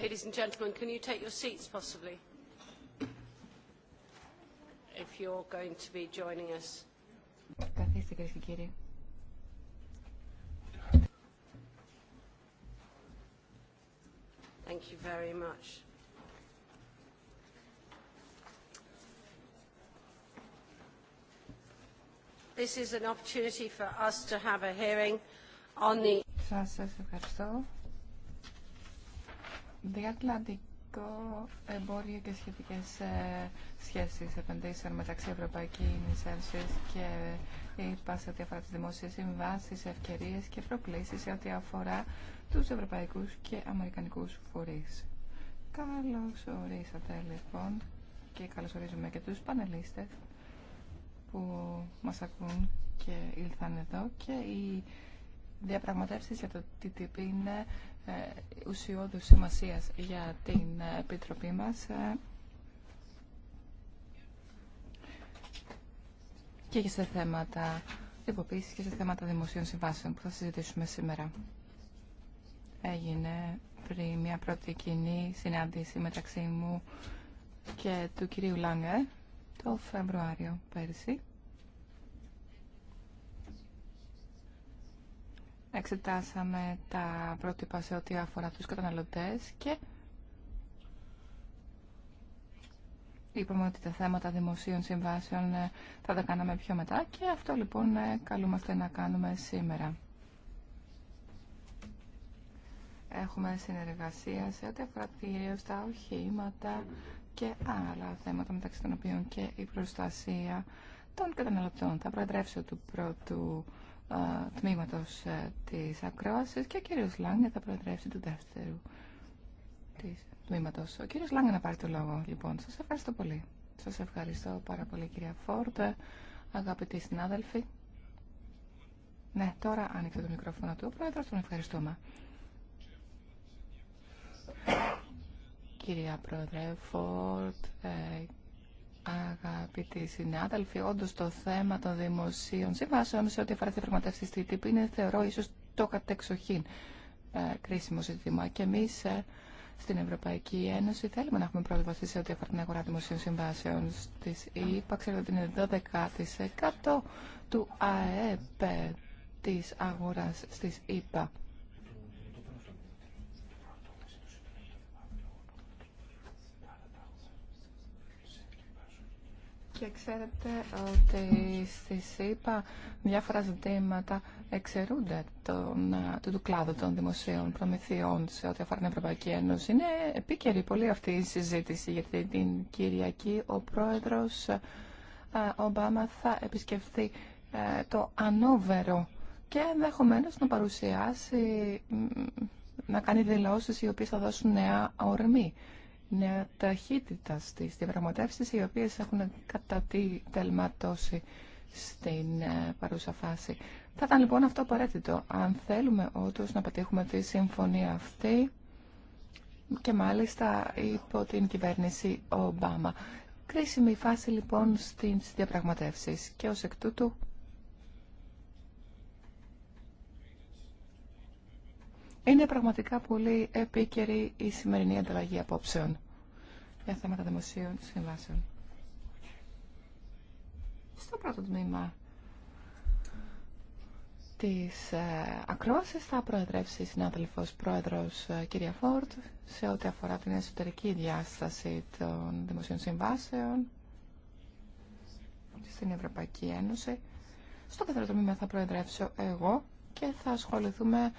Ladies and gentlemen, can you take your seats possibly? If you're going to be joining us. Thank you very much. This is an opportunity for us to have a hearing on the... Σας ευχαριστώ. Διατλαντικό εμπόριο και σχετικές ε, σχέσεις επενδύσεων μεταξύ Ευρωπαϊκής Ένωσης και είπα σε ό,τι αφορά τι δημόσιες συμβάσεις, ευκαιρίες και προκλήσεις σε ό,τι αφορά τους ευρωπαϊκούς και αμερικανικούς φορείς. Καλώς ορίσατε λοιπόν και καλώς ορίζουμε και τους πανελίστες που μας ακούν και ήλθαν εδώ και οι διαπραγματεύσεις για το TTIP είναι ε, ουσιώδους σημασίας για την ε, Επιτροπή μας ε, και σε θέματα υποποίησης και σε θέματα δημοσίων συμβάσεων που θα συζητήσουμε σήμερα. Έγινε πριν μια πρώτη κοινή συνάντηση μεταξύ μου και του κυρίου Λάγκε το Φεβρουάριο πέρσι. Εξετάσαμε τα πρότυπα σε ό,τι αφορά τους καταναλωτές και είπαμε ότι τα θέματα δημοσίων συμβάσεων ε, θα τα κάναμε πιο μετά και αυτό λοιπόν ε, καλούμαστε να κάνουμε σήμερα. Έχουμε συνεργασία σε ό,τι αφορά κυρίως τα οχήματα και άλλα θέματα μεταξύ των οποίων και η προστασία των καταναλωτών. Θα προεδρεύσω του πρώτου τμήματος ε, της ακρόασης και ο κύριος Λάγκε θα προεδρεύσει του δεύτερου της τμήματος. Ο κύριος Λάγκε να πάρει το λόγο, λοιπόν. Σας ευχαριστώ πολύ. Σας ευχαριστώ πάρα πολύ, κυρία Φόρτα, αγαπητοί συνάδελφοι. Ναι, τώρα άνοιξε το μικρόφωνο του. Ο πρόεδρος τον ευχαριστούμε. Κυρία Πρόεδρε Φόρτ, Αγαπητοί συνάδελφοι, όντω το θέμα των δημοσίων συμβάσεων σε ό,τι αφορά τη διαπραγματεύση στη ΤΥΠ είναι, θεωρώ, ίσω το κατεξοχήν ε, κρίσιμο ζήτημα. Και εμεί ε, στην Ευρωπαϊκή Ένωση θέλουμε να έχουμε πρόσβαση σε ό,τι αφορά την αγορά δημοσίων συμβάσεων τη ΕΕΠΑ. Ξέρω ότι είναι 12% του ΑΕΠ τη αγορά στις ΕΕΠΑ. Και ξέρετε ότι στη ΣΥΠΑ διάφορα ζητήματα εξαιρούνται τον, του, του κλάδου των δημοσίων προμηθειών σε ό,τι αφορά την Ευρωπαϊκή Ένωση. Είναι επίκαιρη πολύ αυτή η συζήτηση, γιατί την Κυριακή ο πρόεδρος ε, Ομπάμα θα επισκεφθεί ε, το Ανόβερο και ενδεχομένω να παρουσιάσει, να κάνει δηλώσεις οι οποίες θα δώσουν νέα ορμή νέα ταχύτητα στις διαπραγματεύσεις οι οποίες έχουν κατά τη τελματώσει στην ε, παρούσα φάση. Θα ήταν λοιπόν αυτό απαραίτητο αν θέλουμε όντω να πετύχουμε τη συμφωνία αυτή και μάλιστα υπό την κυβέρνηση Ομπάμα. Κρίσιμη φάση λοιπόν στις διαπραγματεύσεις και ως εκ τούτου Είναι πραγματικά πολύ επίκαιρη η σημερινή ανταλλαγή απόψεων για θέματα δημοσίων συμβάσεων. Στο πρώτο τμήμα της ε, ακρόασης θα προεδρεύσει η συνάδελφος πρόεδρος ε, κυρία Φόρτ σε ό,τι αφορά την εσωτερική διάσταση των δημοσίων συμβάσεων στην Ευρωπαϊκή Ένωση. Στο δεύτερο τμήμα θα προεδρεύσω εγώ και θα ασχοληθούμε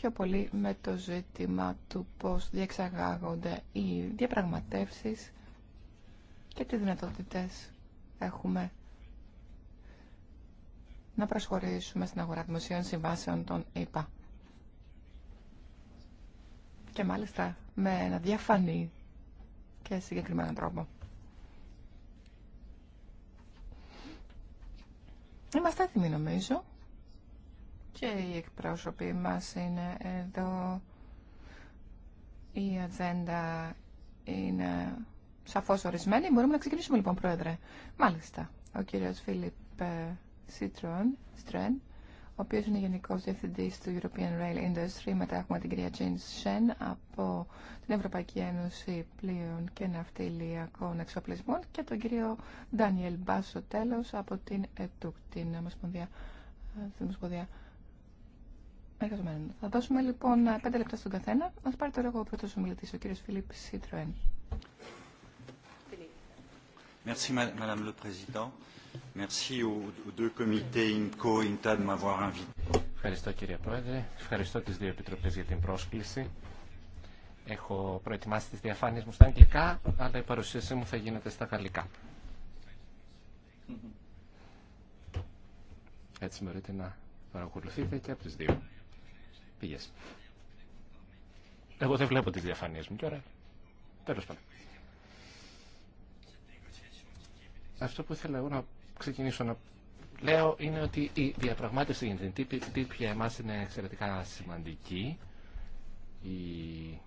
πιο πολύ με το ζήτημα του πώς διεξαγάγονται οι διαπραγματεύσεις και τι δυνατότητες έχουμε να προσχωρήσουμε στην αγορά δημοσίων συμβάσεων των ΕΠΑ. Και μάλιστα με ένα διαφανή και συγκεκριμένο τρόπο. Είμαστε έτοιμοι νομίζω και οι εκπρόσωποι μας είναι εδώ. Η ατζέντα είναι σαφώς ορισμένη. Μπορούμε να ξεκινήσουμε λοιπόν, Πρόεδρε. Μάλιστα, ο κύριος Φίλιπ Σίτρον, Στρέν, ο οποίος είναι Γενικός Διευθυντής του European Rail Industry. Μετά έχουμε την κυρία Τζιν Σεν από την Ευρωπαϊκή Ένωση Πλοίων και Ναυτιλιακών Εξοπλισμών και τον κύριο Ντάνιελ Μπάσο τέλος από την ΕΤΟΚ, την Ομοσπονδία ε, εργαζομένων. Θα δώσουμε λοιπόν πέντε λεπτά στον καθένα. Α πάρει το λόγο ο πρώτο ομιλητή, ο κύριο Φιλίπ Σίτροεν. Merci Madame le Président. Merci aux deux comités et INTA de m'avoir invité. Ευχαριστώ κύριε Πρόεδρε. Ευχαριστώ τις δύο επιτροπέ για την πρόσκληση. Έχω προετοιμάσει τις διαφάνειες μου στα αγγλικά, αλλά η παρουσίαση μου θα γίνεται στα γαλλικά. Mm-hmm. Έτσι μπορείτε να παρακολουθείτε και από τις δύο πήγε. Εγώ δεν βλέπω τι διαφανίες μου και ωρα. Τέλος πάντων. Αυτό που ήθελα εγώ να ξεκινήσω να λέω είναι ότι η διαπραγμάτευση για την τύπη για εμά είναι εξαιρετικά σημαντική. Η...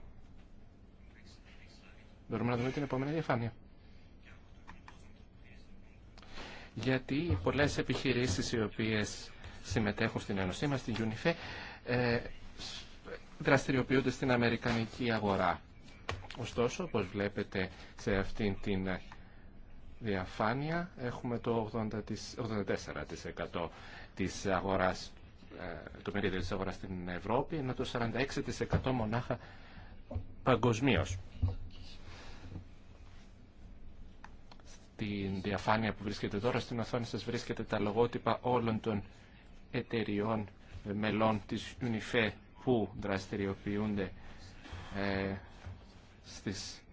Μπορούμε να δούμε την επόμενη διαφάνεια. Γιατί πολλές επιχειρήσεις οι οποίες συμμετέχουν στην Ένωσή μας, στην UNIFE, ε, δραστηριοποιούνται στην Αμερικανική αγορά. Ωστόσο, όπως βλέπετε σε αυτήν την διαφάνεια, έχουμε το 84% της αγοράς, ε, το μερίδιο της αγοράς στην Ευρώπη, ενώ το 46% μονάχα παγκοσμίω. Στην διαφάνεια που βρίσκεται τώρα στην οθόνη σας βρίσκεται τα λογότυπα όλων των εταιριών μελών της UNIFE που δραστηριοποιούνται ε, στις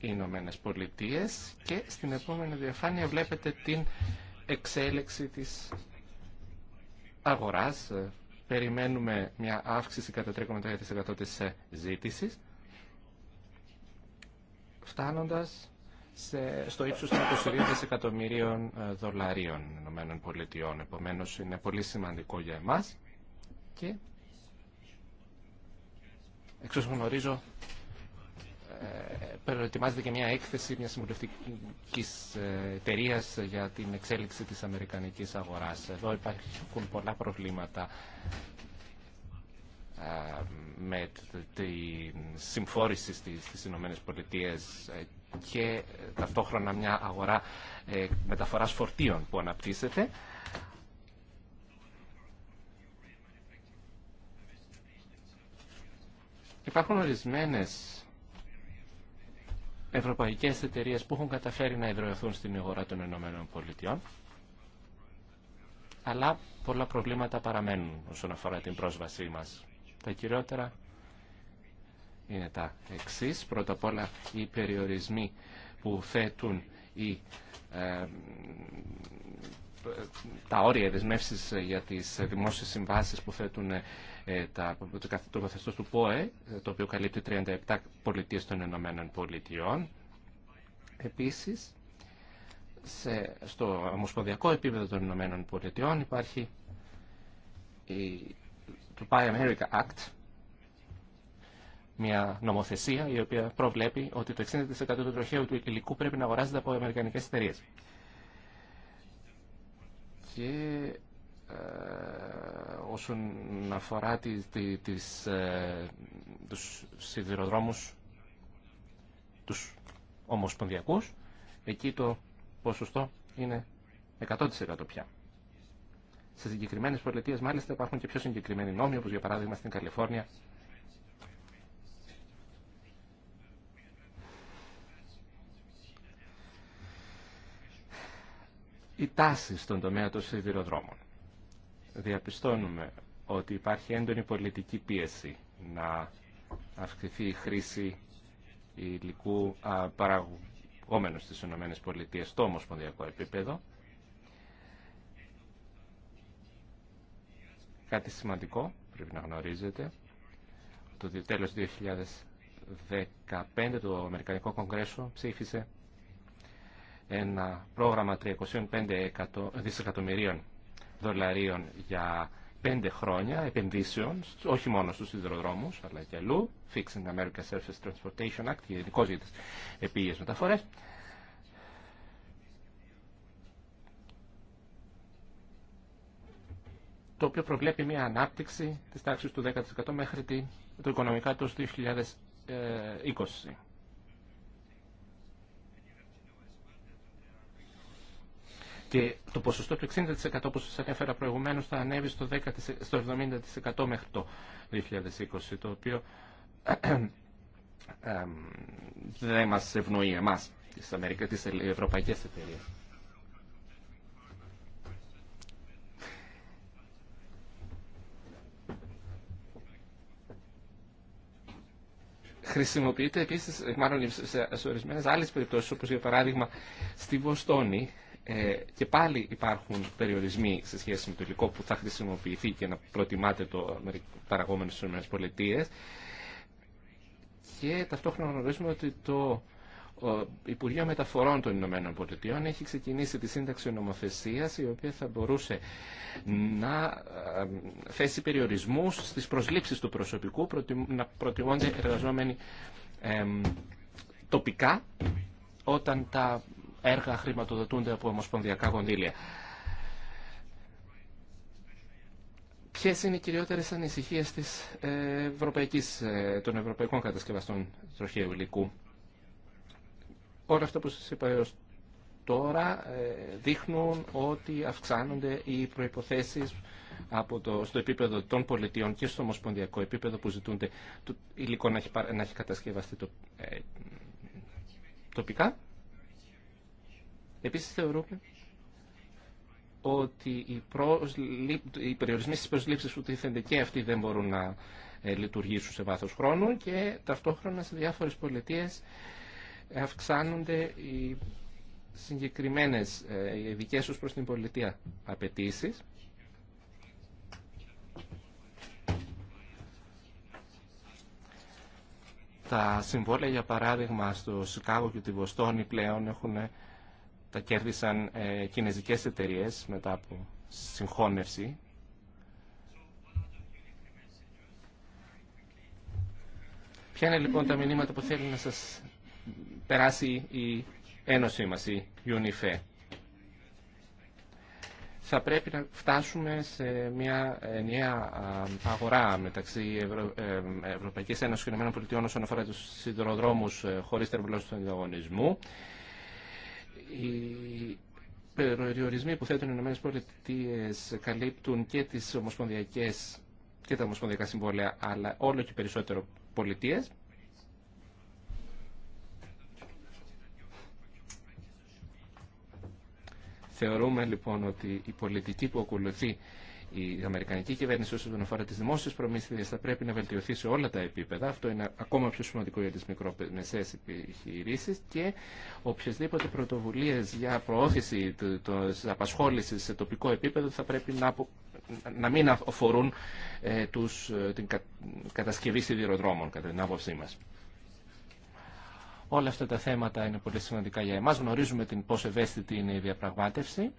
Ηνωμένε Πολιτείε και στην επόμενη διαφάνεια βλέπετε την εξέλιξη της αγοράς. Ε, περιμένουμε μια αύξηση κατά 3,3% της ε, ζήτησης, φτάνοντας σε, στο ύψος των 22 δισεκατομμυρίων ε, δολαρίων Ηνωμένων Πολιτειών. Επομένως είναι πολύ σημαντικό για εμάς και Εξ όσων γνωρίζω, ε, προετοιμάζεται και μια έκθεση μια συμβουλευτική ε, εταιρεία για την εξέλιξη της Αμερικανική αγοράς. Εδώ υπάρχουν πολλά προβλήματα ε, με τη συμφόρηση στις Ηνωμένες Πολιτείες και ταυτόχρονα μια αγορά μεταφοράς φορτίων που αναπτύσσεται. Υπάρχουν ορισμένε ευρωπαϊκές εταιρείες που έχουν καταφέρει να εδραιωθούν στην αγορά των Ηνωμένων Πολιτειών, αλλά πολλά προβλήματα παραμένουν όσον αφορά την πρόσβασή μα. Τα κυριότερα είναι τα εξής. Πρώτα απ' όλα οι περιορισμοί που θέτουν οι, ε, τα όρια δεσμεύσει για τις δημόσιε συμβάσεις που θέτουν ε, το καθεστώ του ΠΟΕ, ε, το οποίο καλύπτει 37 πολιτείε των Ηνωμένων Πολιτειών. Επίση, στο ομοσπονδιακό επίπεδο των Ηνωμένων Πολιτειών υπάρχει η, το Buy America Act, μια νομοθεσία η οποία προβλέπει ότι το 60% του τροχαίου του υλικού πρέπει να αγοράζεται από αμερικανικές εταιρείε. Και ε, όσον αφορά τις, τις, ε, τους σιδηροδρόμους τους ομοσπονδιακούς εκεί το ποσοστό είναι 100% πια. Σε συγκεκριμένες πολιτείες μάλιστα υπάρχουν και πιο συγκεκριμένοι νόμοι όπως για παράδειγμα στην Καλιφόρνια οι τάση στον τομέα των σιδηροδρόμων διαπιστώνουμε ότι υπάρχει έντονη πολιτική πίεση να αυξηθεί η χρήση υλικού παραγωγόμενου στι στις ΗΠΑ στο ομοσπονδιακό επίπεδο. Κάτι σημαντικό πρέπει να γνωρίζετε. Το τέλος 2015 το Αμερικανικό Κογκρέσο ψήφισε ένα πρόγραμμα 305 δισεκατομμυρίων δολαρίων για πέντε χρόνια επενδύσεων, όχι μόνο στους σιδηροδρόμους, αλλά και αλλού, Fixing America Surface Transportation Act, γενικώ για τις επίγειες μεταφορές. το οποίο προβλέπει μια ανάπτυξη της τάξης του 10% μέχρι το οικονομικά του 2020. και το ποσοστό του 60% που σας ανέφερα προηγουμένως θα ανέβει στο, 10, στο 70% μέχρι το 2020, το οποίο δεν μας ευνοεί εμάς, τις, ευρωπαϊκέ τις ευρωπαϊκές εταιρείες. Χρησιμοποιείται επίσης, μάλλον σε ορισμένες άλλες περιπτώσεις, όπως για παράδειγμα στη Βοστόνη, ε, και πάλι υπάρχουν περιορισμοί σε σχέση με το υλικό που θα χρησιμοποιηθεί και να προτιμάται το παραγόμενο στις ΗΠΑ και ταυτόχρονα γνωρίζουμε ότι το Υπουργείο Μεταφορών των Ηνωμένων Πολιτειών έχει ξεκινήσει τη σύνταξη νομοθεσία, η οποία θα μπορούσε να ε, θέσει περιορισμούς στις προσλήψει του προσωπικού να προτιμώνται εργαζόμενοι τοπικά όταν τα έργα χρηματοδοτούνται από ομοσπονδιακά κονδύλια. Ποιε είναι οι κυριότερε ανησυχίε ε, ε, των ευρωπαϊκών κατασκευαστών τροχαίου υλικού. Όλα αυτά που σα είπα έω τώρα ε, δείχνουν ότι αυξάνονται οι προϋποθέσεις από το, στο επίπεδο των πολιτιών και στο ομοσπονδιακό επίπεδο που ζητούνται το υλικό να έχει, κατασκευαστεί το, τοπικά. Επίσης θεωρούμε ότι οι, οι περιορισμοί στις προσλήψεις που τίθενται και αυτοί δεν μπορούν να ε, λειτουργήσουν σε βάθος χρόνου και ταυτόχρονα σε διάφορες πολιτείες αυξάνονται οι συγκεκριμένες ειδικέ τους προς την πολιτεία απαιτήσει. Τα συμβόλαια, για παράδειγμα, στο Σικάγο και τη Βοστόνη πλέον έχουν ε, τα κέρδισαν ε, κινέζικες εταιρείες μετά από συγχώνευση. Ποια είναι λοιπόν τα μηνύματα που θέλει να σας περάσει η ένωσή μας, η UNIFE. Θα πρέπει να φτάσουμε σε μια ενιαία αγορά μεταξύ Ευρω... Ε, Ευρωπαϊκής Ένωσης και ΗΠΑ όσον αφορά τους σιδηροδρόμους ε, χωρίς τερμπλώσεις του ανταγωνισμού οι περιορισμοί που θέτουν οι ΗΠΑ καλύπτουν και, τις ομοσπονδιακές, και τα ομοσπονδιακά συμβόλαια, αλλά όλο και περισσότερο πολιτείες. Θεωρούμε λοιπόν ότι η πολιτική που ακολουθεί η Αμερικανική κυβέρνηση όσον αφορά τι δημόσιε προμήθειε θα πρέπει να βελτιωθεί σε όλα τα επίπεδα. Αυτό είναι ακόμα πιο σημαντικό για τι μικρομεσαίε επιχειρήσει και οποιασδήποτε πρωτοβουλίε για προώθηση τη απασχόληση σε τοπικό επίπεδο θα πρέπει να, να μην αφορούν ε, τους, ε, την κα, κατασκευή σιδηροδρόμων, κατά την άποψή μα. Όλα αυτά τα θέματα είναι πολύ σημαντικά για εμάς. Γνωρίζουμε την, πόσο ευαίσθητη είναι η διαπραγμάτευση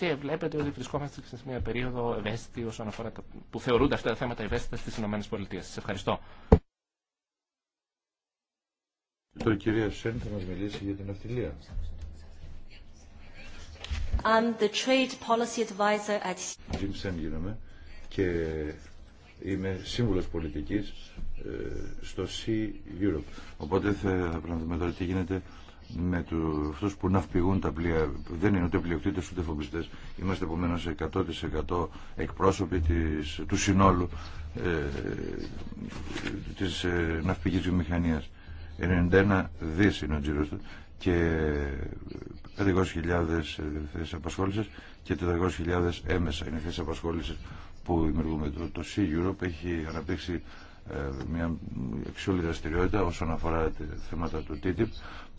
και βλέπετε ότι βρισκόμαστε σε μια περίοδο ευαίσθητη όσον αφορά τα, που θεωρούνται αυτά τα θέματα ευαίσθητα στις ΗΠΑ. Σας ευχαριστώ. Τώρα η κυρία Σέν θα μας μιλήσει για την αυτιλία. I'm the trade policy advisor at... Jim Sen γίνομαι και είμαι σύμβουλος πολιτικής ε, στο C Europe. Οπότε θα, πρέπει να δούμε τώρα τι γίνεται με του, αυτούς που ναυπηγούν τα πλοία δεν είναι ούτε πλειοκτήτες ούτε φοβιστές είμαστε επομένω 100% εκπρόσωποι της, του συνόλου ε, της ε, ναυπηγής 91 δις είναι ο τζίρος του και 500.000 ε, θέσεις απασχόλησης και 400.000 έμεσα είναι θέσεις απασχόλησης που δημιουργούμε. Το, το C-Europe έχει αναπτύξει ε, μια αξιόλη δραστηριότητα όσον αφορά θέματα του TTIP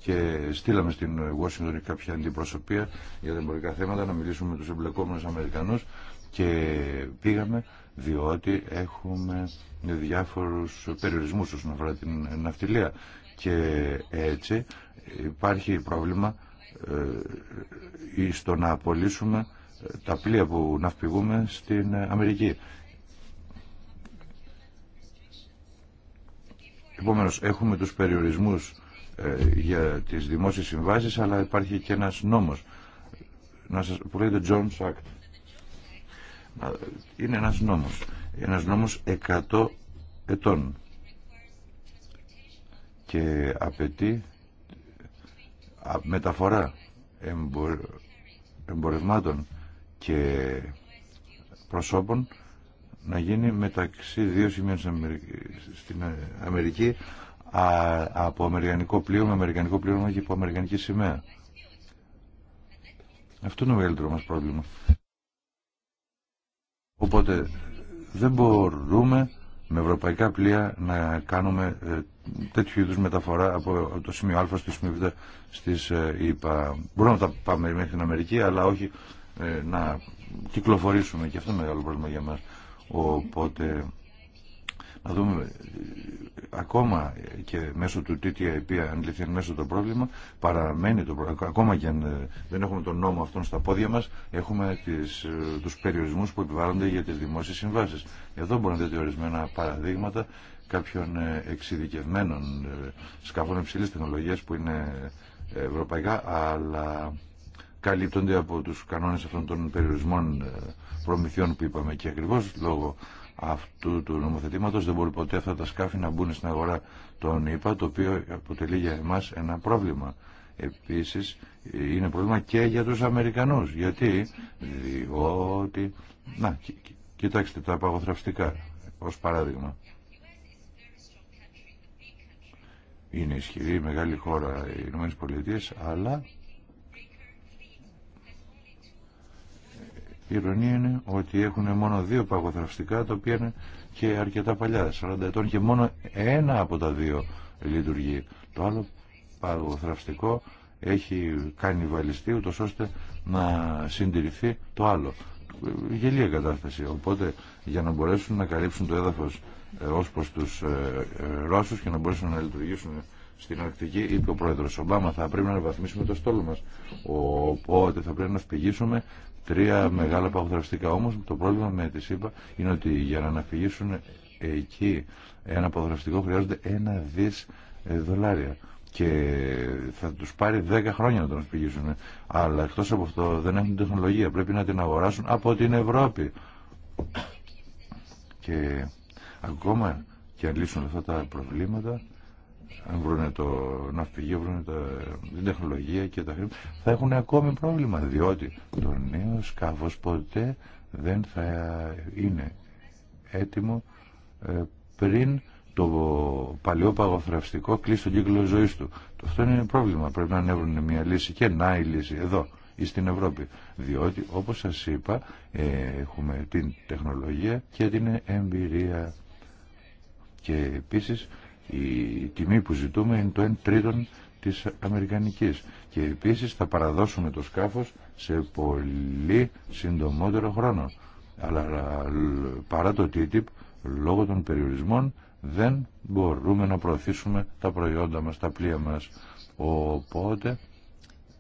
και στείλαμε στην Washington κάποια αντιπροσωπεία για τα εμπορικά θέματα να μιλήσουμε με τους εμπλεκόμενους Αμερικανούς και πήγαμε διότι έχουμε διάφορους περιορισμούς όσον αφορά την ναυτιλία και έτσι υπάρχει πρόβλημα στο ε, να απολύσουμε τα πλοία που ναυπηγούμε στην Αμερική. Επομένως, έχουμε τους περιορισμούς ε, για τις δημόσιες συμβάσεις αλλά υπάρχει και ένας νόμος να σας, που λέγεται Jones Act είναι ένας νόμος ένας νόμος 100 ετών και απαιτεί μεταφορά εμπορευμάτων και προσώπων να γίνει μεταξύ δύο σημείων στην Αμερική από αμερικανικό πλοίο με αμερικανικό πλοίο και από αμερικανική σημαία. Αυτό είναι ο μεγαλύτερο μας πρόβλημα. Οπότε δεν μπορούμε με ευρωπαϊκά πλοία να κάνουμε ε, τέτοιου είδους μεταφορά από το σημείο Α στο σημείο Β στις ιπα ε, Μπορούμε να τα πάμε μέχρι την Αμερική, αλλά όχι ε, να κυκλοφορήσουμε και αυτό είναι μεγάλο πρόβλημα για μας. Οπότε να δούμε ε, ακόμα και μέσω του TTIP αν λυθεί μέσω το πρόβλημα παραμένει το πρόβλημα ακόμα και αν ε, δεν έχουμε τον νόμο αυτόν στα πόδια μας έχουμε τις, ε, τους περιορισμούς που επιβάλλονται για τις δημόσιες συμβάσεις εδώ μπορεί να δείτε ορισμένα παραδείγματα κάποιων εξειδικευμένων σκαφών υψηλής τεχνολογίας που είναι ευρωπαϊκά αλλά καλύπτονται από τους κανόνες αυτών των περιορισμών προμηθειών που είπαμε και ακριβώς λόγω αυτού του νομοθετήματος δεν μπορεί ποτέ αυτά τα σκάφη να μπουν στην αγορά των ΙΠΑ το οποίο αποτελεί για εμάς ένα πρόβλημα. Επίσης είναι πρόβλημα και για τους Αμερικανούς. Γιατί, διότι, να, κοιτάξτε τα παγωθραυστικά ως παράδειγμα. Είναι ισχυρή, μεγάλη χώρα οι ΗΠΑ, αλλά Η ειρωνία είναι ότι έχουν μόνο δύο παγωθραυστικά τα οποία είναι και αρκετά παλιά, 40 ετών και μόνο ένα από τα δύο λειτουργεί. Το άλλο παγωθραυστικό έχει κάνει βαλιστή ούτως ώστε να συντηρηθεί το άλλο. Γελία κατάσταση. Οπότε για να μπορέσουν να καλύψουν το έδαφος ε, ως προς τους ε, ε, Ρώσους και να μπορέσουν να λειτουργήσουν στην Αρκτική, είπε ο πρόεδρος Ομπάμα, θα πρέπει να βαθμίσουμε το στόλο μας. Οπότε θα πρέπει να φυγήσουμε τρία μεγάλα παγωδραστικά. Όμως το πρόβλημα με τη ΣΥΠΑ είναι ότι για να αναφυγήσουν εκεί ένα παγωδραστικό χρειάζονται ένα δι ε, δολάρια και θα τους πάρει 10 χρόνια να τον αναφυγήσουν Αλλά εκτό από αυτό δεν έχουν τεχνολογία. Πρέπει να την αγοράσουν από την Ευρώπη. Και ακόμα και αν λύσουν αυτά τα προβλήματα αν βρούνε το ναυπηγείο, βρουν την τεχνολογία και τα χρήματα, θα έχουν ακόμη πρόβλημα, διότι το νέο σκάφος ποτέ δεν θα είναι έτοιμο ε, πριν το παλαιό παγοθραυστικό κλείσει τον κύκλο ζωής του. Αυτό είναι πρόβλημα, πρέπει να ανέβουν μια λύση και να η λύση εδώ ή στην Ευρώπη. Διότι, όπως σας είπα, ε, έχουμε την τεχνολογία και την εμπειρία. Και επίσης η τιμή που ζητούμε είναι το 1 τρίτον της Αμερικανικής και επίσης θα παραδώσουμε το σκάφος σε πολύ συντομότερο χρόνο. Αλλά παρά το TTIP, λόγω των περιορισμών, δεν μπορούμε να προωθήσουμε τα προϊόντα μας, τα πλοία μας. Οπότε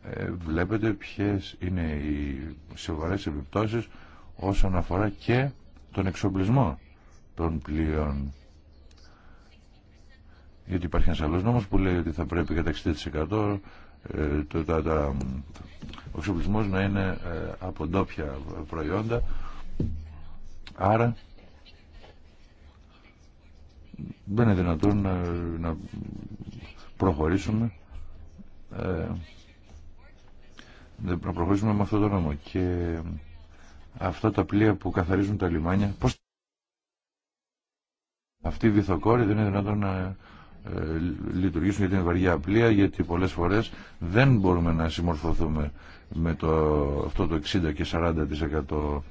ε, βλέπετε ποιες είναι οι σοβαρές επιπτώσεις όσον αφορά και τον εξοπλισμό των πλοίων. Γιατί υπάρχει ένα άλλο νόμο που λέει ότι θα πρέπει κατά 60% ε, το, τα, το, ο εξοπλισμό να είναι ε, από ντόπια προϊόντα. Άρα δεν είναι δυνατόν ε, να, προχωρήσουμε να προχωρήσουμε με αυτό το νόμο και αυτά τα πλοία που καθαρίζουν τα λιμάνια αυτή η βυθοκόρη δεν είναι δυνατόν να ε, λειτουργήσουν γιατί είναι βαριά πλοία γιατί πολλές φορές δεν μπορούμε να συμμορφωθούμε με το, αυτό το 60 και 40%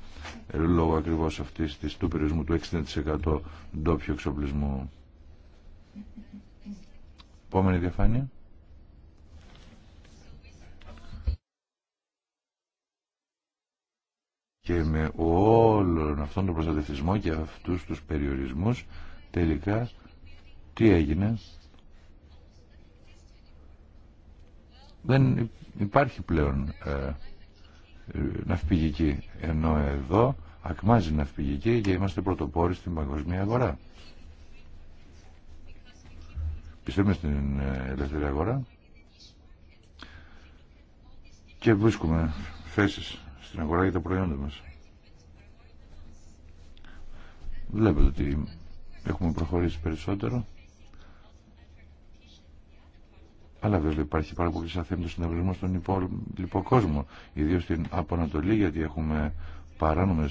ε, λόγω ακριβώς αυτής της, του περιορισμού του 60% ντόπιου εξοπλισμού. Επόμενη διαφάνεια. Και με όλον αυτόν τον προστατευτισμό και αυτούς τους περιορισμούς τελικά τι έγινε. Δεν υπάρχει πλέον ε, ναυπηγική. Ενώ εδώ ακμάζει ναυπηγική και είμαστε πρωτοπόροι στην παγκοσμία αγορά. Πιστεύουμε στην ε, ελεύθερη αγορά και βρίσκουμε θέσεις στην αγορά για τα προϊόντα μας. Βλέπετε ότι έχουμε προχωρήσει περισσότερο. Αλλά βέβαια υπάρχει πάρα πολύ αθέμητο συναγωνισμό στον υπόλοιπο κόσμο, ιδίω στην Αποανατολή, γιατί έχουμε παράνομε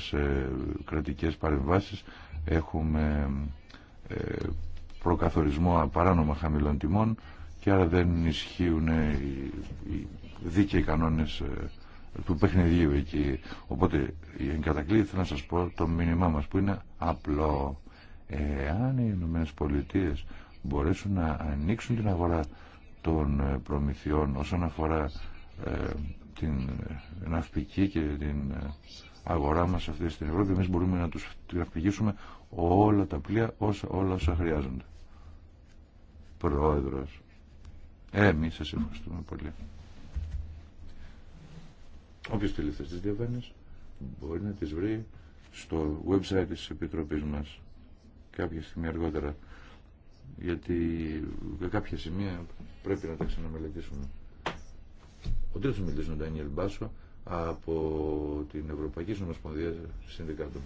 κρατικέ παρεμβάσει, έχουμε ε, προκαθορισμό παράνομα χαμηλών τιμών και άρα δεν ισχύουν ε, οι δίκαιοι κανόνε ε, του παιχνιδιού εκεί. Οπότε, η θέλω να σα πω το μήνυμά μα που είναι απλό. Εάν οι Ηνωμένε Πολιτείε μπορέσουν να ανοίξουν την αγορά των ε, προμηθειών όσον αφορά ε, την ναυπική και την ε, αγορά μας αυτή στην Ευρώπη. Εμείς μπορούμε να τους ναυπηγήσουμε όλα τα πλοία, όσα, όλα όσα χρειάζονται. Πρόεδρος. Ε, εμείς σας ευχαριστούμε πολύ. Όποιος θέλει αυτές τις μπορεί να τις βρει στο website της Επιτροπής μας κάποια στιγμή αργότερα γιατί κάποια σημεία Πρέπει να τα ξαναμελετήσουμε. Ο τρίτος μιλής είναι ο Ντανιέλ Μπάσο από την Ευρωπαϊκή Συνομοσπονδία Συνδικάτων.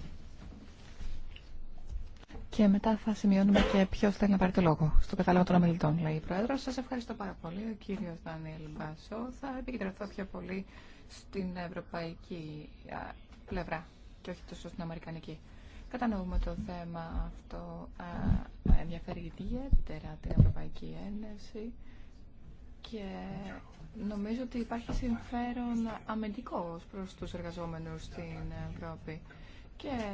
Και μετά θα σημειώνουμε και ποιο θέλει να πάρει το λόγο στο κατάλογο των ομιλητών, λέει η Πρόεδρο. Σα ευχαριστώ πάρα πολύ. Ο κύριο Ντανιέλ Μπάσο θα επικεντρωθώ πιο πολύ στην ευρωπαϊκή πλευρά και όχι τόσο στην αμερικανική. Κατανοούμε το θέμα αυτό. Α, ενδιαφέρει ιδιαίτερα την Ευρωπαϊκή Ένωση. Και νομίζω ότι υπάρχει συμφέρον αμυντικό προς τους εργαζόμενους στην Ευρώπη. Και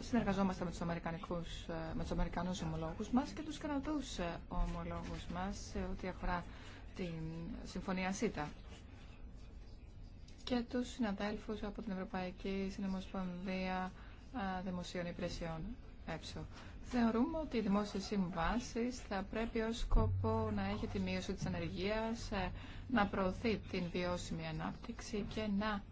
συνεργαζόμαστε με τους, Αμερικανικούς, ομολόγου μα ομολόγους μας και τους Καναδούς ομολόγους μας σε ό,τι αφορά την Συμφωνία ΣΥΤΑ και τους συναδέλφους από την Ευρωπαϊκή Συνομοσπονδία ε, Δημοσίων Υπηρεσιών Θεωρούμε ότι οι δημόσιες συμβάσεις θα πρέπει ως σκοπό να έχει τη μείωση της ανεργίας, ε, να προωθεί την βιώσιμη ανάπτυξη και να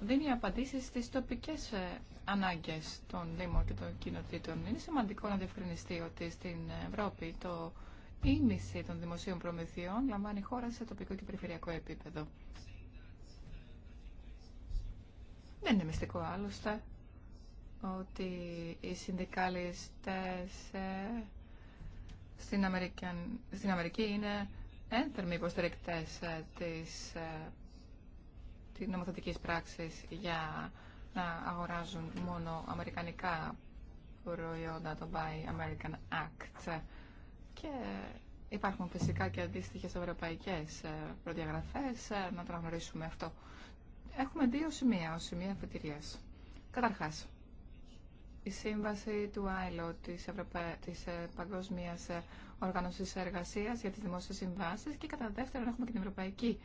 δίνει απαντήσεις στις τοπικές ε, ανάγκες των Δήμων και των κοινοτήτων. Είναι σημαντικό να διευκρινιστεί ότι στην Ευρώπη το ίμιση των δημοσίων προμηθειών λαμβάνει χώρα σε τοπικό και περιφερειακό επίπεδο. Δεν είναι μυστικό άλλωστε ότι οι συνδικαλιστές ε, στην, Αμερική, Αμερική είναι ένθερμοι υποστηρικτές ε, της, ε, της νομοθετικής πράξης για να αγοράζουν μόνο αμερικανικά προϊόντα, το Buy American Act. Και υπάρχουν φυσικά και αντίστοιχες ευρωπαϊκές προδιαγραφές, να το αναγνωρίσουμε αυτό. Έχουμε δύο σημεία ο σημεία αφετηρίας. Καταρχάς, η σύμβαση του ΆΕΛΟ της, Ευρωπα... της ε, Παγκόσμιας ε, Οργάνωσης Εργασίας για τις δημόσιες συμβάσεις και κατά δεύτερον έχουμε και την Ευρωπαϊκή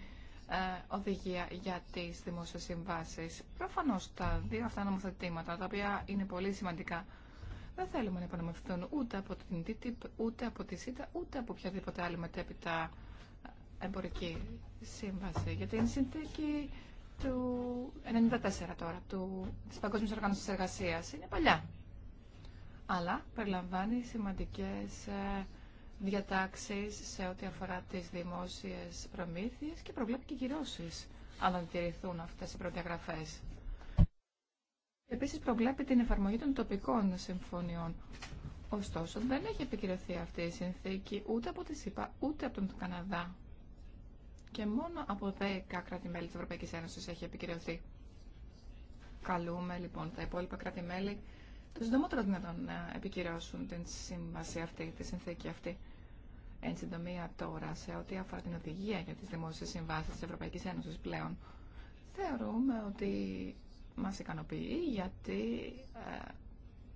ε, Οδηγία για τις δημόσιες συμβάσεις. Προφανώς τα δύο αυτά νομοθετήματα, τα οποία είναι πολύ σημαντικά, δεν θέλουμε να υπονομευθούν ούτε από την DTIP, ούτε από τη ΣΥΤΑ, ούτε από οποιαδήποτε άλλη μετέπειτα εμπορική σύμβαση. Γιατί την συνθήκη του 1994 τώρα, του, της Παγκόσμιας Οργάνωσης Εργασίας. Είναι παλιά. Αλλά περιλαμβάνει σημαντικές ε, διατάξεις σε ό,τι αφορά τις δημόσιες προμήθειες και προβλέπει και κυρώσεις αν αντιρρηθούν αυτές οι προδιαγραφές. Επίσης προβλέπει την εφαρμογή των τοπικών συμφωνιών. Ωστόσο, δεν έχει επικυρωθεί αυτή η συνθήκη ούτε από τη ΣΥΠΑ, ούτε από τον Καναδά και μόνο από 10 κράτη-μέλη της Ευρωπαϊκής Ένωσης έχει επικυρωθεί. Καλούμε λοιπόν τα υπόλοιπα κράτη-μέλη το συντομότερο δυνατόν να επικυρώσουν την σύμβαση αυτή, τη συνθήκη αυτή. Εν συντομία τώρα, σε ό,τι αφορά την οδηγία για τις δημόσιες συμβάσεις της Ευρωπαϊκής Ένωσης πλέον, θεωρούμε ότι μας ικανοποιεί γιατί ε,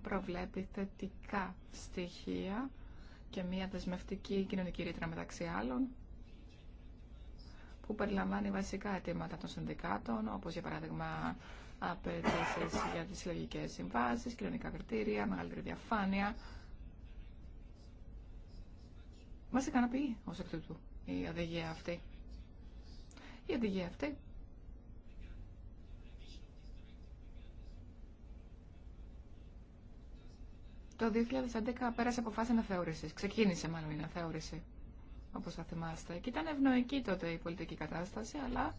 προβλέπει θετικά στοιχεία και μια δεσμευτική κοινωνική ρήτρα μεταξύ άλλων που περιλαμβάνει βασικά αιτήματα των συνδικάτων, όπως για παράδειγμα απαιτήσει για τις συλλογικέ συμβάσεις, κοινωνικά κριτήρια, μεγαλύτερη διαφάνεια. Μας ικανοποιεί ως εκ τούτου η οδηγία αυτή. Η οδηγία αυτή το 2011 πέρασε αποφάση αναθεώρηση. Ξεκίνησε μάλλον η αναθεώρηση όπως θα θυμάστε. Και ήταν ευνοϊκή τότε η πολιτική κατάσταση, αλλά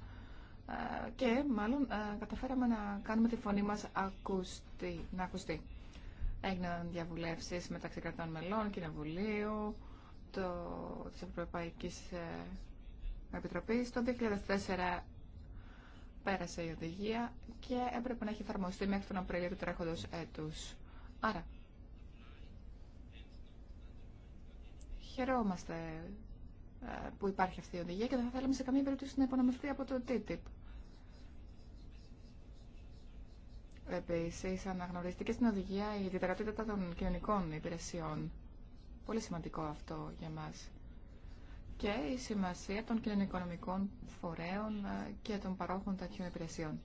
ε, και μάλλον ε, καταφέραμε να κάνουμε τη φωνή μας ακουστή, να ακουστεί. Έγιναν διαβουλεύσεις μεταξύ κρατών μελών, κοινοβουλίου, το, της Ευρωπαϊκής ε, Επιτροπής. Το 2004 πέρασε η οδηγία και έπρεπε να έχει εφαρμοστεί μέχρι τον Απρίλιο του τρέχοντος έτους. Άρα, χαιρόμαστε ε, που υπάρχει αυτή η οδηγία και δεν θα θέλαμε σε καμία περίπτωση να υπονομευτεί από το TTIP. Επίση, αναγνωρίστηκε στην οδηγία η ιδιαιτερότητα των κοινωνικών υπηρεσιών. Πολύ σημαντικό αυτό για μα. Και η σημασία των κοινωνικονομικών φορέων ε, και των παρόχων τέτοιων υπηρεσιών.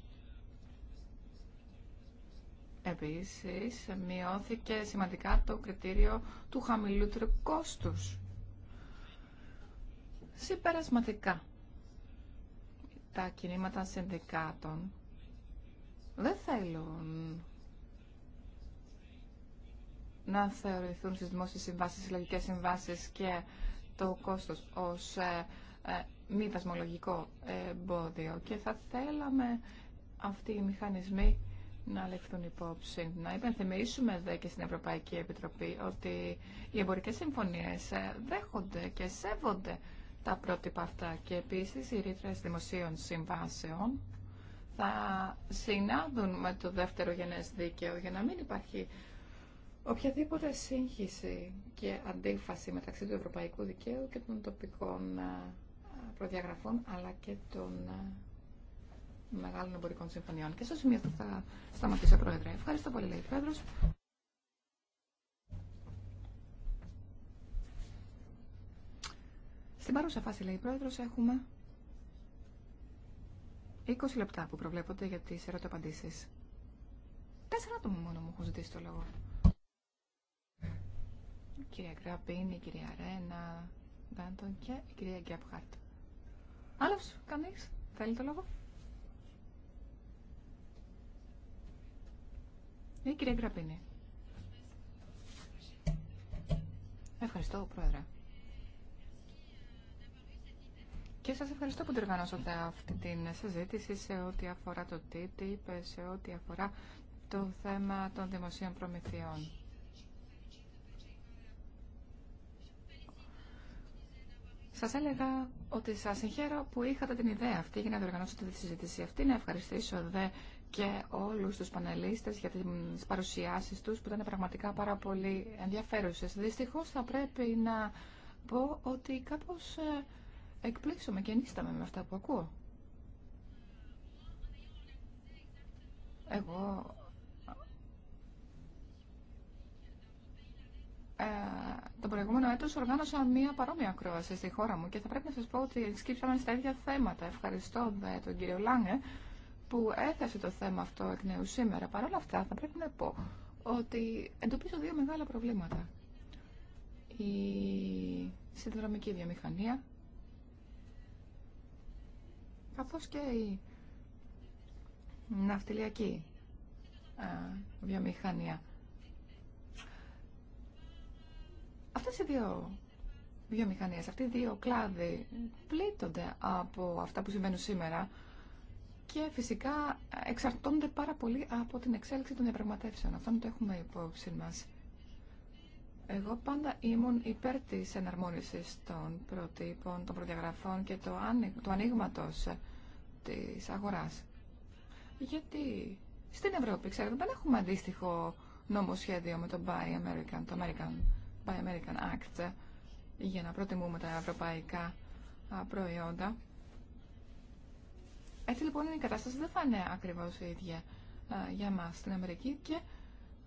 Επίσης, μειώθηκε σημαντικά το κριτήριο του χαμηλότερου κόστους συμπερασματικά τα κινήματα συνδικάτων δεν θέλουν να θεωρηθούν στις δημόσιες συμβάσεις, συλλογικές συμβάσεις και το κόστος ως ε, ε, μη δασμολογικό εμπόδιο και θα θέλαμε αυτοί οι μηχανισμοί να λεφθούν υπόψη. Να υπενθυμίσουμε δε και στην Ευρωπαϊκή Επιτροπή ότι οι εμπορικές συμφωνίες ε, δέχονται και σέβονται τα πρότυπα αυτά και επίσης οι ρήτρες δημοσίων συμβάσεων θα συνάδουν με το δεύτερο γενές δίκαιο για να μην υπάρχει οποιαδήποτε σύγχυση και αντίφαση μεταξύ του ευρωπαϊκού δικαίου και των τοπικών ε, προδιαγραφών αλλά και των ε, μεγάλων εμπορικών συμφωνιών. Και στο σημείο αυτό θα σταματήσω, Πρόεδρε. Ευχαριστώ πολύ, λέει Πρόεδρος. Στην παρούσα φάση, λέει η πρόεδρο έχουμε 20 λεπτά που προβλέπονται για τις απαντήσει. Τέσσερα άτομα μόνο μου έχουν ζητήσει το λόγο. κυρία Γκραπίνη, η κυρία Ρένα, Ντάντον και η κυρία Γκέπχαρτ. Άλλος, κανείς, θέλει το λόγο. Η κυρία Γκραπίνη. Ευχαριστώ, Πρόεδρε. Και σας ευχαριστώ που διοργανώσατε αυτή την συζήτηση σε ό,τι αφορά το TTIP, σε ό,τι αφορά το θέμα των δημοσίων προμηθειών. Σας έλεγα ότι σας συγχαίρω που είχατε την ιδέα αυτή για να διοργανώσετε τη συζήτηση αυτή. Να ευχαριστήσω δε και όλους τους πανελίστες για τις παρουσιάσεις τους που ήταν πραγματικά πάρα πολύ ενδιαφέρουσες. Δυστυχώς θα πρέπει να πω ότι κάπως ε, Εκπλήξομαι και ενίσταμαι με αυτά που ακούω. Εγώ ε, το προηγούμενο έτος οργάνωσα μία παρόμοια ακρόαση στη χώρα μου και θα πρέπει να σας πω ότι σκύψαμε στα ίδια θέματα. Ευχαριστώ με τον κύριο Λάνε, που έθεσε το θέμα αυτό εκ νέου σήμερα. Παρ' όλα αυτά θα πρέπει να πω ότι εντοπίζω δύο μεγάλα προβλήματα. Η συνδρομική βιομηχανία καθώς και η ναυτιλιακή βιομηχανία. Αυτές οι δύο βιομηχανίες, αυτοί οι δύο κλάδοι πλήττονται από αυτά που συμβαίνουν σήμερα και φυσικά εξαρτώνται πάρα πολύ από την εξέλιξη των διαπραγματεύσεων. Αυτό το έχουμε υπόψη μας. Εγώ πάντα ήμουν υπέρ τη εναρμόνιση των προτύπων, των προδιαγραφών και το του ανοίγματο τη αγορά. Γιατί στην Ευρώπη, ξέρετε, δεν έχουμε αντίστοιχο νομοσχέδιο με το Buy American, το American, Buy American Act για να προτιμούμε τα ευρωπαϊκά προϊόντα. Έτσι λοιπόν η κατάσταση δεν θα είναι ακριβώς η ίδια για μας στην Αμερική και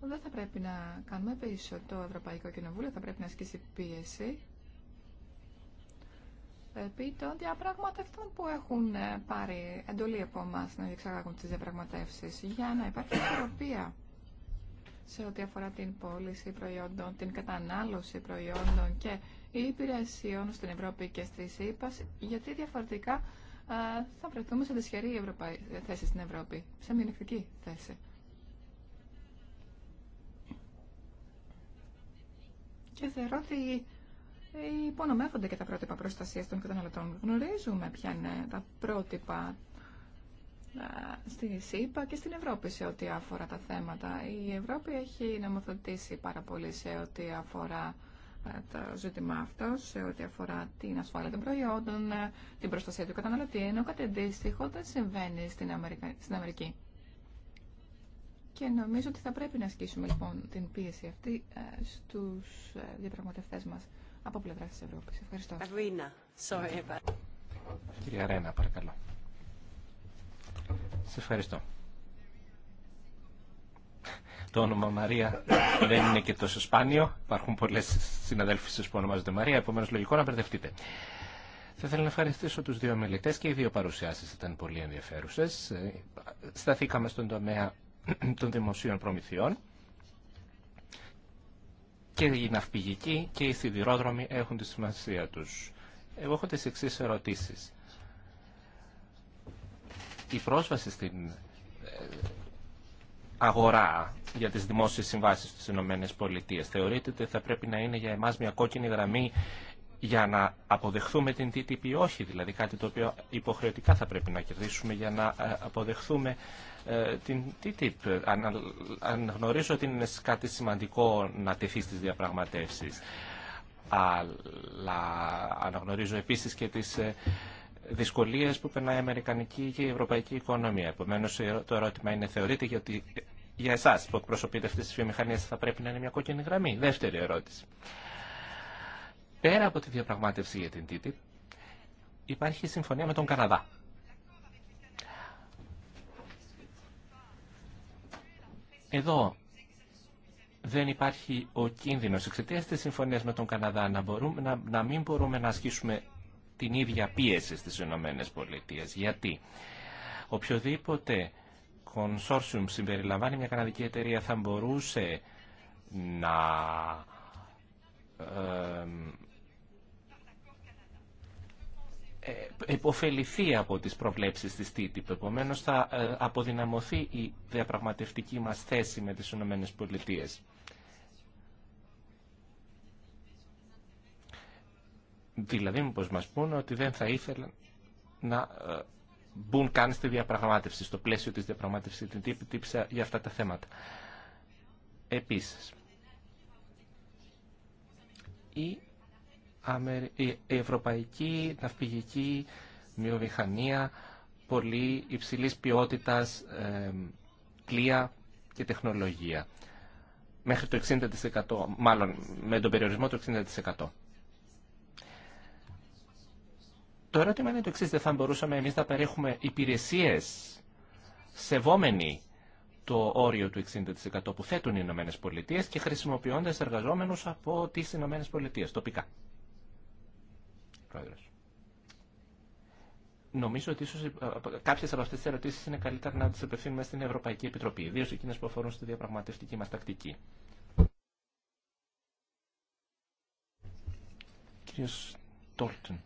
δεν θα πρέπει να κάνουμε πίσω το Ευρωπαϊκό Κοινοβούλιο, θα πρέπει να ασκήσει πίεση επί των διαπραγματευτών που έχουν ε, πάρει εντολή από εμά να διεξαγάγουν τι διαπραγματεύσει για να υπάρχει ισορροπία σε ό,τι αφορά την πώληση προϊόντων, την κατανάλωση προϊόντων και υπηρεσιών στην Ευρώπη και στη ΣΥΠΑ, γιατί διαφορετικά ε, θα βρεθούμε σε δυσχερή θέση στην Ευρώπη, σε μειονεκτική θέση. και θεωρώ ότι υπονομεύονται και τα πρότυπα προστασία των καταναλωτών. Γνωρίζουμε ποια είναι τα πρότυπα ε, στη ΣΥΠΑ και στην Ευρώπη σε ό,τι αφορά τα θέματα. Η Ευρώπη έχει νομοθετήσει πάρα πολύ σε ό,τι αφορά ε, το ζήτημα αυτό, σε ό,τι αφορά την ασφάλεια των προϊόντων, ε, την προστασία του καταναλωτή, ενώ κάτι αντίστοιχο δεν συμβαίνει στην, στην Αμερική. Και νομίζω ότι θα πρέπει να ασκήσουμε λοιπόν την πίεση αυτή ε, στους ε, διαπραγματευτές μας από πλευρά της Ευρώπης. Ευχαριστώ. Sorry Κυρία Ρένα, παρακαλώ. Σε ευχαριστώ. Το όνομα Μαρία δεν είναι και τόσο σπάνιο. Υπάρχουν πολλέ σα που ονομάζονται Μαρία, επομένω λογικό να μπερδευτείτε. Θα ήθελα να ευχαριστήσω του δύο μελητέ και οι δύο παρουσιάσει ήταν πολύ ενδιαφέρουσε. Ε, σταθήκαμε στον τομέα των δημοσίων προμηθειών και οι ναυπηγικοί και οι σιδηρόδρομοι έχουν τη σημασία τους. Εγώ έχω τις εξής ερωτήσεις. Η πρόσβαση στην ε, αγορά για τις δημόσιες συμβάσεις στις Ηνωμένες Πολιτείες θεωρείται ότι θα πρέπει να είναι για εμάς μια κόκκινη γραμμή για να αποδεχθούμε την TTP όχι, δηλαδή κάτι το οποίο υποχρεωτικά θα πρέπει να κερδίσουμε για να ε, αποδεχθούμε ε, την TTIP. Αναγνωρίζω ότι είναι κάτι σημαντικό να τεθεί στις διαπραγματεύσεις. Αλλά αναγνωρίζω επίσης και τις ε, δυσκολίες που περνάει η Αμερικανική και η Ευρωπαϊκή οικονομία. Επομένως ε, το ερώτημα είναι θεωρείτε γιατί για εσάς που εκπροσωπείτε αυτές τις βιομηχανίες θα πρέπει να είναι μια κόκκινη γραμμή. Δεύτερη ερώτηση. Πέρα από τη διαπραγμάτευση για την TTIP, υπάρχει συμφωνία με τον Καναδά. Εδώ δεν υπάρχει ο κίνδυνος εξαιτία της συμφωνίας με τον Καναδά να, μπορούμε, να, να μην μπορούμε να ασκήσουμε την ίδια πίεση στις Ηνωμένε Πολιτείες. Γιατί οποιοδήποτε consortium συμπεριλαμβάνει μια καναδική εταιρεία θα μπορούσε να ε, ε, υποφεληθεί από τις προβλέψεις της TTIP. Επομένως θα ε, αποδυναμωθεί η διαπραγματευτική μας θέση με τις ΗΠΑ. Δηλαδή, μήπως μας πούνε ότι δεν θα ήθελαν να ε, μπουν καν στη διαπραγμάτευση, στο πλαίσιο της διαπραγμάτευσης, την τύπη για αυτά τα θέματα. Επίσης, η ευρωπαϊκή ναυπηγική μειοβιχανία πολύ υψηλής ποιότητας ε, πλοία και τεχνολογία. Μέχρι το 60%, μάλλον με τον περιορισμό του 60%. Το ερώτημα είναι το εξή, δεν θα μπορούσαμε εμείς να παρέχουμε υπηρεσίες σεβόμενοι το όριο του 60% που θέτουν οι Ηνωμένε Πολιτείε και χρησιμοποιώντας εργαζόμενους από τις Ηνωμένε Πολιτείε τοπικά. Νομίζω ότι ίσω κάποιε από αυτέ τι ερωτήσει είναι καλύτερα να τι απευθύνουμε στην Ευρωπαϊκή Επιτροπή, ιδίω εκείνε που αφορούν στη διαπραγματευτική μα τακτική. Σα Τόλτον.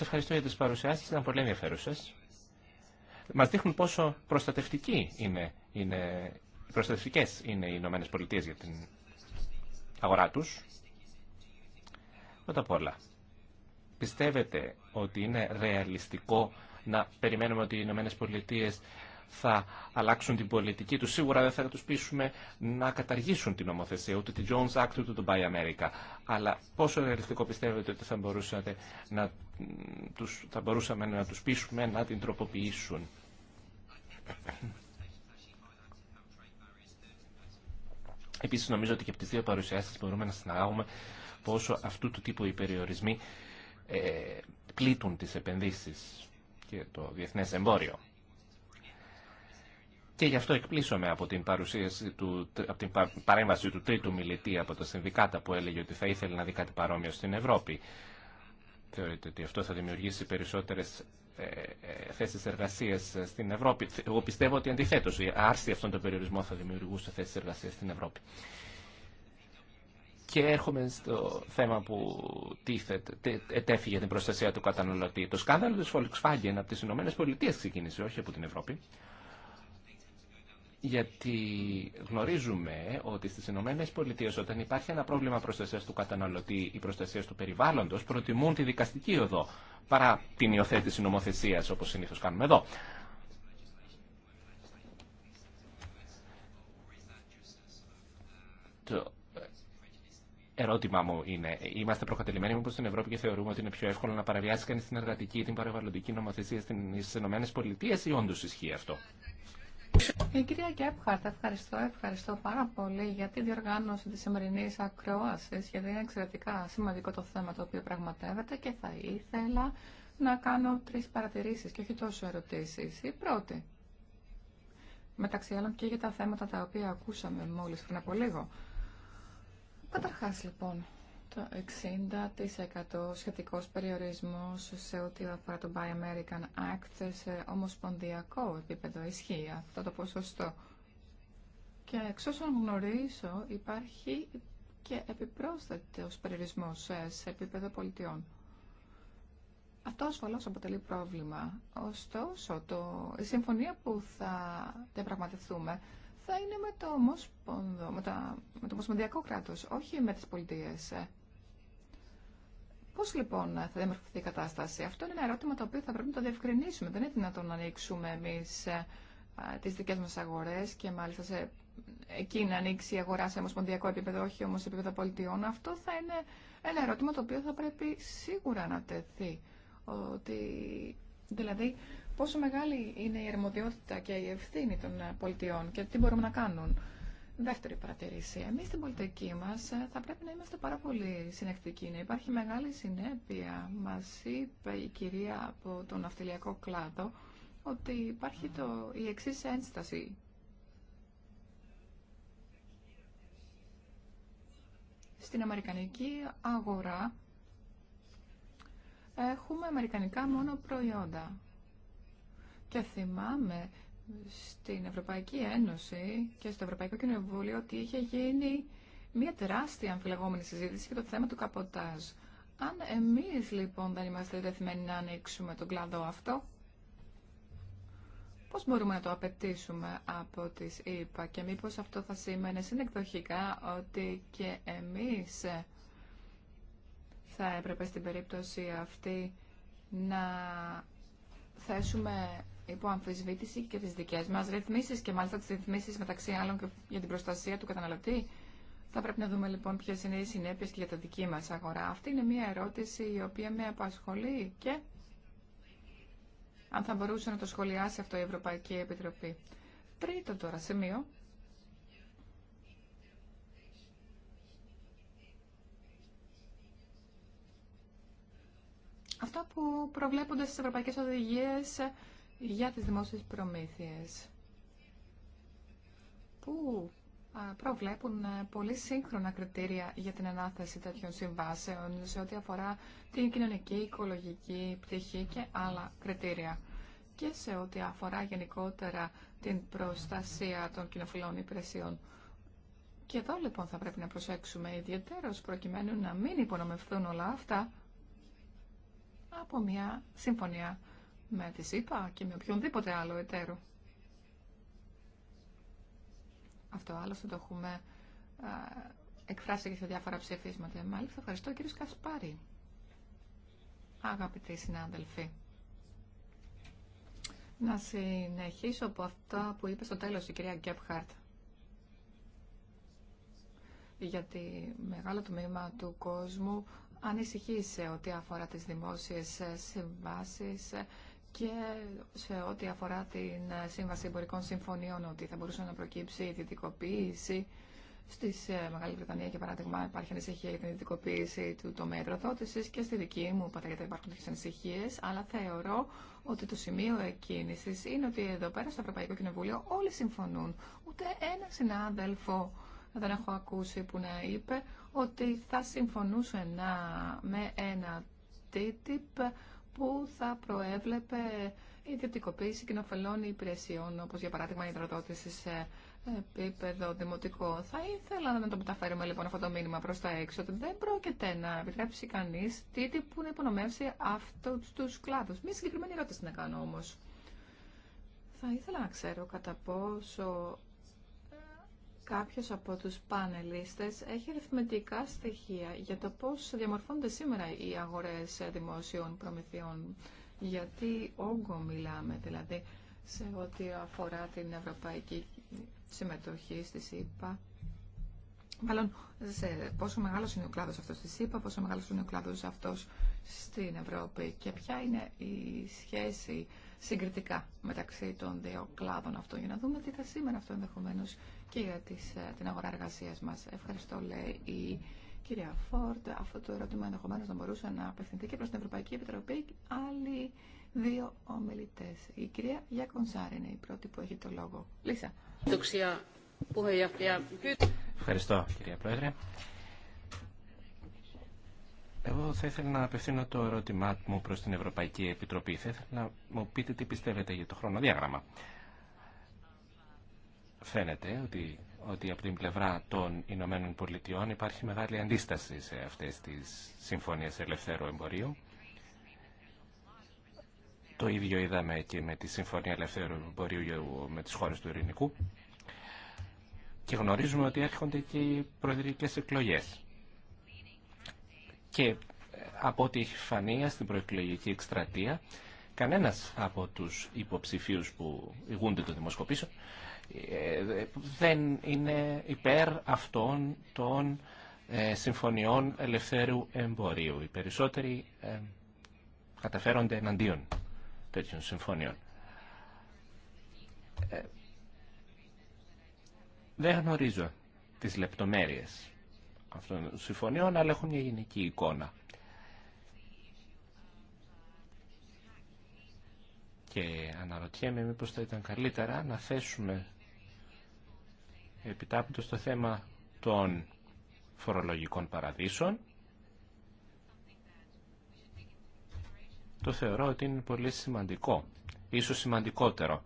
ευχαριστώ για τι παρουσιάσεις, ήταν πολύ ενδιαφέρουσε. Μα δείχνουν πόσο προστατευτικοί είναι, είναι, προστατευτικές είναι οι Ηνωμένες για την αγορά τους. Πρώτα απ' όλα, πιστεύετε ότι είναι ρεαλιστικό να περιμένουμε ότι οι Ηνωμένε Πολιτείε θα αλλάξουν την πολιτική του. Σίγουρα δεν θα τους πείσουμε να καταργήσουν την νομοθεσία, ούτε την Jones Act, ούτε τον Buy America. Αλλά πόσο ρεαλιστικό πιστεύετε ότι θα, μπορούσατε να τους, θα μπορούσαμε να τους πείσουμε να την τροποποιήσουν. Επίση, νομίζω ότι και από τις δύο παρουσιάσει μπορούμε να συναγάγουμε πόσο αυτού του τύπου οι περιορισμοί ε, πλήττουν τις επενδύσεις και το διεθνές εμπόριο. Και γι' αυτό εκπλήσωμε από την, παρουσίαση του, από την παρέμβαση του τρίτου μιλητή από τα συνδικάτα που έλεγε ότι θα ήθελε να δει κάτι παρόμοιο στην Ευρώπη. Θεωρείτε ότι αυτό θα δημιουργήσει περισσότερες ε, ε, θέσει εργασία στην Ευρώπη. Εγώ πιστεύω ότι αντιθέτω η άρση αυτών των περιορισμών θα δημιουργούσε θέσει εργασία στην Ευρώπη. Και έρχομαι στο θέμα που τίθεται, για την προστασία του καταναλωτή. Το σκάνδαλο τη Volkswagen από τι Ηνωμένες Πολιτείες ξεκίνησε, όχι από την Ευρώπη γιατί γνωρίζουμε ότι στις Ηνωμένε Πολιτείε όταν υπάρχει ένα πρόβλημα προστασίας του καταναλωτή ή προστασίας του περιβάλλοντος προτιμούν τη δικαστική οδό παρά την υιοθέτηση νομοθεσίας όπως συνήθως κάνουμε εδώ. Το ερώτημά μου είναι, είμαστε προκατελημένοι μήπως στην Ευρώπη και θεωρούμε ότι είναι πιο εύκολο να παραβιάσει κανείς την εργατική ή την παρεβαλλοντική νομοθεσία στις ΗΠΑ ή όντως ισχύει αυτό. Η ε, κυρία Κέπχαρτ, ευχαριστώ, ευχαριστώ πάρα πολύ για τη διοργάνωση της σημερινή ακρόαση γιατί είναι εξαιρετικά σημαντικό το θέμα το οποίο πραγματεύεται και θα ήθελα να κάνω τρεις παρατηρήσεις και όχι τόσο ερωτήσεις. Η πρώτη, μεταξύ άλλων και για τα θέματα τα οποία ακούσαμε μόλις πριν από λίγο. Καταρχά λοιπόν, το 60% σχετικός περιορισμός σε ό,τι αφορά το Buy American Act σε ομοσπονδιακό επίπεδο ισχύει αυτό το ποσοστό. Και εξ όσων γνωρίζω υπάρχει και επιπρόσθετος περιορισμός σε επίπεδο πολιτιών. Αυτό ασφαλώς αποτελεί πρόβλημα. Ωστόσο, το, η συμφωνία που θα διαπραγματευτούμε θα είναι με το, με, τα, με το Ομοσπονδιακό κράτος, όχι με τις πολιτείες. Πώς λοιπόν θα διαμορφωθεί η κατάσταση. Αυτό είναι ένα ερώτημα το οποίο θα πρέπει να το διευκρινίσουμε. Δεν είναι δυνατόν να ανοίξουμε εμείς ε, τις δικές μας αγορές και μάλιστα σε εκεί να ανοίξει η αγορά σε ομοσπονδιακό επίπεδο, όχι όμως σε επίπεδο πολιτιών. Αυτό θα είναι ένα ερώτημα το οποίο θα πρέπει σίγουρα να τεθεί. Ότι, δηλαδή, πόσο μεγάλη είναι η αρμοδιότητα και η ευθύνη των ε, πολιτιών και τι μπορούμε να κάνουν. Δεύτερη παρατηρήση. Εμεί στην πολιτική μα ε, θα πρέπει να είμαστε πάρα πολύ συνεκτικοί. Να υπάρχει μεγάλη συνέπεια. Μα είπε η κυρία από τον ναυτιλιακό κλάδο ότι υπάρχει το, η εξή ένσταση. Στην αμερικανική αγορά έχουμε αμερικανικά μόνο προϊόντα. Και θυμάμαι στην Ευρωπαϊκή Ένωση και στο Ευρωπαϊκό Κοινοβούλιο ότι είχε γίνει μια τεράστια αμφιλεγόμενη συζήτηση για το θέμα του καποτάζ. Αν εμείς λοιπόν δεν είμαστε δεθμένοι να ανοίξουμε τον κλάδο αυτό, πώς μπορούμε να το απαιτήσουμε από τις ΗΠΑ και μήπως αυτό θα σήμαινε συνεκδοχικά ότι και εμείς θα έπρεπε στην περίπτωση αυτή να θέσουμε υπό αμφισβήτηση και τις δικέ μα ρυθμίσει και μάλιστα τι ρυθμίσεις μεταξύ άλλων και για την προστασία του καταναλωτή. Θα πρέπει να δούμε λοιπόν ποιε είναι οι συνέπειε και για τα δική μα αγορά. Αυτή είναι μια ερώτηση η οποία με απασχολεί και αν θα μπορούσε να το σχολιάσει αυτό η Ευρωπαϊκή Επιτροπή. Τρίτο τώρα σημείο. Αυτό που προβλέπονται στις ευρωπαϊκές οδηγίες για τις δημόσιες προμήθειες που προβλέπουν ε, πολύ σύγχρονα κριτήρια για την ανάθεση τέτοιων συμβάσεων σε ό,τι αφορά την κοινωνική, οικολογική πτυχή και άλλα κριτήρια και σε ό,τι αφορά γενικότερα την προστασία των κοινοφιλών υπηρεσιών. Και εδώ λοιπόν θα πρέπει να προσέξουμε ιδιαίτερως προκειμένου να μην υπονομευθούν όλα αυτά από μια συμφωνία με τη ΣΥΠΑ και με οποιονδήποτε άλλο εταίρο. Αυτό άλλωστε το έχουμε εκφράσει και σε διάφορα ψηφίσματα. Μάλιστα, ευχαριστώ κύριο Κασπάρη. Αγαπητοί συνάδελφοι. Να συνεχίσω από αυτά που είπε στο τέλος η κυρία Γκέπχαρτ. Γιατί μεγάλο τμήμα του κόσμου ανησυχεί σε ό,τι αφορά τις δημόσιες συμβάσεις και σε ό,τι αφορά την Σύμβαση Εμπορικών Συμφωνιών ότι θα μπορούσε να προκύψει η δυτικοποίηση Στη ε, Μεγάλη Βρετανία, για παράδειγμα, υπάρχει ανησυχία για την δυτικοποίηση του τομέα υδροδότηση και στη δική μου πατρίδα υπάρχουν τέτοιε ανησυχίε. Αλλά θεωρώ ότι το σημείο εκκίνηση είναι ότι εδώ πέρα στο Ευρωπαϊκό Κοινοβούλιο όλοι συμφωνούν. Ούτε ένα συνάδελφο δεν έχω ακούσει που να είπε ότι θα συμφωνούσε με ένα TTIP που θα προέβλεπε ιδιωτικοποίηση κοινοφελών υπηρεσιών, όπως για παράδειγμα η υδροδότηση σε ε, επίπεδο δημοτικό. Θα ήθελα να το μεταφέρουμε λοιπόν αυτό το μήνυμα προς τα έξω, ότι δεν πρόκειται να επιτρέψει κανείς τίτη που να υπονομεύσει αυτού τους κλάδους. Μία συγκεκριμένη ερώτηση να κάνω όμως. Θα ήθελα να ξέρω κατά πόσο κάποιος από τους πάνελίστες έχει αριθμητικά στοιχεία για το πώς διαμορφώνονται σήμερα οι αγορές δημόσιων προμηθειών. Γιατί όγκο μιλάμε, δηλαδή, σε ό,τι αφορά την ευρωπαϊκή συμμετοχή στη ΣΥΠΑ. Μάλλον, σε πόσο μεγάλος είναι ο κλάδος αυτός στη ΣΥΠΑ, πόσο μεγάλος είναι ο κλάδος αυτός στην Ευρώπη και ποια είναι η σχέση συγκριτικά μεταξύ των δύο κλάδων αυτών για να δούμε τι θα σήμερα αυτό ενδεχομένως και για ε, την αγορά εργασία μα. Ευχαριστώ, λέει η κυρία Φόρντ. Αυτό το ερώτημα ενδεχομένω να μπορούσε να απευθυνθεί και προ την Ευρωπαϊκή Επιτροπή. Άλλοι δύο ομιλητέ. Η κυρία Γιακονσάρη είναι η πρώτη που έχει το λόγο. Λίσα. Ευχαριστώ, κυρία Πρόεδρε. Εγώ θα ήθελα να απευθύνω το ερώτημά μου προς την Ευρωπαϊκή Επιτροπή. Θα ήθελα να μου πείτε τι πιστεύετε για το χρονοδιάγραμμα φαίνεται ότι, ότι από την πλευρά των Ηνωμένων Πολιτειών υπάρχει μεγάλη αντίσταση σε αυτές τις συμφωνίες ελευθέρου εμπορίου. Το ίδιο είδαμε και με τη Συμφωνία Ελευθέρου Εμπορίου με τις χώρες του Ειρηνικού. Και γνωρίζουμε ότι έρχονται και οι προεδρικές εκλογές. Και ε, από ό,τι έχει φανεί στην προεκλογική εκστρατεία, κανένας από τους υποψηφίους που ηγούνται το δημοσκοπήσεων ε, δεν είναι υπέρ αυτών των ε, συμφωνιών ελευθέρου εμπορίου. Οι περισσότεροι ε, καταφέρονται εναντίον τέτοιων συμφωνιών. Δεν γνωρίζω τις λεπτομέρειες αυτών των συμφωνιών, αλλά έχουν μια γενική εικόνα. Και αναρωτιέμαι μήπως θα ήταν καλύτερα να θέσουμε επιτάπητο στο θέμα των φορολογικών παραδείσων. Το θεωρώ ότι είναι πολύ σημαντικό, ίσως σημαντικότερο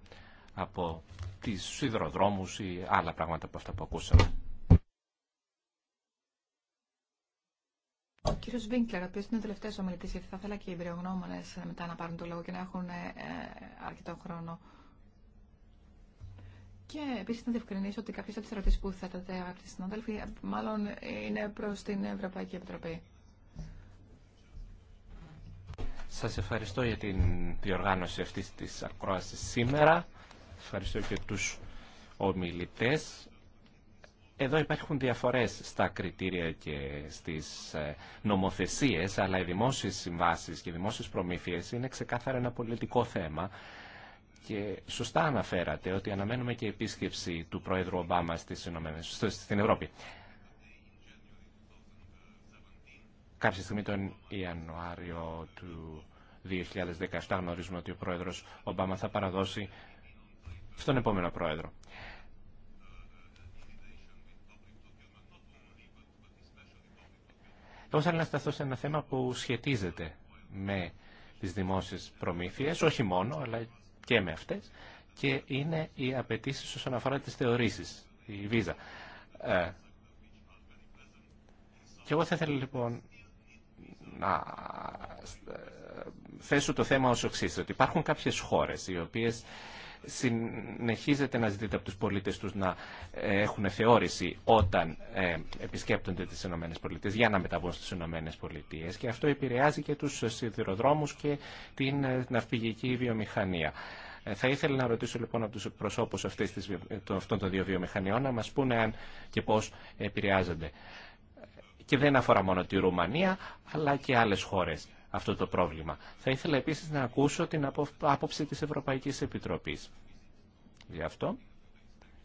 από τις σιδηροδρόμους ή άλλα πράγματα από αυτά που ακούσαμε. Ο κύριος Βίνκλερ, ο οποίος είναι ο τελευταίο ομιλητή, γιατί θα ήθελα και οι εμπειρογνώμονε μετά να πάρουν το λόγο και να έχουν ε, ε, αρκετό χρόνο. Και επίση να διευκρινίσω ότι κάποιε από τι ερωτήσει που θέτατε, τη συνάδελφοι, μάλλον είναι προ την Ευρωπαϊκή Επιτροπή. Σας ευχαριστώ για την διοργάνωση αυτής της ακρόασης σήμερα. Ευχαριστώ και τους ομιλητές. Εδώ υπάρχουν διαφορές στα κριτήρια και στις ε, νομοθεσίες, αλλά οι δημόσιες συμβάσεις και οι δημόσιες προμήθειες είναι ξεκάθαρα ένα πολιτικό θέμα και σωστά αναφέρατε ότι αναμένουμε και επίσκεψη του Πρόεδρου Ομπάμα στην Ευρώπη. Κάποια στιγμή τον Ιανουάριο του 2017 γνωρίζουμε ότι ο Πρόεδρος Ομπάμα θα παραδώσει στον επόμενο Πρόεδρο. Εγώ θέλω να σταθώ σε ένα θέμα που σχετίζεται με τις δημόσιες προμήθειες, όχι μόνο, αλλά και με αυτέ, και είναι οι απαιτήσει όσον αφορά τι θεωρήσεις, η βίζα. Ε, και εγώ θα ήθελα λοιπόν να ε, θέσω το θέμα ως εξής, ότι υπάρχουν κάποιες χώρες οι οποίες συνεχίζεται να ζητείται από τους πολίτες τους να ε, έχουν θεώρηση όταν ε, επισκέπτονται τις ΗΠΑ για να μεταβούν στις ΗΠΑ και αυτό επηρεάζει και τους σιδηροδρόμους και την ε, ναυπηγική βιομηχανία. Θα ήθελα να ρωτήσω λοιπόν από τους προσώπους αυτών των δύο βιομηχανιών να μας πούνε αν και πώς επηρεάζονται. Και δεν αφορά μόνο τη Ρουμανία, αλλά και άλλες χώρες αυτό το πρόβλημα. Θα ήθελα επίσης να ακούσω την άποψη της Ευρωπαϊκής Επιτροπής για αυτό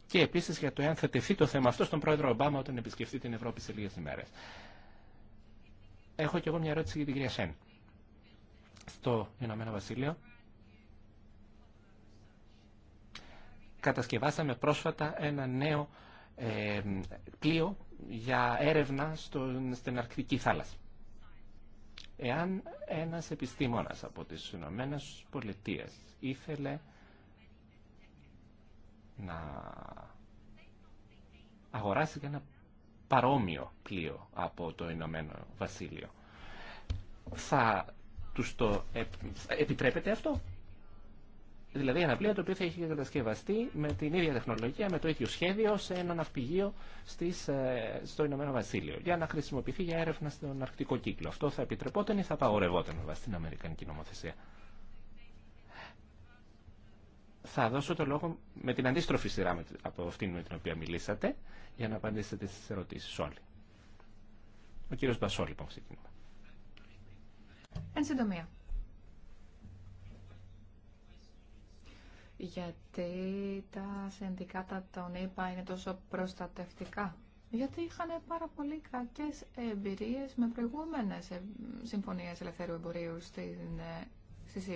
και επίσης για το εάν θα τεθεί το θέμα αυτό στον πρόεδρο Ομπάμα όταν επισκεφτεί την Ευρώπη σε λίγες ημέρες. Έχω και εγώ μια ερώτηση για την κυρία Σέν. Στο Ηνωμένο Βασίλειο κατασκευάσαμε πρόσφατα ένα νέο ε, πλοίο για έρευνα στην Αρκτική θάλασσα. Εάν ένας επιστήμονας από τις Ηνωμένε Πολιτείε. ήθελε να αγοράσει ένα παρόμοιο πλοίο από το Ηνωμένο Βασίλειο, θα τους το επιτρέπεται αυτό δηλαδή ένα πλοίο το οποίο θα είχε κατασκευαστεί με την ίδια τεχνολογία, με το ίδιο σχέδιο σε ένα ναυπηγείο στις, ε, στο Ηνωμένο Βασίλειο για να χρησιμοποιηθεί για έρευνα στον αρκτικό κύκλο. Αυτό θα επιτρεπόταν ή θα απαγορευόταν βάσει την Αμερικανική νομοθεσία. Θα δώσω το λόγο με την αντίστροφη σειρά από αυτήν με την οποία μιλήσατε για να απαντήσετε στις ερωτήσεις όλοι. Ο κύριος Μπασό λοιπόν ξεκινούμε. Εν συντομία. γιατί τα συνδικάτα των ΕΠΑ είναι τόσο προστατευτικά. Γιατί είχαν πάρα πολύ κακές εμπειρίες με προηγούμενε ε, συμφωνίε ελευθερού εμπορίου στην, ε, στις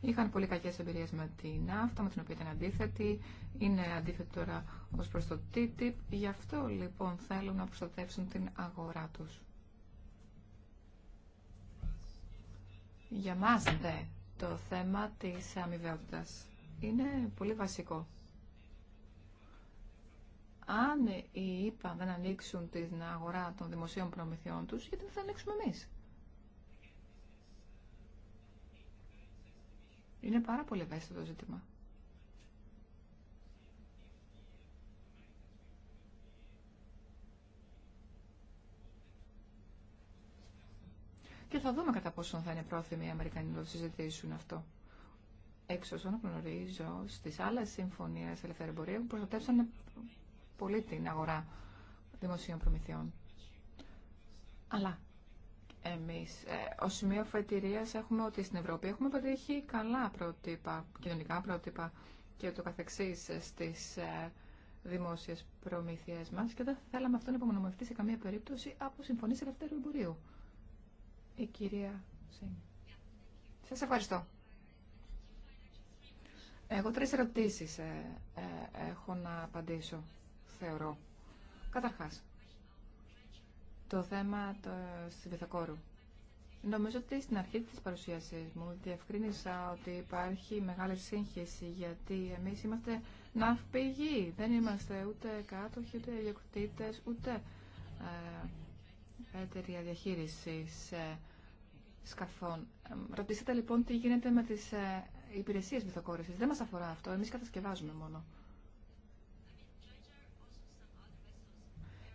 Είχαν πολύ κακέ εμπειρίες με την ΑΦΤΑ, με την οποία ήταν αντίθετη. Είναι αντίθετη τώρα ως προ το TTIP. Γι' αυτό λοιπόν θέλουν να προστατεύσουν την αγορά τους. Για μας δε το θέμα της αμοιβαιότητας είναι πολύ βασικό. Αν οι ΙΠΑ δεν ανοίξουν την αγορά των δημοσίων προμηθειών τους, γιατί δεν θα ανοίξουμε εμείς. Είναι πάρα πολύ ευαίσθητο το ζήτημα. Και θα δούμε κατά πόσο θα είναι πρόθυμοι οι Αμερικανοί να το συζητήσουν αυτό εξ όσων γνωρίζω, στις άλλες συμφωνίες ελευθερεμπορίου προστατεύσαν πολύ την αγορά δημοσίων προμηθειών. Αλλά εμεί, ε, ως σημείο φετηρία έχουμε ότι στην Ευρώπη έχουμε πετύχει καλά πρότυπα, κοινωνικά πρότυπα και ούτω καθεξής στι ε, δημόσιες προμήθειές μας και δεν θέλαμε αυτό να υπομονωμευτεί σε καμία περίπτωση από συμφωνίε ελευθερού εμπορίου. Η κυρία ευχαριστώ. Εγώ τρεις ερωτήσεις ε, ε, έχω να απαντήσω, θεωρώ. Καταρχάς, το θέμα του βυθακόρου. Νομίζω ότι στην αρχή της παρουσίασής μου διευκρίνησα ότι υπάρχει μεγάλη σύγχυση γιατί εμείς είμαστε ναυπηγοί. Δεν είμαστε ούτε κάτοχοι, ούτε ιδιοκτήτες, ούτε ε, εταιρεία διαχείρισης ε, σκαφών. Ρωτήσατε λοιπόν τι γίνεται με τις ε, υπηρεσίε μυθοκόρηση. Δεν μας αφορά αυτό, εμείς κατασκευάζουμε μόνο.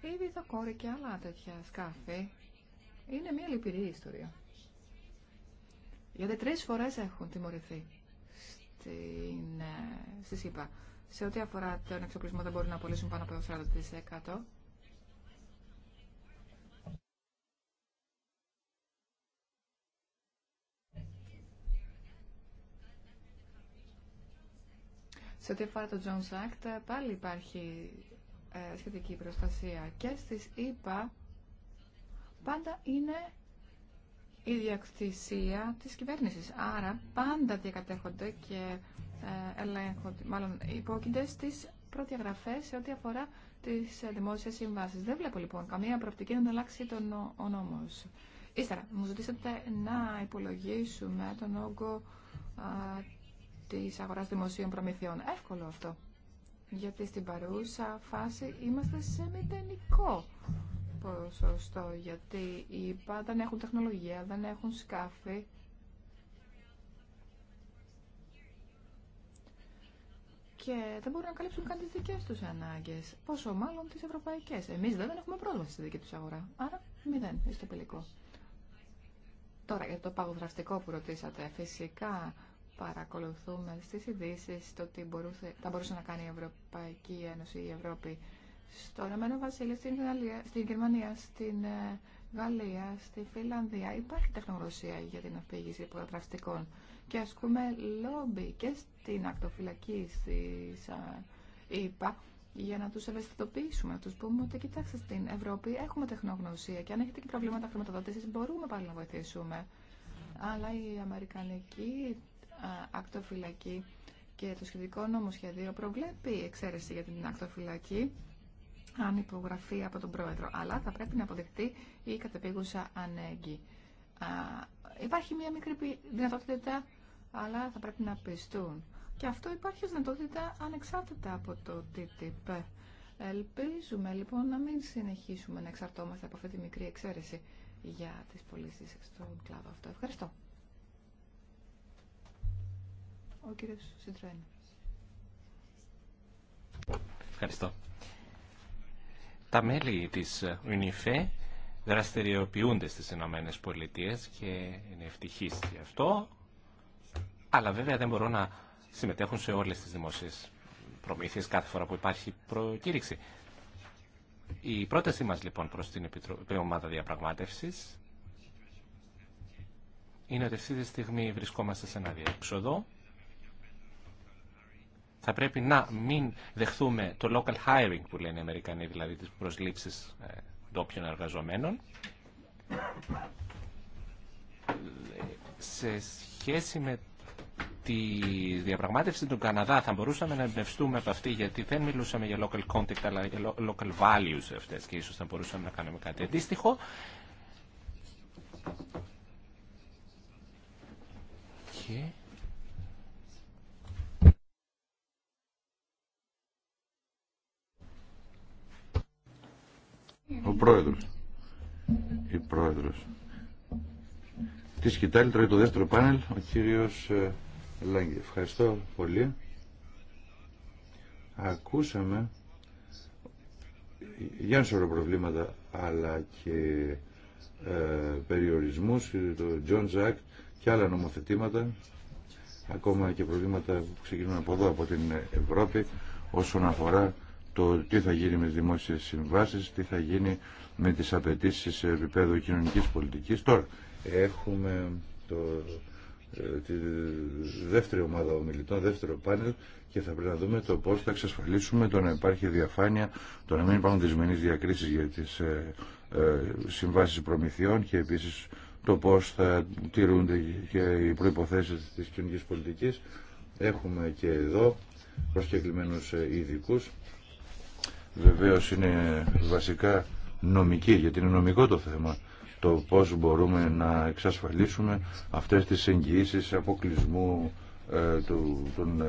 Η βυθοκόρη και άλλα τέτοια σκάφη είναι μια λυπηρή ιστορία. Γιατί τρεις φορές έχουν τιμωρηθεί στην, ε, στη ΣΥΠΑ. Σε ό,τι αφορά τον εξοπλισμό δεν μπορούν να απολύσουν πάνω από το 40%. Σε ό,τι αφορά το Jones Act, πάλι υπάρχει ε, σχετική προστασία και στις ΗΠΑ πάντα είναι η διακτησία της κυβέρνησης. Άρα πάντα διακατέχονται και ε, ελέγχονται, μάλλον υπόκεινται στις προδιαγραφές σε ό,τι αφορά τις ε, δημόσιες συμβάσεις. Δεν βλέπω λοιπόν καμία προοπτική να αλλάξει τον ο νόμος. Ύστερα, μου ζητήσατε να υπολογίσουμε τον όγκο τη αγοράς δημοσίων προμηθειών. Εύκολο αυτό. Γιατί στην παρούσα φάση είμαστε σε μηδενικό ποσοστό. Γιατί οι ΙΠΑ δεν έχουν τεχνολογία, δεν έχουν σκάφη. και δεν μπορούν να καλύψουν καν τι δικέ του ανάγκε. Πόσο μάλλον τι ευρωπαϊκέ. Εμεί δεν έχουμε πρόσβαση στη δική του αγορά. Άρα, μηδέν είστε πελικό. Τώρα για το παγοδραστικό που ρωτήσατε. Φυσικά παρακολουθούμε στις ειδήσει το τι μπορούσε, θα μπορούσε να κάνει η Ευρωπαϊκή Ένωση, η Ευρώπη στο Ηνωμένο Βασίλειο, στην, στην Γερμανία, στην ε, Γαλλία, στη Φιλανδία. Υπάρχει τεχνογνωσία για την αφήγηση υποδραστικών και ασκούμε λόμπι και στην ακτοφυλακή στις ΙΠΑ για να τους ευαισθητοποιήσουμε, να τους πούμε ότι κοιτάξτε στην Ευρώπη έχουμε τεχνογνωσία και αν έχετε και προβλήματα χρηματοδότησης μπορούμε πάλι να βοηθήσουμε αλλά η αμερικανική ακτοφυλακή και το σχετικό νομοσχέδιο προβλέπει εξαίρεση για την ακτοφυλακή αν υπογραφεί από τον Πρόεδρο, αλλά θα πρέπει να αποδεχτεί η κατεπίγουσα Α, Υπάρχει μια μικρή δυνατότητα, αλλά θα πρέπει να πιστούν. Και αυτό υπάρχει δυνατότητα ανεξάρτητα από το TTIP. Ελπίζουμε λοιπόν να μην συνεχίσουμε να εξαρτώμαστε από αυτή τη μικρή εξαίρεση για τις πωλήσει στον κλάδο αυτό. Ευχαριστώ ο κύριος Ευχαριστώ. Τα μέλη της UNIFE δραστηριοποιούνται στις Ηνωμένες Πολιτείες και είναι ευτυχής γι' αυτό, αλλά βέβαια δεν μπορούν να συμμετέχουν σε όλες τις δημόσιες προμήθειες κάθε φορά που υπάρχει προκήρυξη. Η πρότασή μας λοιπόν προς την Επιτροπή Ομάδα Διαπραγμάτευσης είναι ότι αυτή τη στιγμή βρισκόμαστε σε ένα διέξοδο θα πρέπει να μην δεχθούμε το local hiring που λένε οι Αμερικανοί, δηλαδή τις προσλήψεις ε, ντόπιων εργαζομένων. Σε σχέση με τη διαπραγμάτευση του Καναδά θα μπορούσαμε να εμπνευστούμε από αυτή γιατί δεν μιλούσαμε για local contact αλλά για local values αυτές και ίσως θα μπορούσαμε να κάνουμε κάτι αντίστοιχο. Και... Ο πρόεδρος. Η πρόεδρος. Τη σκητάλη τρώει το δεύτερο πάνελ, ο κύριος ε, Λάγκη. Ευχαριστώ πολύ. Ακούσαμε για σωρό προβλήματα, αλλά και ε, περιορισμούς, το John Jack και άλλα νομοθετήματα, ακόμα και προβλήματα που ξεκινούν από εδώ, από την Ευρώπη, όσον αφορά το τι θα γίνει με τις δημόσιες συμβάσεις, τι θα γίνει με τις απαιτήσει σε επίπεδο κοινωνικής πολιτικής. Τώρα έχουμε το, ε, τη δεύτερη ομάδα ομιλητών, δεύτερο πάνελ και θα πρέπει να δούμε το πώς θα εξασφαλίσουμε το να υπάρχει διαφάνεια, το να μην υπάρχουν δυσμενείς διακρίσεις για τις ε, ε συμβάσεις προμηθειών και επίσης το πώς θα τηρούνται και οι προϋποθέσεις της κοινωνικής πολιτικής. Έχουμε και εδώ προσκεκλημένους ε, ειδικού βεβαίως είναι βασικά νομική, γιατί είναι νομικό το θέμα το πώς μπορούμε να εξασφαλίσουμε αυτές τις εγγυήσεις αποκλεισμού ε, του, των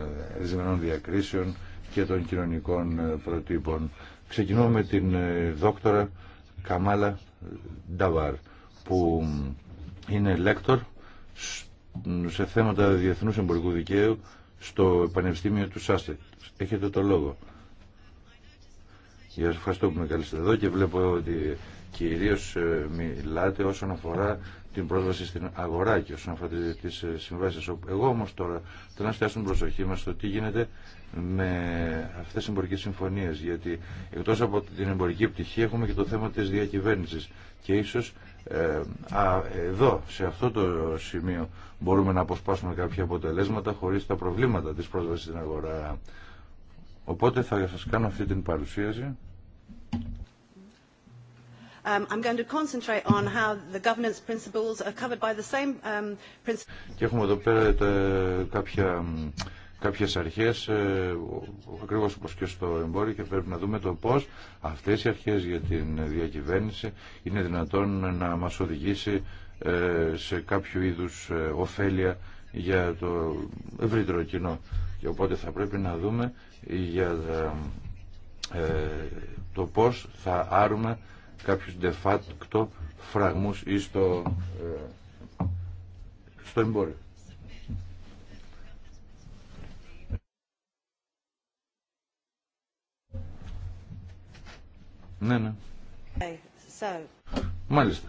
ζημινών ε, διακρίσεων και των κοινωνικών ε, προτύπων. Ξεκινώ με την ε, δόκτωρα Καμάλα Νταβάρ που είναι λέκτορ σε θέματα διεθνούς εμπορικού δικαίου στο Πανεπιστήμιο του Σάσετ. Έχετε το λόγο ευχαριστώ που με καλείστε εδώ και βλέπω ότι κυρίως ε, μιλάτε όσον αφορά την πρόσβαση στην αγορά και όσον αφορά τις ε, συμβάσεις. Εγώ όμως τώρα θέλω να στιάσω την προσοχή μας στο τι γίνεται με αυτές τις εμπορικές συμφωνίες γιατί εκτός από την εμπορική πτυχή έχουμε και το θέμα της διακυβέρνησης και ίσως ε, α, εδώ σε αυτό το σημείο μπορούμε να αποσπάσουμε κάποια αποτελέσματα χωρίς τα προβλήματα της πρόσβασης στην αγορά. Οπότε θα σας κάνω αυτή την παρουσίαση. Και έχουμε εδώ πέρα κάποια, κάποιες αρχές, ε, ακριβώς όπως και στο εμπόριο και πρέπει να δούμε το πώς αυτές οι αρχές για την διακυβέρνηση είναι δυνατόν να μας οδηγήσει ε, σε κάποιο είδους ε, ωφέλεια για το ευρύτερο κοινό. Και οπότε θα πρέπει να δούμε για ε, ε, το πώς θα άρουμε κάποιους de facto φραγμούς ή στο, ε, στο εμπόριο. Ναι, ναι. Μάλιστα.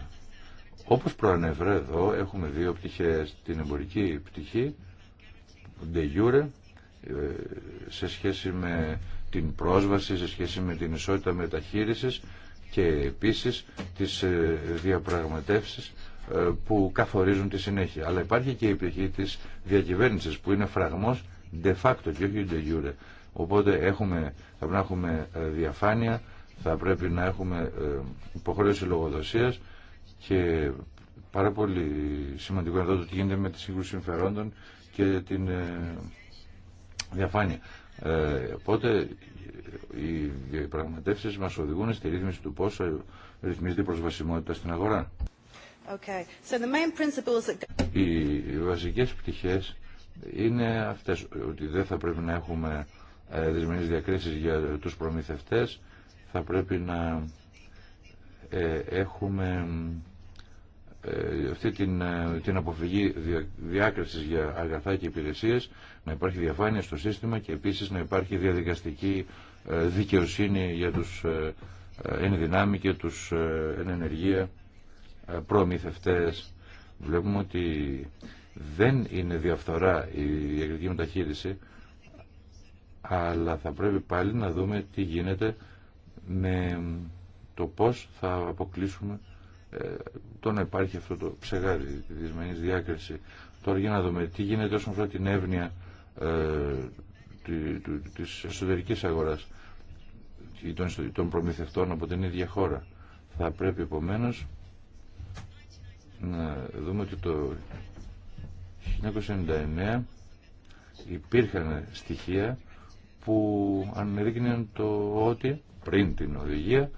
Όπως προανέφερα εδώ έχουμε δύο πτυχές. Την εμπορική πτυχή, de jure, ε, σε σχέση με την πρόσβαση σε σχέση με την ισότητα μεταχείρισης και επίσης τις ε, διαπραγματεύσεις ε, που καθορίζουν τη συνέχεια. Αλλά υπάρχει και η πτυχή της διακυβέρνησης που είναι φραγμός de facto και όχι de jure. Οπότε έχουμε, θα πρέπει να έχουμε ε, διαφάνεια, θα πρέπει να έχουμε υποχρέωση λογοδοσίας και πάρα πολύ σημαντικό είναι το τι γίνεται με τη σύγκρουση συμφερόντων και την διαφάνεια. Ε, οπότε οι διαπραγματεύσει μας οδηγούν στη ρύθμιση του πόσο ρυθμίζεται η προσβασιμότητα στην αγορά. Οι βασικές πτυχέ είναι αυτές, ότι δεν θα πρέπει να έχουμε ε, δεσμενεί διακρίσει για τους προμηθευτές, θα πρέπει να ε, έχουμε ε, αυτή την, ε, την αποφυγή διάκρισης για αγαθά και υπηρεσίες, να υπάρχει διαφάνεια στο σύστημα και επίσης να υπάρχει διαδικαστική ε, δικαιοσύνη για τους εν δυνάμει και τους εν ενεργεία προμηθευτές. Βλέπουμε ότι δεν είναι διαφθορά η διακριτική μεταχείριση, αλλά θα πρέπει πάλι να δούμε τι γίνεται με το πώς θα αποκλείσουμε ε, το να υπάρχει αυτό το ψεγάδι τη δυσμενής διάκριση. Τώρα για να δούμε τι γίνεται όσον αφορά την εύνοια ε, της εσωτερικής αγοράς των προμηθευτών από την ίδια χώρα. Θα πρέπει επομένω να δούμε ότι το 1999 υπήρχαν στοιχεία που ανέδειξαν το ότι πριν την οδηγία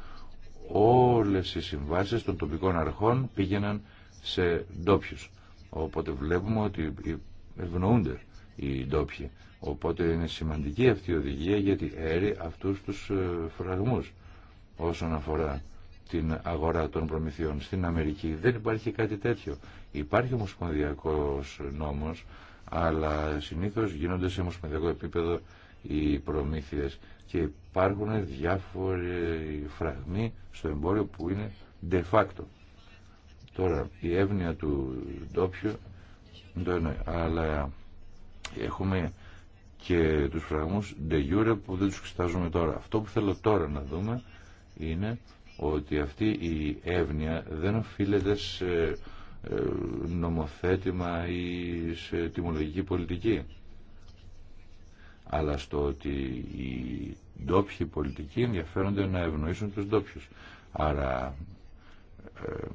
όλες οι συμβάσεις των τοπικών αρχών πήγαιναν σε ντόπιου. Οπότε βλέπουμε ότι ευνοούνται οι ντόπιοι. Οπότε είναι σημαντική αυτή η οδηγία γιατί έρει αυτούς τους ε, φραγμούς όσον αφορά την αγορά των προμηθειών στην Αμερική. Δεν υπάρχει κάτι τέτοιο. Υπάρχει ομοσπονδιακός νόμος, αλλά συνήθως γίνονται σε ομοσπονδιακό επίπεδο οι προμήθειες υπάρχουν διάφοροι φραγμοί στο εμπόριο που είναι de facto. Τώρα η εύνοια του ντόπιου το εννοεί, αλλά έχουμε και τους φραγμούς de jure που δεν τους κοιτάζουμε τώρα. Αυτό που θέλω τώρα να δούμε είναι ότι αυτή η εύνοια δεν οφείλεται σε ε, νομοθέτημα ή σε τιμολογική πολιτική αλλά στο ότι η ντόπιοι πολιτικοί ενδιαφέρονται να ευνοήσουν τους ντόπιου. Άρα ε,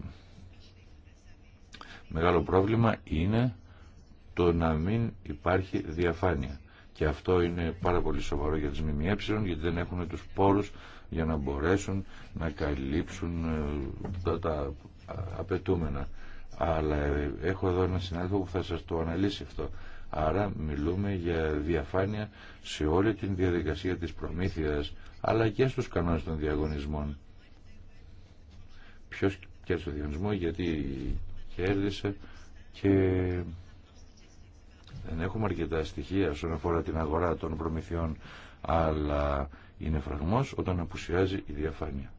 μεγάλο πρόβλημα είναι το να μην υπάρχει διαφάνεια. Και αυτό είναι πάρα πολύ σοβαρό για τις ΜΜΕ, γιατί δεν έχουν τους πόρους για να μπορέσουν να καλύψουν ε, τα, τα απαιτούμενα. Αλλά ε, έχω εδώ ένα συνάδελφο που θα σας το αναλύσει αυτό. Άρα μιλούμε για διαφάνεια σε όλη την διαδικασία της προμήθειας, αλλά και στους κανόνες των διαγωνισμών. Ποιος κέρδισε το διαγωνισμό, γιατί κέρδισε και δεν έχουμε αρκετά στοιχεία όσον αφορά την αγορά των προμηθειών, αλλά είναι φραγμός όταν απουσιάζει η διαφάνεια.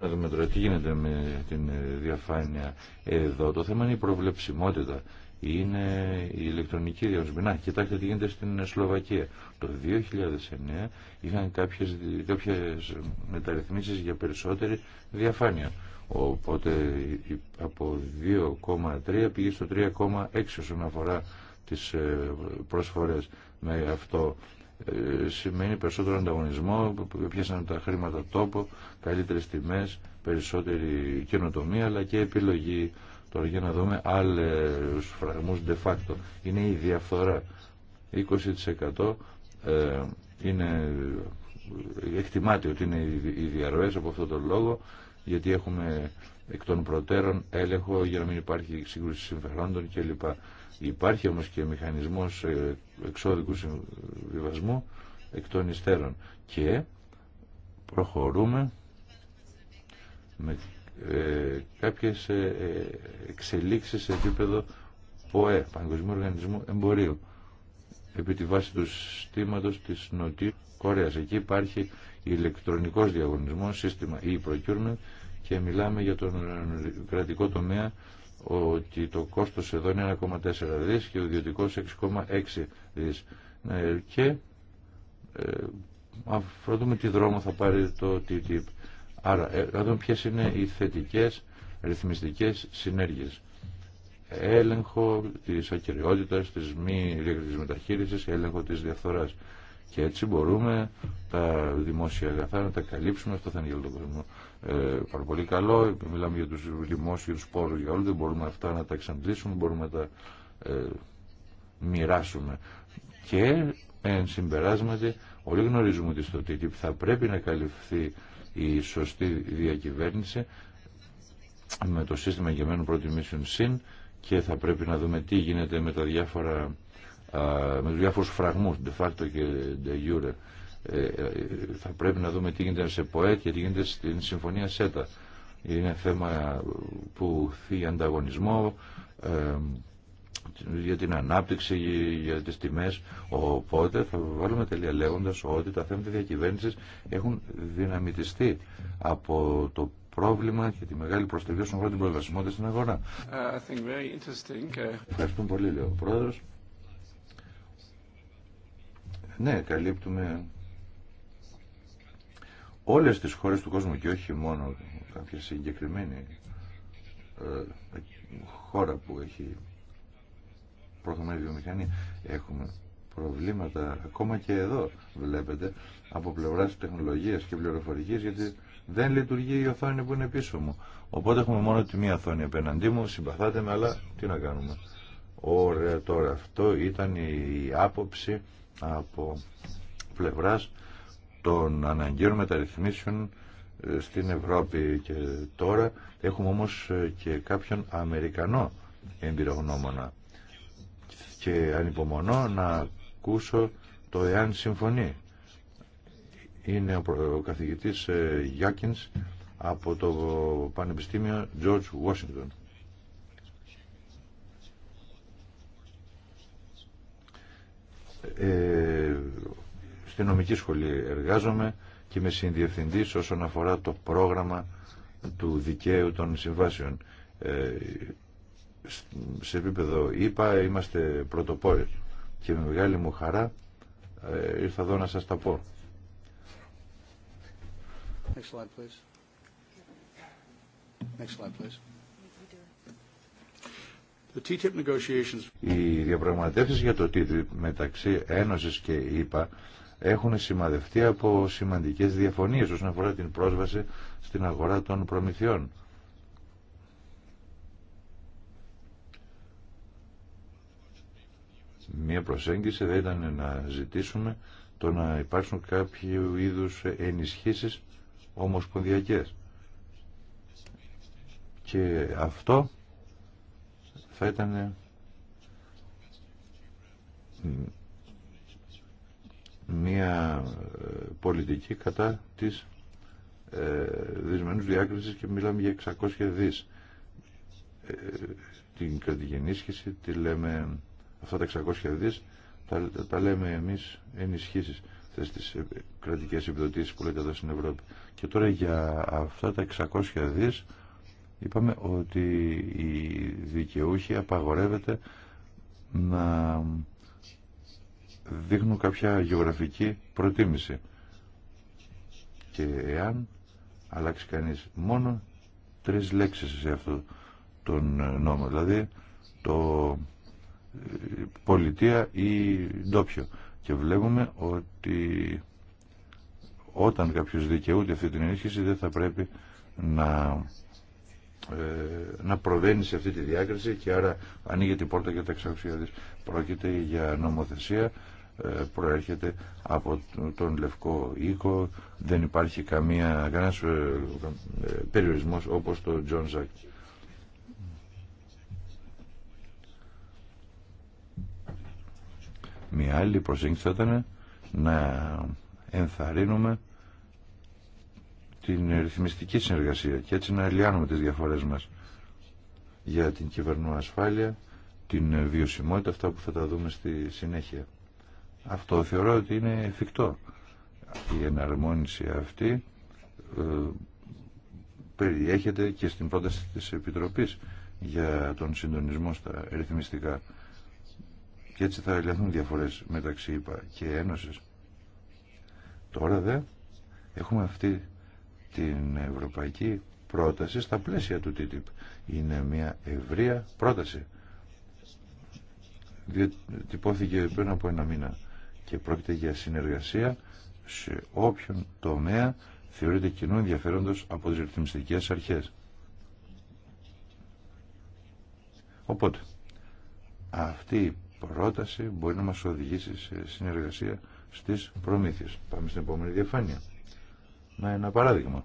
Να δούμε τώρα τι γίνεται με την ε, διαφάνεια εδώ. Το θέμα είναι η προβλεψιμότητα. Είναι η ηλεκτρονική διαγωνισμή. Να, κοιτάξτε τι γίνεται στην ε, Σλοβακία. Το 2009 είχαν κάποιες, κάποιες ε, μεταρρυθμίσεις για περισσότερη διαφάνεια. Οπότε από 2,3 πήγε στο 3,6 όσον αφορά τις προσφορές. Με αυτό ε, σημαίνει περισσότερο ανταγωνισμό, σαν τα χρήματα τόπο, καλύτερες τιμές, περισσότερη καινοτομία αλλά και επιλογή. Τώρα για να δούμε άλλους φραγμούς de facto. Είναι η διαφθορά. 20% ε, είναι, εκτιμάται ότι είναι οι διαρροές από αυτόν τον λόγο γιατί έχουμε εκ των προτέρων έλεγχο για να μην υπάρχει σύγκρουση συμφερόντων κλπ. Υπάρχει όμως και μηχανισμός ε, εξόδικού συμβιβασμού εκ των υστέρων και προχωρούμε με ε, κάποιες ε, εξελίξεις σε επίπεδο ΠΟΕ, Παγκοσμίου Οργανισμού Εμπορίου, επί τη βάση του συστήματος της Νοτιού Κορέας. Εκεί υπάρχει ηλεκτρονικός διαγωνισμός, σύστημα e-procurement και μιλάμε για τον κρατικό τομέα ότι το κόστος εδώ είναι 1,4 δις και ο ιδιωτικό 6,6 δις. Ναι, και ε, αφού δούμε τι δρόμο θα πάρει το TTIP. Άρα, ε, να δούμε ποιες είναι οι θετικές ρυθμιστικές συνέργειες. Έλεγχο της ακυριότητας, της μη διακριτής μεταχείρισης, έλεγχο της διαφθοράς. Και έτσι μπορούμε τα δημόσια αγαθά να τα καλύψουμε, αυτό θα είναι για τον κόσμο. Ε, πάρα πολύ καλό. Μιλάμε για τους δημόσιου πόρους για όλους. Δεν μπορούμε αυτά να τα εξαντλήσουμε, μπορούμε να τα ε, μοιράσουμε. Και εν συμπεράσματι, όλοι γνωρίζουμε ότι στο TTIP θα πρέπει να καλυφθεί η σωστή διακυβέρνηση με το σύστημα εγγεμένου προτιμήσεων συν και θα πρέπει να δούμε τι γίνεται με τα διάφορα με τους διάφορους φραγμούς de facto και de jure ε, ε, θα πρέπει να δούμε τι γίνεται σε ΠΟΕ και τι γίνεται στην Συμφωνία ΣΕΤΑ. Είναι θέμα που θίγει ανταγωνισμό, ε, για την ανάπτυξη, για τις τιμές. Οπότε θα βάλουμε τελεία λέγοντας ότι τα θέματα διακυβέρνησης έχουν δυναμητιστεί από το πρόβλημα και τη μεγάλη προστασία στον χρόνο την προβασιμότητα στην αγορά. Ευχαριστούμε πολύ, λέει ο Ναι, καλύπτουμε όλες τις χώρες του κόσμου και όχι μόνο κάποια συγκεκριμένη ε, χώρα που έχει προθωμένη βιομηχανία έχουμε προβλήματα ακόμα και εδώ βλέπετε από πλευράς τεχνολογίας και πληροφορικής γιατί δεν λειτουργεί η οθόνη που είναι πίσω μου οπότε έχουμε μόνο τη μία οθόνη απέναντί μου συμπαθάτε με αλλά τι να κάνουμε ωραία τώρα αυτό ήταν η άποψη από πλευράς των αναγκαίων μεταρρυθμίσεων ε, στην Ευρώπη και τώρα έχουμε όμως ε, και κάποιον Αμερικανό εμπειρογνώμονα και ανυπομονώ να ακούσω το εάν συμφωνεί. Είναι ο καθηγητής ε, Γιάκινς από το Πανεπιστήμιο George Washington. Ε, στην νομική σχολή εργάζομαι και είμαι συνδιευθυντής όσον αφορά το πρόγραμμα του δικαίου των συμβάσεων. Ε, σε επίπεδο ΙΠΑ είμαστε πρωτοπόροι και με μεγάλη μου χαρά ε, ήρθα εδώ να σας τα πω. Next slide, negotiations... Οι διαπραγματεύσεις για το TTIP μεταξύ Ένωσης και ΕΠΑ έχουν σημαδευτεί από σημαντικές διαφωνίες όσον αφορά την πρόσβαση στην αγορά των προμηθειών. Μία προσέγγιση θα ήταν να ζητήσουμε το να υπάρξουν κάποιο είδους ενισχύσεις ομοσπονδιακές. Και αυτό θα ήταν μια ε, πολιτική κατά της ε, δυσμενούς διάκρισης και μιλάμε για 600 δις. Ε, την κρατική ενίσχυση, τη λέμε, αυτά τα 600 δις, τα, λέμε εμείς ενισχύσεις στις ε, κρατικές επιδοτήσεις που λέτε εδώ στην Ευρώπη. Και τώρα για αυτά τα 600 δις είπαμε ότι οι δικαιούχη απαγορεύεται να δείχνουν κάποια γεωγραφική προτίμηση. Και εάν αλλάξει κανείς μόνο τρεις λέξεις σε αυτό τον νόμο, δηλαδή το ε, πολιτεία ή ντόπιο. Και βλέπουμε ότι όταν κάποιος δικαιούται αυτή την ενίσχυση δεν θα πρέπει να, ε, να προβαίνει σε αυτή τη διάκριση και άρα ανοίγει την πόρτα για τα της Πρόκειται για νομοθεσία προέρχεται από τον Λευκό Οίκο, δεν υπάρχει καμία, κανένας ε, περιορισμός όπως το Τζον Ζακ. Μια άλλη προσέγγιση θα ήταν να ενθαρρύνουμε την ρυθμιστική συνεργασία και έτσι να ελιάνουμε τις διαφορές μας για την ασφάλεια, την βιωσιμότητα, αυτά που θα τα δούμε στη συνέχεια. Αυτό θεωρώ ότι είναι εφικτό. Η εναρμόνιση αυτή ε, περιέχεται και στην πρόταση της Επιτροπής για τον συντονισμό στα ρυθμιστικά. Και έτσι θα ελεγχθούν διαφορές μεταξύ ΙΠΑ και Ένωσης. Τώρα δε έχουμε αυτή την ευρωπαϊκή πρόταση στα πλαίσια του TTIP. Είναι μια ευρεία πρόταση. Διατυπώθηκε πριν από ένα μήνα και πρόκειται για συνεργασία σε όποιον τομέα θεωρείται κοινού ενδιαφέροντος από τις ρυθμιστικές αρχές. Οπότε, αυτή η πρόταση μπορεί να μας οδηγήσει σε συνεργασία στις προμήθειες. Πάμε στην επόμενη διαφάνεια. Να ένα παράδειγμα.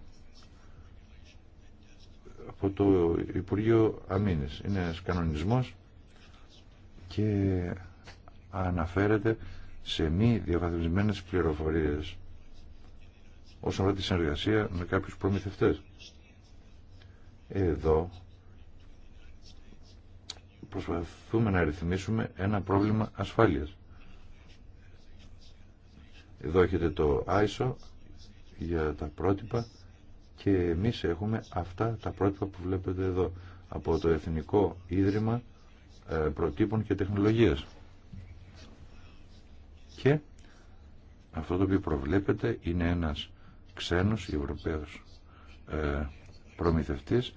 Από το Υπουργείο Αμήνης. Είναι ένας κανονισμός και αναφέρεται σε μη διαβαθμισμένες πληροφορίες όσον αφορά τη συνεργασία με κάποιους προμηθευτές. Εδώ προσπαθούμε να ρυθμίσουμε ένα πρόβλημα ασφάλειας. Εδώ έχετε το ISO για τα πρότυπα και εμείς έχουμε αυτά τα πρότυπα που βλέπετε εδώ από το Εθνικό Ίδρυμα ε, Προτύπων και Τεχνολογίας και αυτό το οποίο προβλέπεται είναι ένας ξένος Ευρωπαίος ε, προμηθευτής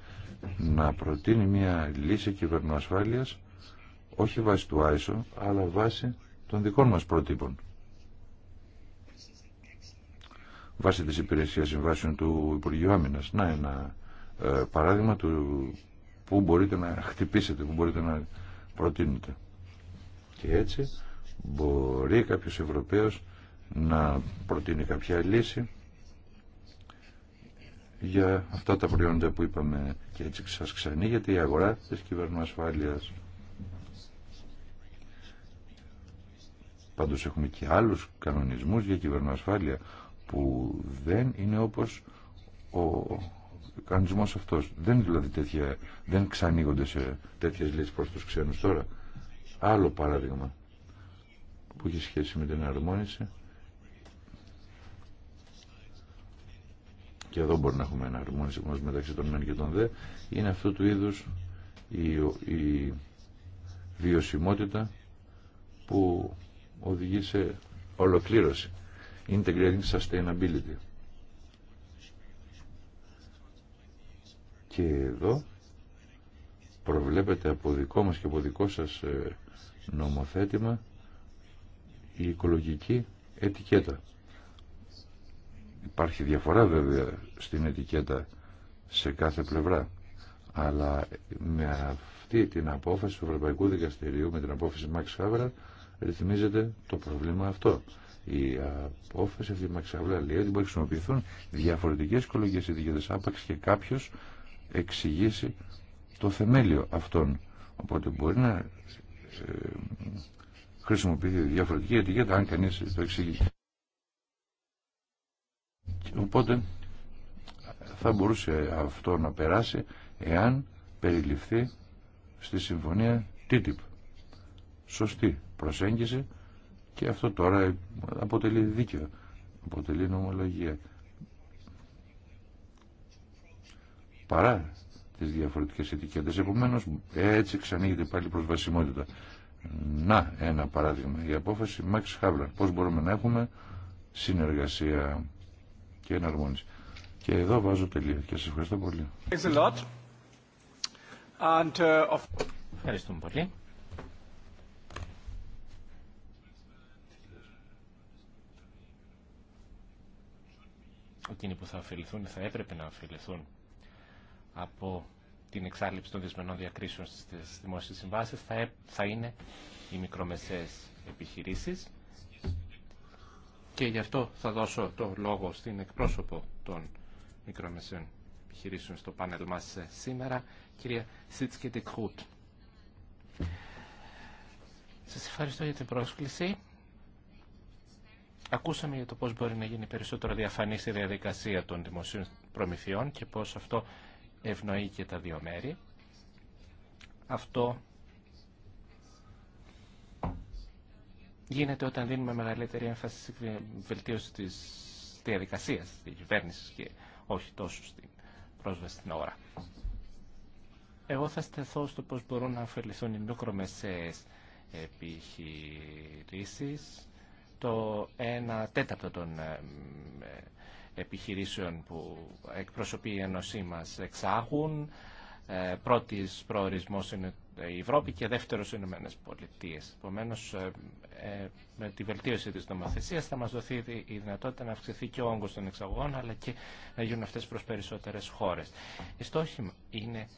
να προτείνει μια λύση κυβερνοασφάλειας όχι βάσει του ISO αλλά βάσει των δικών μας προτύπων. Βάσει της υπηρεσίας συμβάσεων του Υπουργείου Άμυνας. Να ένα ε, παράδειγμα του που μπορείτε να χτυπήσετε, που μπορείτε να προτείνετε. Και έτσι Μπορεί κάποιος Ευρωπαίος να προτείνει κάποια λύση για αυτά τα προϊόντα που είπαμε και έτσι σας ξανήγεται η αγορά της κυβερνοασφάλειας. Πάντως έχουμε και άλλους κανονισμούς για κυβερνοασφάλεια που δεν είναι όπως ο κανονισμός αυτός. Δεν δηλαδή τέτοια, δεν ξανοίγονται σε τέτοιες λύσεις προς τους ξένους τώρα. Άλλο παράδειγμα που έχει σχέση με την αρμόνιση και εδώ μπορεί να έχουμε ένα αρμόνιση μας μεταξύ των μεν και των δε είναι αυτού του είδους η, η βιωσιμότητα που οδηγεί σε ολοκλήρωση integrating sustainability και εδώ προβλέπεται από δικό μας και από δικό σας ε, νομοθέτημα η οικολογική ετικέτα. Υπάρχει διαφορά βέβαια στην ετικέτα σε κάθε πλευρά, αλλά με αυτή την απόφαση του Ευρωπαϊκού Δικαστηρίου, με την απόφαση Μαξ Χάβρα, ρυθμίζεται το πρόβλημα αυτό. Η απόφαση αυτή Max Χάβρα λέει ότι μπορεί να χρησιμοποιηθούν διαφορετικές οικολογικές ετικέτες άπαξ και κάποιο εξηγήσει το θεμέλιο αυτών. Οπότε μπορεί να ε, χρησιμοποιεί διαφορετική ετικέτα, αν κανείς το εξηγεί. Οπότε θα μπορούσε αυτό να περάσει εάν περιληφθεί στη συμφωνία TTIP. Σωστή προσέγγιση και αυτό τώρα αποτελεί δίκαιο, αποτελεί νομολογία. Παρά τις διαφορετικές ετικέτες, επομένως έτσι ξανοίγεται πάλι προσβασιμότητα να, ένα παράδειγμα. Η απόφαση Max Χάβλα. Πώς μπορούμε να έχουμε συνεργασία και εναρμόνιση. Και εδώ βάζω τελείω και σας ευχαριστώ πολύ. Uh, Ευχαριστούμε πολύ. Εκείνοι που θα αφηληθούν θα έπρεπε να αφηληθούν από την εξάλληψη των δυσμενών διακρίσεων στις δημόσιες συμβάσεις θα, θα είναι οι μικρομεσαίες επιχειρήσεις και γι' αυτό θα δώσω το λόγο στην εκπρόσωπο των μικρομεσαίων επιχειρήσεων στο πάνελ μας ε, σήμερα, κυρία Σίτσκε Τικχούτ. Σας ευχαριστώ για την πρόσκληση. Ακούσαμε για το πώς μπορεί να γίνει περισσότερο διαφανή η διαδικασία των δημοσίων προμηθειών και πώς αυτό ευνοεί και τα δύο μέρη. Αυτό γίνεται όταν δίνουμε μεγαλύτερη έμφαση στη βελτίωση της διαδικασίας της κυβέρνηση και όχι τόσο στην πρόσβαση στην ώρα. Εγώ θα στεθώ στο πώς μπορούν να αφαιρεθούν οι μικρομεσαίες επιχειρήσεις. Το ένα τέταρτο των ε, επιχειρήσεων που εκπροσωπεί η Ένωσή μας εξάγουν. Ε, πρώτης προορισμός είναι η Ευρώπη και δεύτερος οι Ηνωμένες Πολιτείες. Επομένω, ε, ε, με τη βελτίωση της νομοθεσίας θα μας δοθεί η δυνατότητα να αυξηθεί και ο όγκος των εξαγωγών αλλά και να γίνουν αυτές προς περισσότερες χώρες. Η στόχη είναι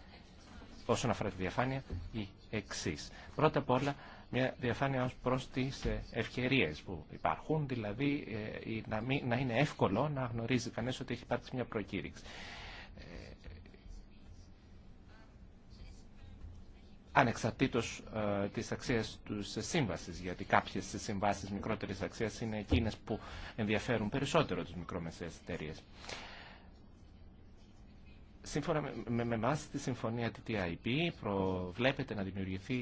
όσον αφορά τη διαφάνεια η εξή. Πρώτα απ' όλα μια διαφάνεια ως προς τις ε, ευκαιρίες που υπάρχουν, δηλαδή ε, να, να είναι εύκολο να γνωρίζει κανείς ότι έχει υπάρξει μια προκήρυξη. Ε, ανεξαρτήτως ε, της αξίας τους σύμβασης, γιατί κάποιες συμβάσεις μικρότερης αξίας είναι εκείνες που ενδιαφέρουν περισσότερο τις μικρομεσαίες εταιρείες. Σύμφωνα με, εμά, τη συμφωνία TTIP προβλέπεται να δημιουργηθεί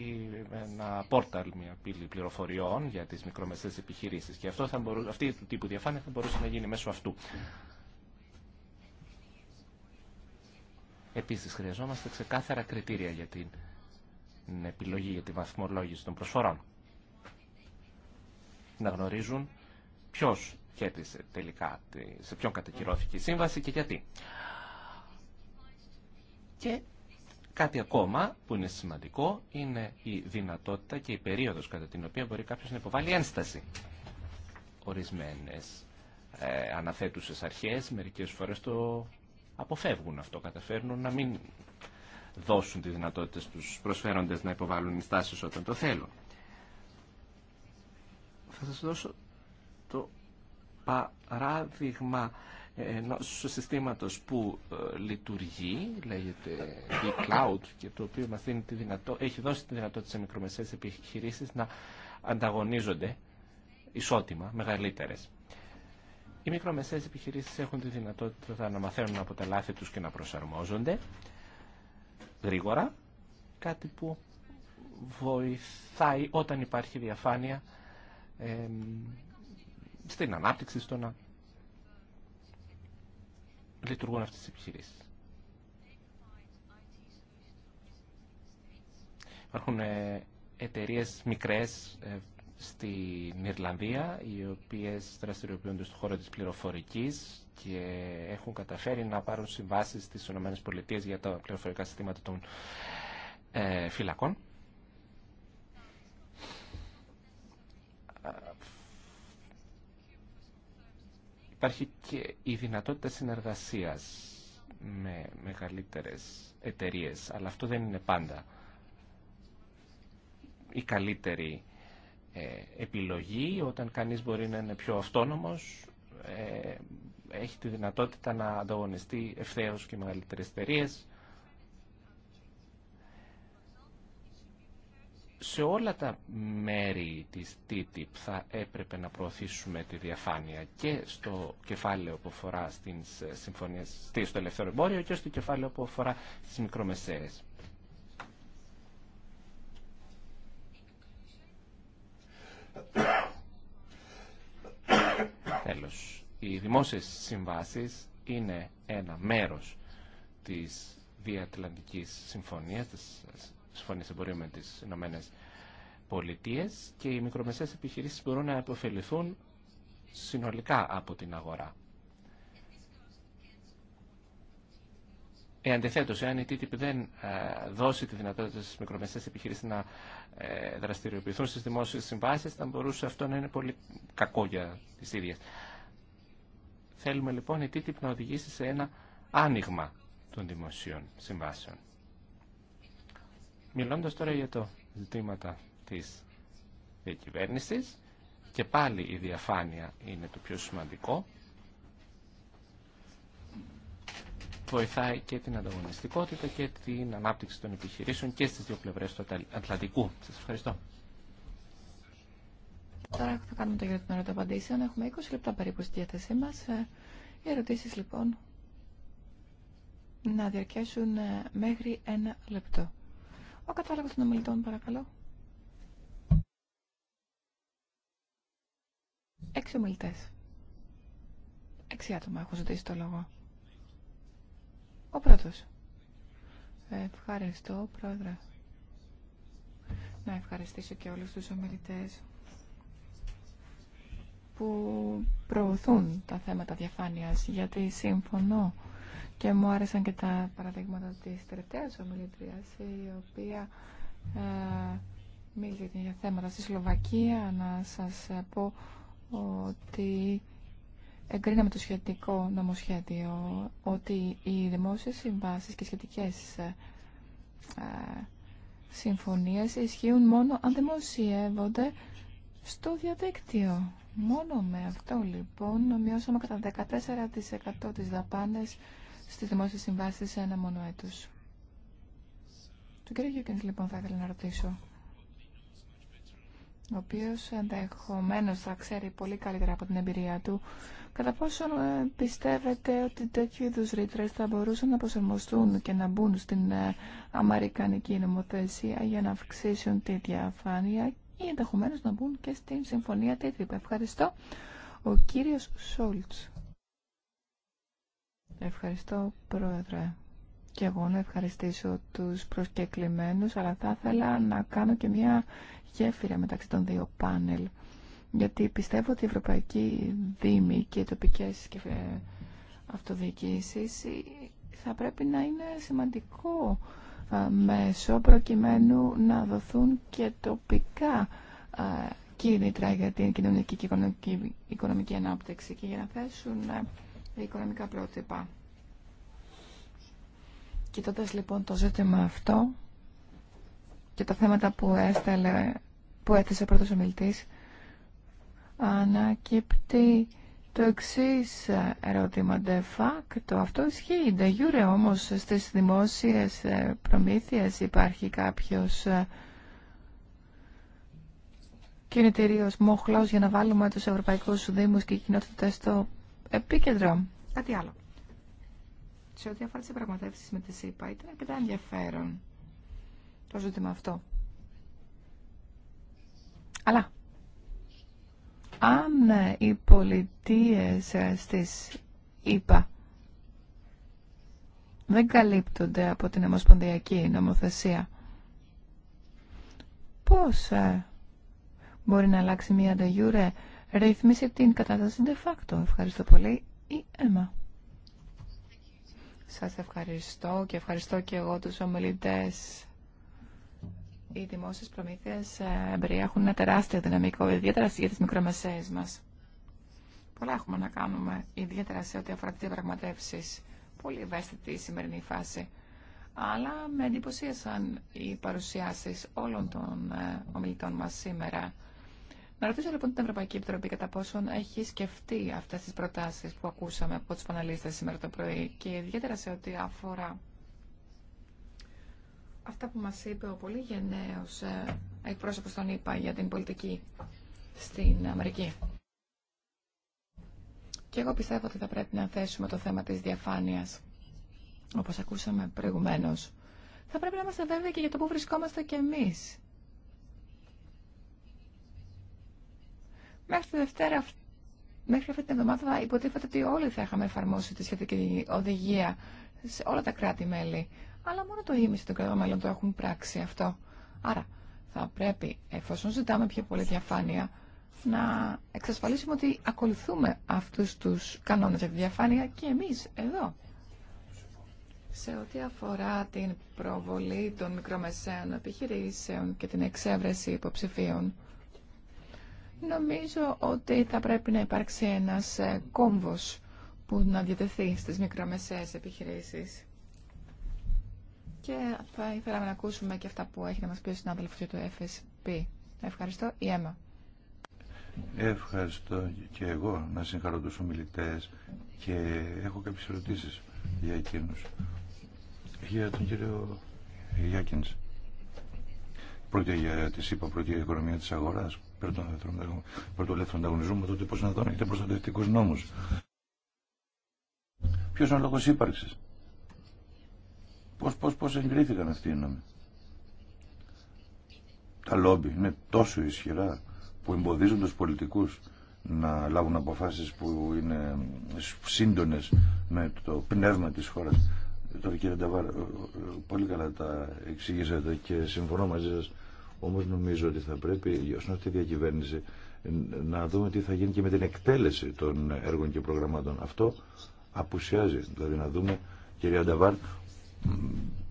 ένα πόρταλ, μια πύλη πληροφοριών για τις μικρομεσαίες επιχειρήσεις και αυτό θα αυτή του τύπου διαφάνεια θα μπορούσε να γίνει μέσω αυτού. Επίσης χρειαζόμαστε ξεκάθαρα κριτήρια για την επιλογή, για τη βαθμολόγηση των προσφορών. Να γνωρίζουν ποιο κέρδισε τελικά, σε ποιον κατακυρώθηκε η σύμβαση και γιατί. Και κάτι ακόμα που είναι σημαντικό είναι η δυνατότητα και η περίοδος κατά την οποία μπορεί κάποιος να υποβάλει ένσταση. Ορισμένες ε, αναθέτουσες αρχές μερικές φορές το αποφεύγουν αυτό, καταφέρνουν να μην δώσουν τη δυνατότητα στους προσφέροντες να υποβάλουν ενστάσεις όταν το θέλουν. Θα σας δώσω το παράδειγμα ενός συστήματος που ε, λειτουργεί, η B-Cloud και το οποίο μας τη δυνατό, έχει δώσει τη δυνατότητα σε μικρομεσαίες επιχειρήσεις να ανταγωνίζονται ισότιμα, μεγαλύτερες. Οι μικρομεσαίες επιχειρήσεις έχουν τη δυνατότητα να μαθαίνουν από τα λάθη τους και να προσαρμόζονται γρήγορα, κάτι που βοηθάει όταν υπάρχει διαφάνεια ε, στην ανάπτυξη στο να λειτουργούν αυτές τις επιχειρήσεις. Υπάρχουν ε, εταιρείε μικρές ε, στην Ιρλανδία, οι οποίες δραστηριοποιούνται στον χώρο της πληροφορικής και έχουν καταφέρει να πάρουν συμβάσεις στις ΗΠΑ για τα πληροφορικά συστήματα των ε, φυλακών. Υπάρχει και η δυνατότητα συνεργασίας με μεγαλύτερες εταιρείες, αλλά αυτό δεν είναι πάντα η καλύτερη ε, επιλογή. Όταν κανείς μπορεί να είναι πιο αυτόνομος, ε, έχει τη δυνατότητα να ανταγωνιστεί ευθέως και μεγαλύτερες εταιρείες σε όλα τα μέρη της TTIP θα έπρεπε να προωθήσουμε τη διαφάνεια και στο κεφάλαιο που αφορά στις ε, συμφωνίες, στο ελεύθερο εμπόριο και στο κεφάλαιο που αφορά στις μικρομεσαίες. Τέλος, οι δημόσιες συμβάσεις είναι ένα μέρος της Διατλαντικής Συμφωνίας, της συμφωνίε εμπορίου με τι Ηνωμένε Πολιτείε και οι μικρομεσαίε επιχειρήσει μπορούν να επωφεληθούν συνολικά από την αγορά. Ε, Αντιθέτω, εάν η TTIP δεν ε, δώσει τη δυνατότητα στι μικρομεσαίε επιχειρήσει να ε, δραστηριοποιηθούν στι δημόσιε συμβάσει, θα μπορούσε αυτό να είναι πολύ κακό για τι ίδιε. Θέλουμε λοιπόν η TTIP να οδηγήσει σε ένα άνοιγμα των δημοσίων συμβάσεων. Μιλώντας τώρα για το ζητήματα της διακυβέρνηση και πάλι η διαφάνεια είναι το πιο σημαντικό, βοηθάει και την ανταγωνιστικότητα και την ανάπτυξη των επιχειρήσεων και στις δύο πλευρές του Ατλαντικού. Σας ευχαριστώ. Τώρα θα κάνουμε το γύρο των ερωταπαντήσεων. Έχουμε 20 λεπτά περίπου στη διάθεσή μας. Ε, οι ερωτήσεις λοιπόν να διαρκέσουν ε, μέχρι ένα λεπτό. Ο κατάλογος των ομιλητών, παρακαλώ. Έξι ομιλητές. Έξι άτομα έχω ζητήσει το λόγο. Ο πρώτος. Ευχαριστώ, πρόεδρε. Να ευχαριστήσω και όλους τους ομιλητές που προωθούν τα θέματα διαφάνειας, γιατί συμφωνώ και μου άρεσαν και τα παραδείγματα της τελευταίας ομιλητρίας, η οποία ε, μίλησε για θέματα στη Σλοβακία. Να σας πω ότι εγκρίναμε το σχετικό νομοσχέδιο, ότι οι δημόσιες συμβάσεις και σχετικές ε, συμφωνίες ισχύουν μόνο αν δημοσιεύονται στο διαδίκτυο. Μόνο με αυτό λοιπόν μειώσαμε κατά 14% τις δαπάνες Στι δημόσιε συμβάσει σε ένα μόνο έτο. Τον κύριο Γιούκενς λοιπόν θα ήθελα να ρωτήσω ο οποίο ενδεχομένω θα ξέρει πολύ καλύτερα από την εμπειρία του, κατά πόσο ε, πιστεύετε ότι τέτοιου είδου ρήτρε θα μπορούσαν να προσαρμοστούν και να μπουν στην ε, Αμερικανική νομοθεσία για να αυξήσουν τη διαφάνεια ή ενδεχομένω να μπουν και στην Συμφωνία TTIP. Ευχαριστώ. Ο κύριος Σόλτς. Ευχαριστώ, Πρόεδρε. Και εγώ να ευχαριστήσω τους προσκεκλημένους, αλλά θα ήθελα να κάνω και μια γέφυρα μεταξύ των δύο πάνελ. Γιατί πιστεύω ότι οι Ευρωπαϊκή δήμοι και οι τοπικές ε, αυτοδιοικήσεις θα πρέπει να είναι σημαντικό ε, μέσο προκειμένου να δοθούν και τοπικά ε, κίνητρα για την κοινωνική και οικονομική ανάπτυξη και για να θέσουν οικονομικά πρότυπα. Κοιτώντα λοιπόν το ζήτημα αυτό και τα θέματα που, έστελε, που έθεσε ο πρώτος ομιλητής, ανακύπτει το εξή ερώτημα. De facto, αυτό ισχύει. De jure όμως στις δημόσιες ε, προμήθειες υπάρχει κάποιος ε, κινητηρίος μοχλός για να βάλουμε τους ευρωπαϊκούς δήμους και κοινότητες στο επίκεντρο. Κάτι άλλο. Σε ό,τι αφορά τι διαπραγματεύσει με τη ΣΥΠΑ, ήταν αρκετά ενδιαφέρον το ζήτημα αυτό. Αλλά αν οι πολιτείε τη ΗΠΑ δεν καλύπτονται από την ομοσπονδιακή νομοθεσία, πώς ε, μπορεί να αλλάξει μια ανταγιούρε ρύθμισε την κατάσταση de facto. Ευχαριστώ πολύ. Η ΕΜΑ. Σας ευχαριστώ και ευχαριστώ και εγώ τους ομιλητές. Οι δημόσιες προμήθειες ε, έχουν ένα τεράστιο δυναμικό, ιδιαίτερα για τις μικρομεσαίες μας. Πολλά έχουμε να κάνουμε, ιδιαίτερα σε ό,τι αφορά τι διαπραγματεύσει Πολύ ευαίσθητη η σημερινή φάση. Αλλά με εντυπωσίασαν οι παρουσιάσεις όλων των ε, ομιλητών μας σήμερα. Να ρωτήσω λοιπόν την Ευρωπαϊκή Επιτροπή κατά πόσον έχει σκεφτεί αυτέ τι προτάσει που ακούσαμε από του πανελίστε σήμερα το πρωί και ιδιαίτερα σε ό,τι αφορά αυτά που μα είπε ο πολύ γενναίο ε, εκπρόσωπο των ΗΠΑ για την πολιτική στην Αμερική. Και εγώ πιστεύω ότι θα πρέπει να θέσουμε το θέμα της διαφάνειας, όπως ακούσαμε προηγουμένως. Θα πρέπει να είμαστε βέβαιοι και για το που βρισκόμαστε κι εμείς. Μέχρι τη Δευτέρα, μέχρι αυτή την εβδομάδα υποτίθεται ότι όλοι θα είχαμε εφαρμόσει τη σχετική οδηγία σε όλα τα κράτη-μέλη. Αλλά μόνο το ίμιση των κρατών μέλων το έχουν πράξει αυτό. Άρα θα πρέπει, εφόσον ζητάμε πιο πολύ διαφάνεια, να εξασφαλίσουμε ότι ακολουθούμε αυτούς τους κανόνες για τη διαφάνεια και εμείς εδώ. Σε ό,τι αφορά την προβολή των μικρομεσαίων επιχειρήσεων και την εξέβρεση υποψηφίων, Νομίζω ότι θα πρέπει να υπάρξει ένας ε, κόμβος που να διατεθεί στις μικρομεσαίες επιχειρήσεις. Και θα ήθελα να ακούσουμε και αυτά που έχει να μας πει ο συνάδελφος του FSP. Ευχαριστώ. Η Έμα. Ευχαριστώ και εγώ να συγχαρώ τους ομιλητές και έχω κάποιες ερωτήσεις για εκείνους. Για τον κύριο Γιάκινς. Πρωτή για τη πρώτη για οικονομία της αγοράς ελεύθερο το με το τότε πώ να τον έχετε προστατευτικού νόμου. Ποιο είναι ο λόγο ύπαρξη. Πώ πώς, πώς εγκρίθηκαν αυτοί οι νόμοι. Τα λόμπι είναι τόσο ισχυρά που εμποδίζουν τους πολιτικούς να λάβουν αποφάσεις που είναι σύντονες με το πνεύμα της χώρας. Τώρα κύριε Νταβάρ, πολύ καλά τα εξηγήσατε και συμφωνώ μαζί σας όμως νομίζω ότι θα πρέπει όσον αυτή διακυβέρνηση να δούμε τι θα γίνει και με την εκτέλεση των έργων και προγραμμάτων. Αυτό απουσιάζει. Δηλαδή να δούμε, κυρία Νταβάρ,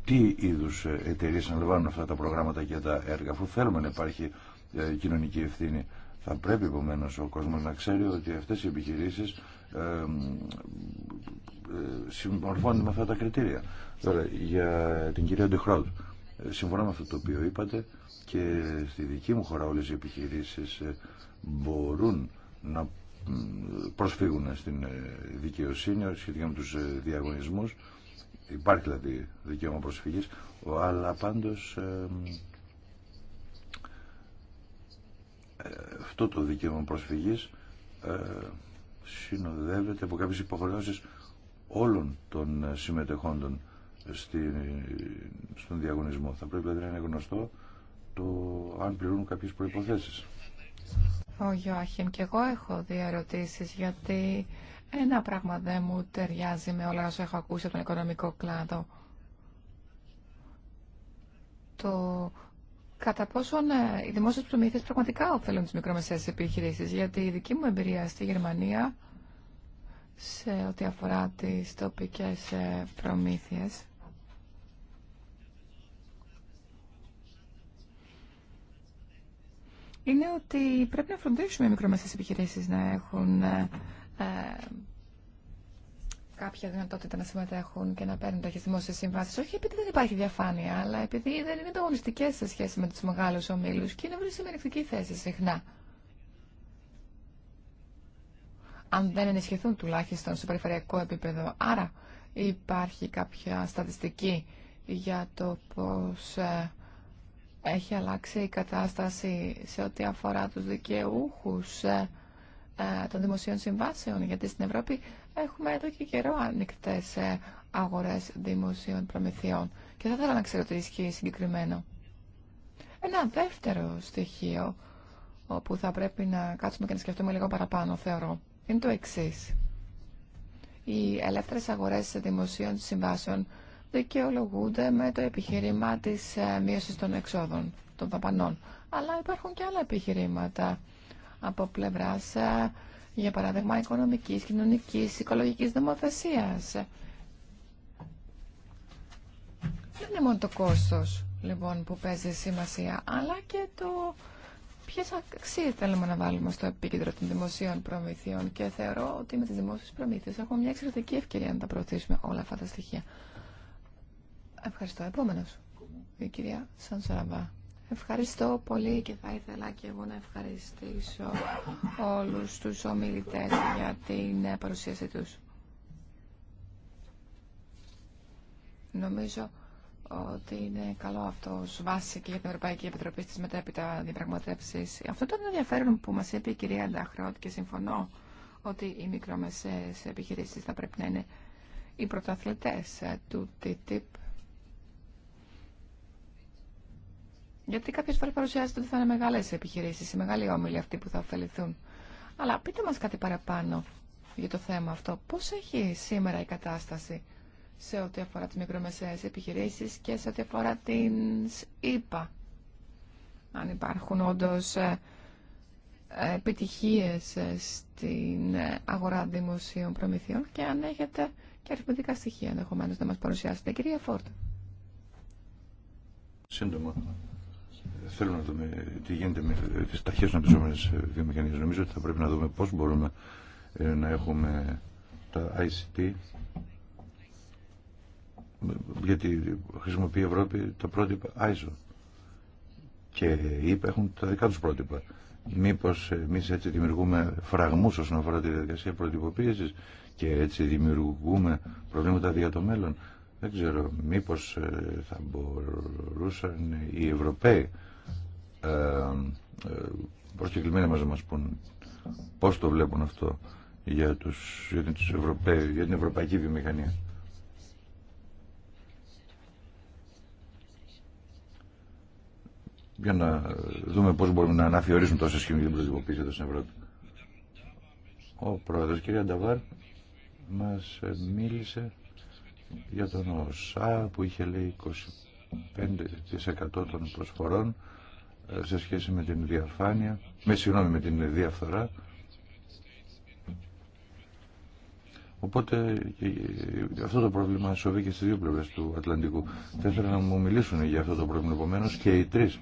τι είδους εταιρείε αναλαμβάνουν αυτά τα προγράμματα και τα έργα. Αφού θέλουμε να υπάρχει ε, κοινωνική ευθύνη, θα πρέπει επομένω ο κόσμος να ξέρει ότι αυτές οι επιχειρήσεις ε, ε, συμμορφώνονται με αυτά τα κριτήρια. Τώρα, για την κυρία Ντεχρόντ, συμφωνώ με αυτό το οποίο είπατε, και στη δική μου χώρα όλες οι επιχειρήσεις ε, μπορούν να προσφύγουν στην ε, δικαιοσύνη σχετικά με τους ε, διαγωνισμούς υπάρχει δηλαδή δικαίωμα προσφυγής αλλά πάντως αυτό το δικαίωμα προσφυγής συνοδεύεται από κάποιες υποχρεώσεις όλων των συμμετεχόντων στον διαγωνισμό. Θα πρέπει δηλαδή να είναι γνωστό το αν πληρούν κάποιες προϋποθέσεις. Ο Γιώαχημ και εγώ έχω δύο ερωτήσεις γιατί ένα πράγμα δεν μου ταιριάζει με όλα όσα έχω ακούσει από τον οικονομικό κλάδο. Το κατά πόσον ε, οι δημόσιες προμήθειες πραγματικά ωφελούν τις μικρομεσαίες επιχειρήσεις γιατί η δική μου εμπειρία στη Γερμανία σε ό,τι αφορά τις τοπικές ε, προμήθειες είναι ότι πρέπει να φροντίσουμε οι μικρομεσαίες επιχειρήσεις να έχουν ε, ε κάποια δυνατότητα να συμμετέχουν και να παίρνουν τέτοιε σε συμβάσει. Όχι επειδή δεν υπάρχει διαφάνεια, αλλά επειδή δεν είναι ανταγωνιστικέ σε σχέση με του μεγάλου ομίλου και είναι σε μερικτική θέση συχνά. Αν δεν ενισχυθούν τουλάχιστον σε περιφερειακό επίπεδο. Άρα υπάρχει κάποια στατιστική για το πώς ε, έχει αλλάξει η κατάσταση σε ό,τι αφορά τους δικαιούχους ε, ε, των δημοσίων συμβάσεων, γιατί στην Ευρώπη έχουμε εδώ και καιρό ανοιχτές ε, αγορές δημοσίων προμηθειών. Και θα ήθελα να ξέρω τι ισχύει συγκεκριμένο. Ένα δεύτερο στοιχείο όπου θα πρέπει να κάτσουμε και να σκεφτούμε λίγο παραπάνω, θεωρώ, είναι το εξής. Οι ελεύθερες αγορές δημοσίων συμβάσεων δικαιολογούνται με το επιχείρημα της ε, μείωσης των εξόδων, των δαπανών. Αλλά υπάρχουν και άλλα επιχειρήματα από πλευράς, ε, για παράδειγμα, οικονομικής, κοινωνικής, οικολογικής νομοθεσία. Δεν είναι μόνο το κόστος, λοιπόν, που παίζει σημασία, αλλά και το ποιε αξίε θέλουμε να βάλουμε στο επίκεντρο των δημοσίων προμηθειών. Και θεωρώ ότι με τι δημόσιε προμήθειε έχουμε μια εξαιρετική ευκαιρία να τα προωθήσουμε όλα αυτά τα στοιχεία. Ευχαριστώ. επόμενο. η κυρία Σανσαραβά. Ευχαριστώ πολύ και θα ήθελα και εγώ να ευχαριστήσω όλους τους ομιλητέ για την παρουσίασή τους. Νομίζω ότι είναι καλό αυτό ως βάση και για την Ευρωπαϊκή Επιτροπή στις μετέπειτα διαπραγματεύσει Αυτό το ενδιαφέρον που μας είπε η κυρία Νταχρότ και συμφωνώ ότι οι μικρομεσαίες επιχειρήσει θα πρέπει να είναι οι πρωταθλητέ του TTIP Γιατί κάποιε φορέ παρουσιάζεται ότι θα είναι μεγάλε επιχειρήσει, οι μεγάλοι όμιλοι αυτοί που θα ωφεληθούν. Αλλά πείτε μα κάτι παραπάνω για το θέμα αυτό. Πώ έχει σήμερα η κατάσταση σε ό,τι αφορά τι μικρομεσαίε επιχειρήσει και σε ό,τι αφορά την ΕΠΑ. Αν υπάρχουν όντω ε, ε, επιτυχίε ε, στην αγορά δημοσίων προμηθειών και αν έχετε και αριθμητικά στοιχεία ενδεχομένω να μα παρουσιάσετε. Κυρία Φόρτ. Σύντομα. Θέλω να δούμε τι γίνεται με τις των αναπτυσσόμενες βιομηχανίες. Νομίζω ότι θα πρέπει να δούμε πώ μπορούμε ε, να έχουμε τα ICT γιατί χρησιμοποιεί η Ευρώπη τα πρότυπα ISO και οι έχουν τα δικά του πρότυπα. Μήπω εμεί έτσι δημιουργούμε φραγμού όσον αφορά τη διαδικασία προτυποποίησης και έτσι δημιουργούμε προβλήματα για το μέλλον. Δεν ξέρω, μήπως ε, θα μπορούσαν οι Ευρωπαίοι ε, ε, προσκεκλημένοι μας να μας πούν πώς το βλέπουν αυτό για, τους, για, την ευρωπαϊκή βιομηχανία. Για να δούμε πώς μπορούμε να αναθεωρήσουμε τόσες σχήμες για την πρωτοβουλία εδώ στην Ευρώπη. Ο πρόεδρος, κ. Νταβάρ, μας μίλησε για τον ΩΣΑ που είχε λέει 25% των προσφορών σε σχέση με την διαφάνεια, με συγγνώμη με την διαφθορά. Οπότε αυτό το πρόβλημα σοβεί και στι δύο πλευρέ του Ατλαντικού. Θα ήθελα να μου μιλήσουν για αυτό το πρόβλημα επομένω και οι τρει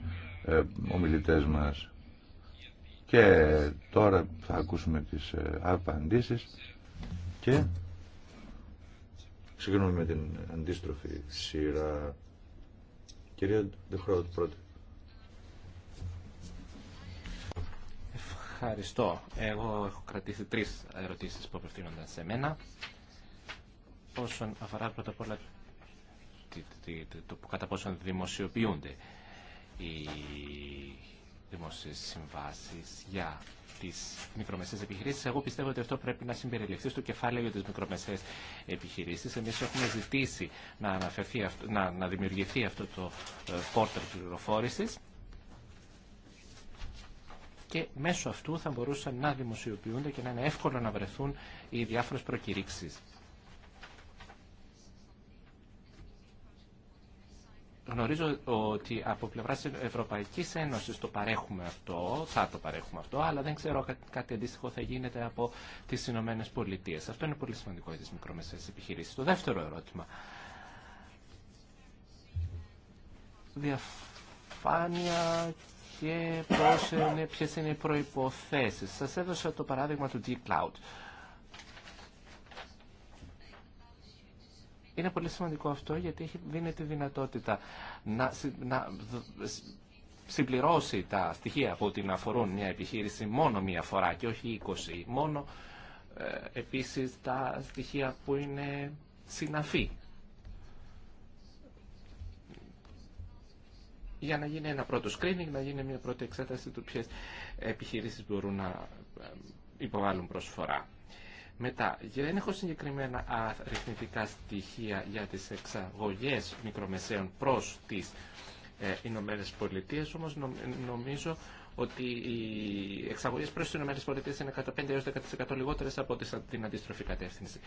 ε, ομιλητέ μα. Και τώρα θα ακούσουμε τι ε, απαντήσει και ξεκινούμε με την αντίστροφη σειρά. Κυρία Δεχρόντ πρώτη. Ευχαριστώ. Εγώ έχω κρατήσει τρεις ερωτήσεις που απευθύνονταν σε μένα. Όσον αφορά πρώτα απ' όλα το κατά πόσον δημοσιοποιούνται οι δημόσιες συμβάσεις για τις μικρομεσαίες επιχειρήσεις. Εγώ πιστεύω ότι αυτό πρέπει να συμπεριληφθεί στο κεφάλαιο για τις μικρομεσαίες επιχειρήσεις. Εμείς έχουμε ζητήσει να, να δημιουργηθεί αυτό το ε, πόρτερ πληροφόρησης και μέσω αυτού θα μπορούσαν να δημοσιοποιούνται και να είναι εύκολο να βρεθούν οι διάφορες προκηρύξεις. Γνωρίζω ότι από πλευρά Ευρωπαϊκή Ένωση το παρέχουμε αυτό, θα το παρέχουμε αυτό, αλλά δεν ξέρω κάτι αντίστοιχο θα γίνεται από τι Ηνωμένε Πολιτείε. Αυτό είναι πολύ σημαντικό για τι μικρομεσαίε επιχειρήσει. Το δεύτερο ερώτημα. Διαφάνεια και πώς είναι, ποιες είναι οι προϋποθέσεις. Σας έδωσα το παράδειγμα του G-Cloud. Είναι πολύ σημαντικό αυτό γιατί έχει, δίνει τη δυνατότητα να, να συμπληρώσει τα στοιχεία που την αφορούν μια επιχείρηση μόνο μία φορά και όχι 20. Μόνο ε, επίσης τα στοιχεία που είναι συναφή για να γίνει ένα πρώτο screening, να γίνει μια πρώτη εξέταση του ποιε επιχειρήσεις μπορούν να ε, υποβάλουν προσφορά. Μετά, δεν έχω συγκεκριμένα αριθμητικά στοιχεία για τις εξαγωγές μικρομεσαίων προς τις ε, Ηνωμένε όμως νομίζω ότι οι εξαγωγές προς τις Ηνωμένε Πολιτείε είναι κατά 5 10% λιγότερες από την αντίστροφη κατεύθυνση.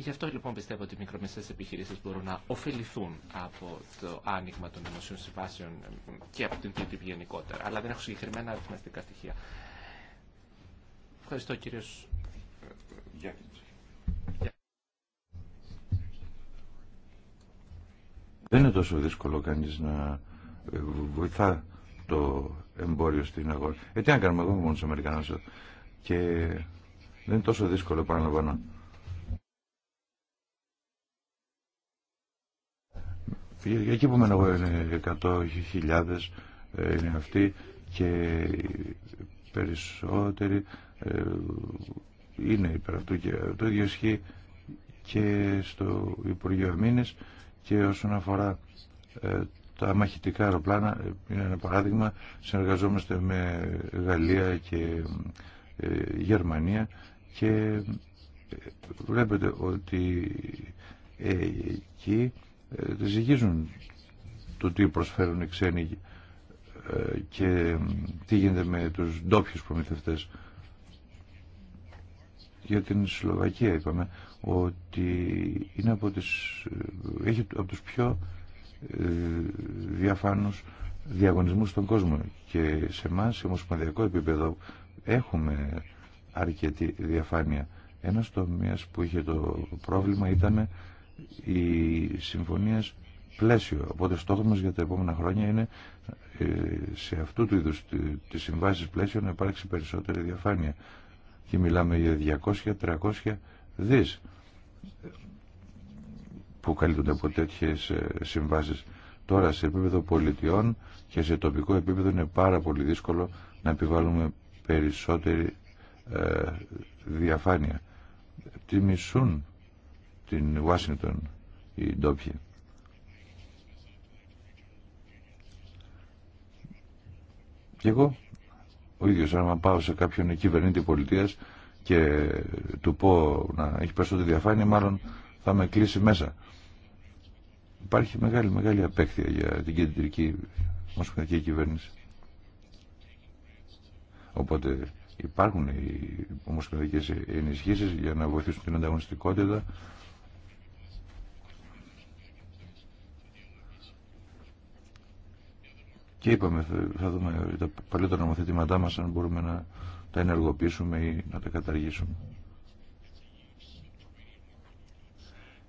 Γι' αυτό λοιπόν πιστεύω ότι οι μικρομεσαίες επιχειρήσεις μπορούν να ωφεληθούν από το άνοιγμα των δημοσίων συμβάσεων και από την TTIP γενικότερα. Αλλά δεν έχω συγκεκριμένα αριθμιστικά στοιχεία. Ευχαριστώ κύριος. Δεν είναι τόσο δύσκολο κανείς να βοηθά το εμπόριο στην αγορά. Ε, τι να κάνουμε, εγώ μόνος Αμερικανός και δεν είναι τόσο δύσκολο, επαναλαμβάνω. Εκεί που μένω εγώ είναι 100.000 ε, είναι αυτοί και περισσότεροι ε, είναι υπέρ αυτού και το ίδιο ισχύει και στο Υπουργείο Αμήνης και όσον αφορά ε, τα μαχητικά αεροπλάνα είναι ένα παράδειγμα συνεργαζόμαστε με Γαλλία και Γερμανία και βλέπετε ότι εκεί ζυγίζουν ε, το τι προσφέρουν οι ξένοι ε, και τι γίνεται με τους ντόπιου προμηθευτές. Για την Σλοβακία είπαμε ότι είναι από τις, ε, έχει από τους πιο διαφάνους διαγωνισμούς στον κόσμο και σε εμά σε ομοσπονδιακό επίπεδο έχουμε αρκετή διαφάνεια. Ένας τομέας που είχε το πρόβλημα ήταν η συμφωνίε πλαίσιο. Οπότε στόχο μας για τα επόμενα χρόνια είναι ε, σε αυτού του είδους τις συμβάσεις πλαίσιο να υπάρξει περισσότερη διαφάνεια. Και μιλάμε για 200-300 δις που καλύπτονται από τέτοιες ε, συμβάσεις. Τώρα σε επίπεδο πολιτιών και σε τοπικό επίπεδο είναι πάρα πολύ δύσκολο να επιβάλλουμε περισσότερη ε, διαφάνεια. Τι μισούν την Ουάσινγκτον οι ντόπιοι. Και εγώ ο ίδιος άμα πάω σε κάποιον κυβερνήτη πολιτείας και του πω να έχει περισσότερη διαφάνεια μάλλον θα με κλείσει μέσα. Υπάρχει μεγάλη μεγάλη απέκτεια για την κεντρική ομοσπονδιακή κυβέρνηση. Οπότε υπάρχουν οι ομοσπονδιακές ενισχύσεις για να βοηθήσουν την ανταγωνιστικότητα Και είπαμε, θα δούμε τα παλιότερα νομοθετήματά μας αν μπορούμε να τα ενεργοποιήσουμε ή να τα καταργήσουμε.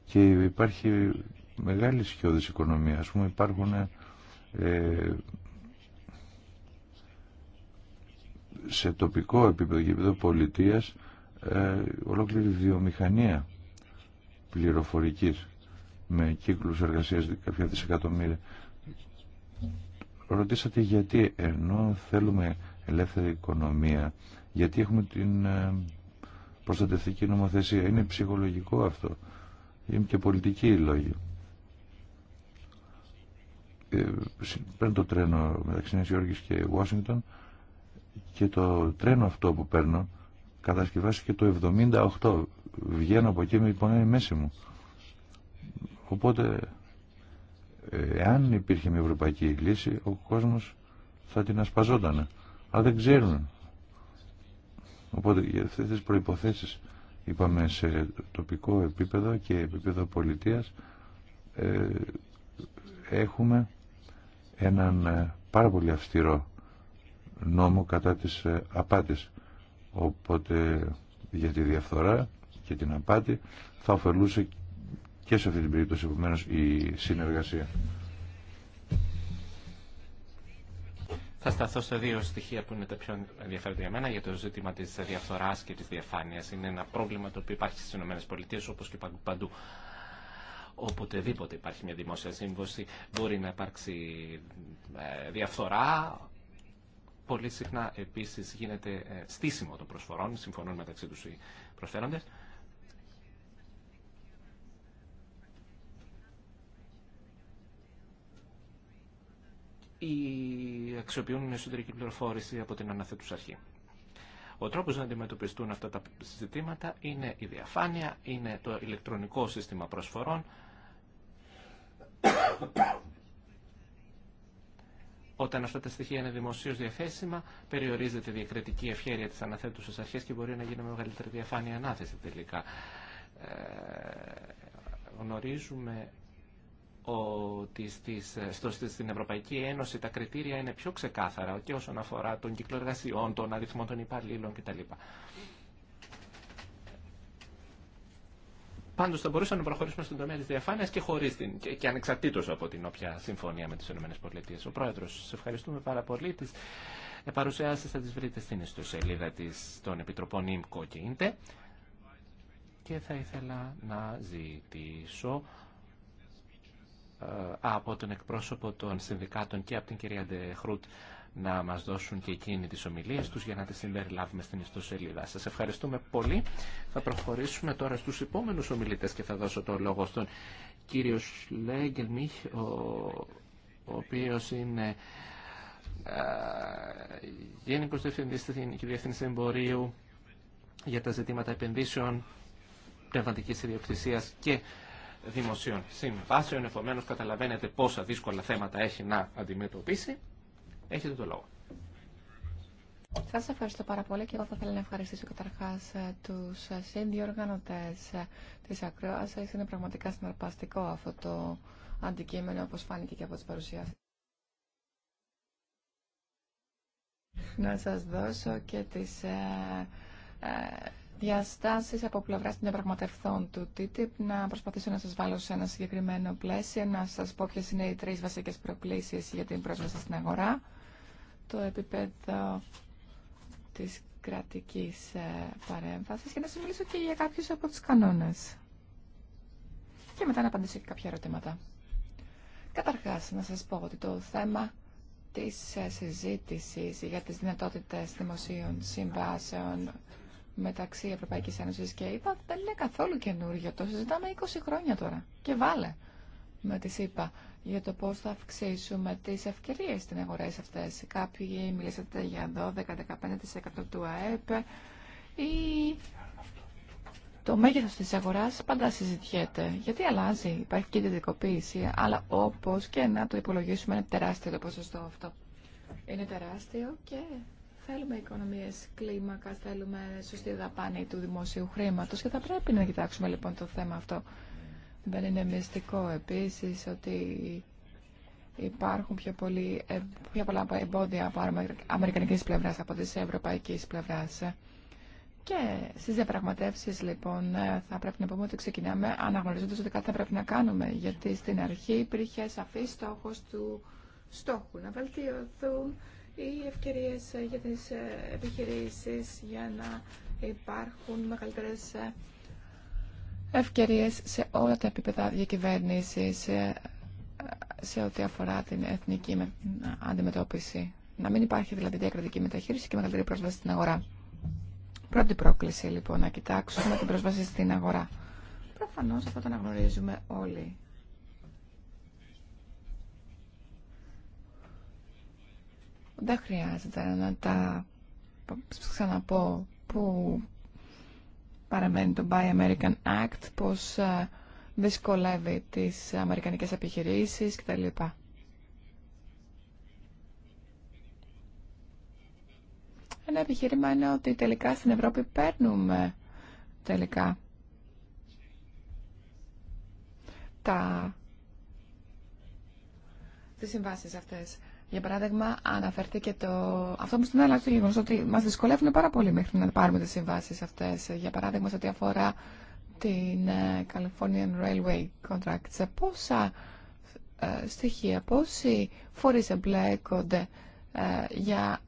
Και υπάρχει μεγάλη σιώδης οικονομία. Ας πούμε υπάρχουν ε, σε τοπικό επίπεδο και επίπεδο πολιτείας ε, ολόκληρη βιομηχανία πληροφορικής με κύκλους εργασίας κάποια δισεκατομμύρια ρωτήσατε γιατί ενώ θέλουμε ελεύθερη οικονομία, γιατί έχουμε την ε, προστατευτική νομοθεσία. Είναι ψυχολογικό αυτό. Είναι και πολιτική η λόγη. Ε, παίρνω το τρένο μεταξύ Νέας Υόρκης και Ουάσινγκτον και το τρένο αυτό που παίρνω κατασκευάστηκε το 78. Βγαίνω από εκεί με πονάει μέση μου. Οπότε εάν υπήρχε μια ευρωπαϊκή λύση ο κόσμος θα την ασπαζόταν αλλά δεν ξέρουν οπότε για αυτές τις προϋποθέσεις είπαμε σε τοπικό επίπεδο και επίπεδο πολιτείας ε, έχουμε έναν ε, πάρα πολύ αυστηρό νόμο κατά της ε, απάτης οπότε για τη διαφθορά και την απάτη θα ωφελούσε και σε αυτή την περίπτωση επομένω η συνεργασία. Θα σταθώ σε δύο στοιχεία που είναι τα πιο ενδιαφέροντα για μένα για το ζήτημα τη διαφθορά και τη διαφάνεια. Είναι ένα πρόβλημα το οποίο υπάρχει στι ΗΠΑ όπω και παντού. Οποτεδήποτε υπάρχει μια δημόσια σύμβαση μπορεί να υπάρξει ε, διαφθορά. Πολύ συχνά επίση γίνεται ε, στήσιμο των προσφορών, συμφωνούν μεταξύ του οι προσφέροντες. ή αξιοποιούν εσωτερική πληροφόρηση από την αναθέτουσα αρχή. Ο τρόπος να αντιμετωπιστούν αυτά τα ζητήματα είναι η διαφάνεια, είναι το ηλεκτρονικό σύστημα προσφορών, όταν αυτά τα στοιχεία είναι δημοσίω διαθέσιμα, περιορίζεται η διακριτική ευχέρεια τη αναθέτουσα αρχή και μπορεί να αντιμετωπιστουν αυτα τα ζητηματα ειναι η διαφανεια ειναι το ηλεκτρονικο συστημα προσφορων οταν αυτα τα στοιχεια ειναι δημοσιω διαθεσιμα περιοριζεται η διακριτικη ευχερεια της αναθετουσας αρχης και μπορει να γινει μεγαλύτερη διαφάνεια ανάθεση τελικά. Ε, γνωρίζουμε ότι στις, στο, στην Ευρωπαϊκή Ένωση τα κριτήρια είναι πιο ξεκάθαρα και όσον αφορά τον κύκλο εργασιών, τον αριθμό των υπαλλήλων κτλ. Πάντω θα μπορούσαμε να προχωρήσουμε στον τομέα τη διαφάνεια και, χωρίς την, και, και ανεξαρτήτω από την όποια συμφωνία με τι ΗΠΑ. Ο πρόεδρο, σε ευχαριστούμε πάρα πολύ. Τι ε, παρουσιάσει θα τι βρείτε στην ιστοσελίδα της, των Επιτροπών ΙΜΚΟ και ΙΝΤΕ. Και θα ήθελα να ζητήσω ε, από τον εκπρόσωπο των συνδικάτων και από την κυρία Ντεχρούτ να μας δώσουν και εκείνη τις ομιλίες τους για να τις συμπεριλάβουμε στην ιστοσελίδα. Σας ευχαριστούμε πολύ. Θα προχωρήσουμε τώρα στους επόμενους ομιλητές και θα δώσω το λόγο στον κύριο Σλέγγελμιχ, ο, ο οποίος είναι ε, Γενικό Διευθυντή και Διευθύνση Εμπορίου για τα ζητήματα επενδύσεων, πνευματική ιδιοκτησία και δημοσίων συμβάσεων. Επομένως καταλαβαίνετε πόσα δύσκολα θέματα έχει να αντιμετωπίσει. Έχετε το λόγο. Σα ευχαριστώ πάρα πολύ και εγώ θα ήθελα να ευχαριστήσω καταρχά ε, του ε, συνδιοργανωτέ ε, τη ακρόαση. Είναι πραγματικά συναρπαστικό αυτό το αντικείμενο, όπω φάνηκε και από τι παρουσιάσει. Να σα δώσω και τι Διαστάσει από πλευρά των διαπραγματευτών του TTIP. Να προσπαθήσω να σας βάλω σε ένα συγκεκριμένο πλαίσιο, να σας πω ποιε είναι οι τρει βασικές προκλήσεις για την πρόσβαση στην αγορά. Το επίπεδο της κρατικής ε, παρέμβαση και να σα μιλήσω και για κάποιου από τους κανόνες. Και μετά να απαντήσω και κάποια ερωτήματα. Καταρχά να σα πω ότι το θέμα της ε, συζήτησης για τις δυνατότητες δημοσίων συμβάσεων μεταξύ Ευρωπαϊκής Ένωσης και ΕΠΑ δεν είναι καθόλου καινούργιο Το συζητάμε 20 χρόνια τώρα και βάλε με τις είπα, για το πώς θα αυξήσουμε τις ευκαιρίες στην αγορές αυτές. Κάποιοι μιλήσατε για 12-15% του ΑΕΠ ή το μέγεθος της αγοράς πάντα συζητιέται. Γιατί αλλάζει, υπάρχει και διδικοποίηση, αλλά όπως και να το υπολογίσουμε είναι τεράστιο το ποσοστό αυτό. Είναι τεράστιο και Θέλουμε οικονομίε κλίμακα, θέλουμε σωστή δαπάνη του δημοσίου χρήματο και θα πρέπει να κοιτάξουμε λοιπόν το θέμα αυτό. Δεν είναι μυστικό επίση ότι υπάρχουν πιο, πολύ, ε, πιο πολλά εμπόδια από αμερικανική πλευρά από τη ευρωπαϊκή πλευρά. Και στι διαπραγματεύσει, λοιπόν, ε, θα πρέπει να πούμε ότι ξεκινάμε αναγνωρίζοντα ότι κάτι θα πρέπει να κάνουμε. Γιατί στην αρχή υπήρχε σαφή στόχο του στόχου να βελτιωθούν οι ευκαιρίες ε, για τις ε, επιχειρήσεις για να υπάρχουν μεγαλύτερες ε, ευκαιρίες σε όλα τα επίπεδα διακυβέρνηση σε, σε ό,τι αφορά την εθνική αντιμετώπιση. Να μην υπάρχει δηλαδή διακρατική μεταχείριση και μεγαλύτερη πρόσβαση στην αγορά. Πρώτη πρόκληση λοιπόν, να κοιτάξουμε την πρόσβαση στην αγορά. Προφανώς αυτό το αναγνωρίζουμε όλοι. Δεν χρειάζεται να τα ξαναπώ που παραμένει το Buy American Act, πώς ε, δυσκολεύει τις αμερικανικές επιχειρήσεις κτλ. Ένα επιχείρημα είναι ότι τελικά στην Ευρώπη παίρνουμε τελικά τα τις συμβάσεις αυτές για παράδειγμα, αναφέρθηκε το... αυτό που στην Ελλάδα το γεγονό ότι μα δυσκολεύουν πάρα πολύ μέχρι να πάρουμε τι συμβάσει αυτέ. Για παράδειγμα, σε ό,τι αφορά την ε, Californian Railway Contracts. Πόσα ε, στοιχεία, πόσοι φορεί εμπλέκονται ε, για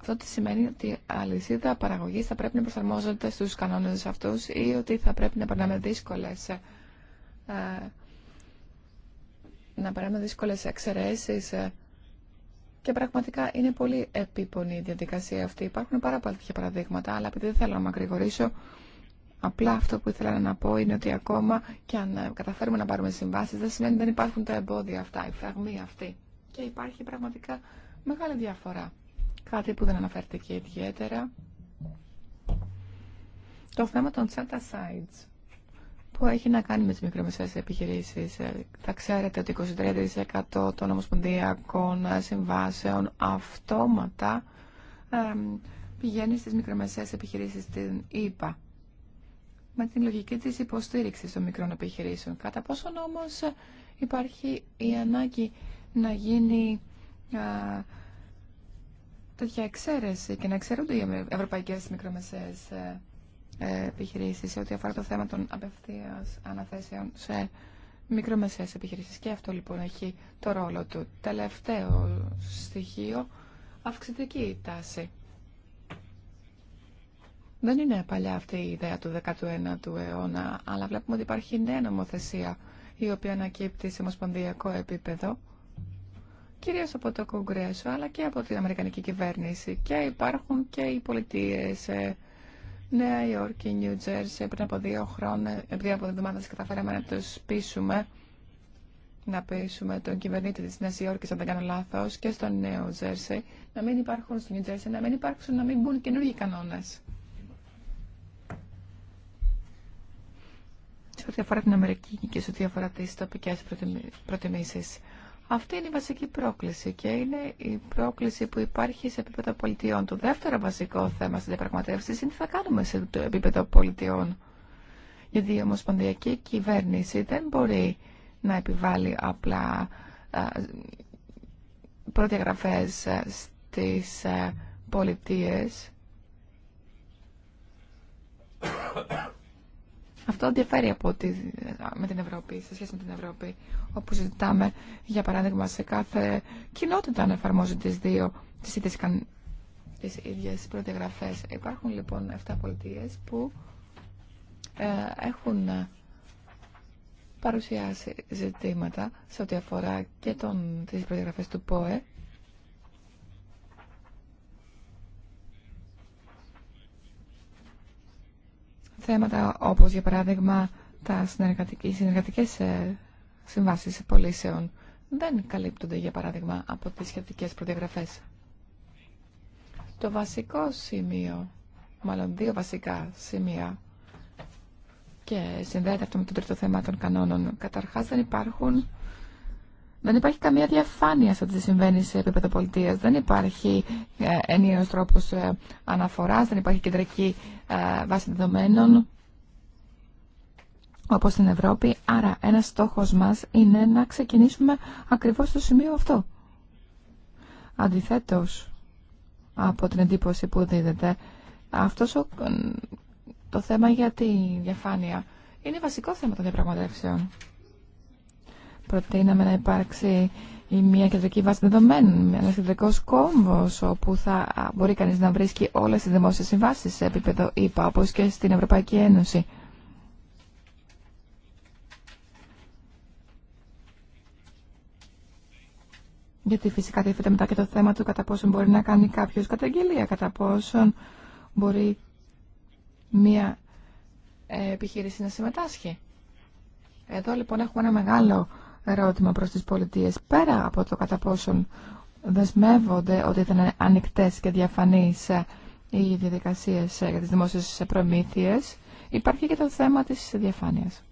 αυτό τι σημαίνει ότι η αλυσίδα παραγωγή θα πρέπει να προσαρμόζεται στου κανόνε αυτού ή ότι θα πρέπει να περνάμε δύσκολε να περάμε δύσκολε εξαιρέσει και πραγματικά είναι πολύ επίπονη η διαδικασία αυτή. Υπάρχουν πάρα πολλά τέτοια παραδείγματα, αλλά επειδή δεν θέλω να μακρηγορήσω, απλά αυτό που ήθελα να πω είναι ότι ακόμα και αν ε, καταφέρουμε να πάρουμε συμβάσει, δεν σημαίνει ότι δεν υπάρχουν τα εμπόδια αυτά, οι φραγμοί αυτοί. Και υπάρχει πραγματικά μεγάλη διαφορά. Κάτι που δεν αναφέρθηκε ιδιαίτερα. Το θέμα των set-asides που έχει να κάνει με τις μικρομεσαίες επιχειρήσεις. Ε, θα ξέρετε ότι 23% των ομοσπονδιακών συμβάσεων αυτόματα πηγαίνει στις μικρομεσαίες επιχειρήσεις την ΕΠΑ με την λογική της υποστήριξης των μικρών επιχειρήσεων. Κατά πόσον όμως υπάρχει η ανάγκη να γίνει ε, τέτοια εξαίρεση και να εξαιρούνται οι ευρωπαϊκές μικρομεσαίες ε, επιχειρήσει σε ό,τι αφορά το θέμα των απευθεία αναθέσεων σε μικρομεσαίε επιχειρήσει. Και αυτό λοιπόν έχει το ρόλο του. Τελευταίο στοιχείο, αυξητική τάση. Δεν είναι παλιά αυτή η ιδέα του 19ου αιώνα, αλλά βλέπουμε ότι υπάρχει νέα νομοθεσία η οποία ανακύπτει σε ομοσπονδιακό επίπεδο, κυρίως από το Κογκρέσο, αλλά και από την Αμερικανική κυβέρνηση. Και υπάρχουν και οι πολιτείες ε, Νέα Υόρκη, Νιου Τζέρσι, πριν από δύο χρόνια, επειδή από εβδομάδε καταφέραμε να του πείσουμε να πείσουμε τον κυβερνήτη τη Νέα Υόρκη, αν δεν κάνω λάθος, και στο Νέο Τζέρσι, να μην υπάρχουν στο Νιου Τζέρσι, να μην υπάρξουν, να μην μπουν καινούργιοι κανόνε. Σε ό,τι αφορά την Αμερική και σε ό,τι αφορά τις τοπικέ προτιμήσει. Αυτή είναι η βασική πρόκληση και είναι η πρόκληση που υπάρχει σε επίπεδο πολιτιών. Το δεύτερο βασικό θέμα στην διαπραγματεύσεις είναι τι θα κάνουμε σε επίπεδο πολιτιών. Γιατί η ομοσπονδιακή κυβέρνηση δεν μπορεί να επιβάλλει απλά προδιαγραφές στις πολιτείες αυτό διαφέρει από τη, με την Ευρώπη, σε σχέση με την Ευρώπη, όπου συζητάμε, για παράδειγμα, σε κάθε κοινότητα να εφαρμόζει τις δύο, τις ίδιες, τις Υπάρχουν λοιπόν 7 πολιτείες που ε, έχουν ε, παρουσιάσει ζητήματα σε ό,τι αφορά και τον, τις προδιαγραφές του ΠΟΕ θέματα όπως για παράδειγμα τα συνεργατικές, συνεργατικές συμβάσεις πολίσεων δεν καλύπτονται για παράδειγμα από τις σχετικές προδιαγραφές. Το βασικό σημείο, μάλλον δύο βασικά σημεία και συνδέεται αυτό με το τρίτο θέμα των κανόνων. Καταρχάς δεν υπάρχουν δεν υπάρχει καμία διαφάνεια σε ό,τι συμβαίνει σε επίπεδο πολιτείας. Δεν υπάρχει ε, τρόπο τρόπος ε, αναφοράς, δεν υπάρχει κεντρική ε, βάση δεδομένων όπως στην Ευρώπη. Άρα ένας στόχος μας είναι να ξεκινήσουμε ακριβώς στο σημείο αυτό. Αντιθέτως από την εντύπωση που δίδεται, αυτό το θέμα για τη διαφάνεια είναι βασικό θέμα των διαπραγματεύσεων. Προτείναμε να υπάρξει η μια κεντρική βάση δεδομένων, ένα κεντρικό κόμβο όπου θα μπορεί κανεί να βρίσκει όλε τι δημόσιε συμβάσει σε επίπεδο ΙΠΑ, όπω και στην Ευρωπαϊκή Ένωση. Γιατί φυσικά τίθεται μετά και το θέμα του κατά πόσον μπορεί να κάνει κάποιο καταγγελία, κατά πόσον μπορεί μια ε, επιχείρηση να συμμετάσχει. Εδώ λοιπόν έχουμε ένα μεγάλο ερώτημα προς τις πολιτείες πέρα από το κατά πόσον δεσμεύονται ότι ήταν ανοιχτές και διαφανείς ε, οι διαδικασίες ε, για τις δημόσιες προμήθειες υπάρχει και το θέμα της διαφάνειας.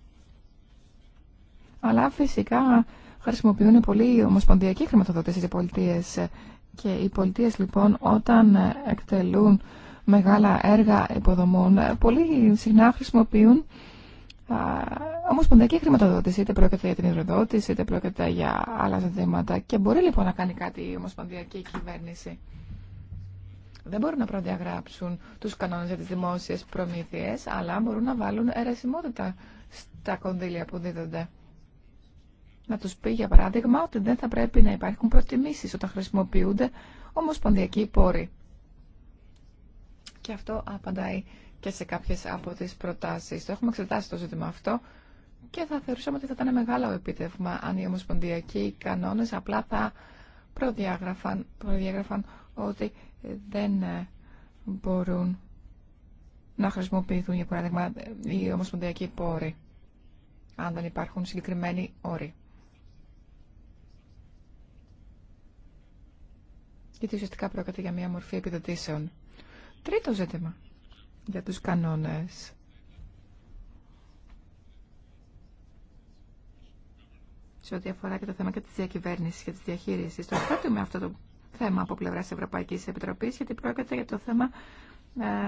Αλλά φυσικά χρησιμοποιούν πολύ ομοσπονδιακή χρηματοδότηση οι πολιτείες ε, και οι πολιτείες λοιπόν όταν εκτελούν μεγάλα έργα υποδομών πολύ συχνά χρησιμοποιούν ομοσπονδιακή χρηματοδότηση, είτε πρόκειται για την υδροδότηση, είτε πρόκειται για άλλα ζητήματα. Και μπορεί λοιπόν να κάνει κάτι η ομοσπονδιακή κυβέρνηση. Δεν μπορούν να προδιαγράψουν του κανόνε για τι δημόσιε προμήθειε, αλλά μπορούν να βάλουν αιρεσιμότητα στα κονδύλια που δίδονται. Να του πει, για παράδειγμα, ότι δεν θα πρέπει να υπάρχουν προτιμήσει όταν χρησιμοποιούνται ομοσπονδιακοί πόροι. Και αυτό απαντάει και σε κάποιες από τις προτάσεις. Το έχουμε εξετάσει το ζήτημα αυτό και θα θεωρούσαμε ότι θα ήταν μεγάλο επίτευγμα αν οι ομοσπονδιακοί κανόνες απλά θα προδιάγραφαν, προδιάγραφαν ότι δεν ε, μπορούν να χρησιμοποιηθούν, για παράδειγμα, οι ομοσπονδιακοί πόροι, αν δεν υπάρχουν συγκεκριμένοι όροι. Γιατί ουσιαστικά πρόκειται για μια μορφή επιδοτήσεων. Τρίτο ζήτημα για τους κανόνες. Σε ό,τι αφορά και το θέμα και της διακυβέρνησης και της διαχείρισης, το με αυτό το θέμα από πλευράς Ευρωπαϊκής Επιτροπής, γιατί πρόκειται για το θέμα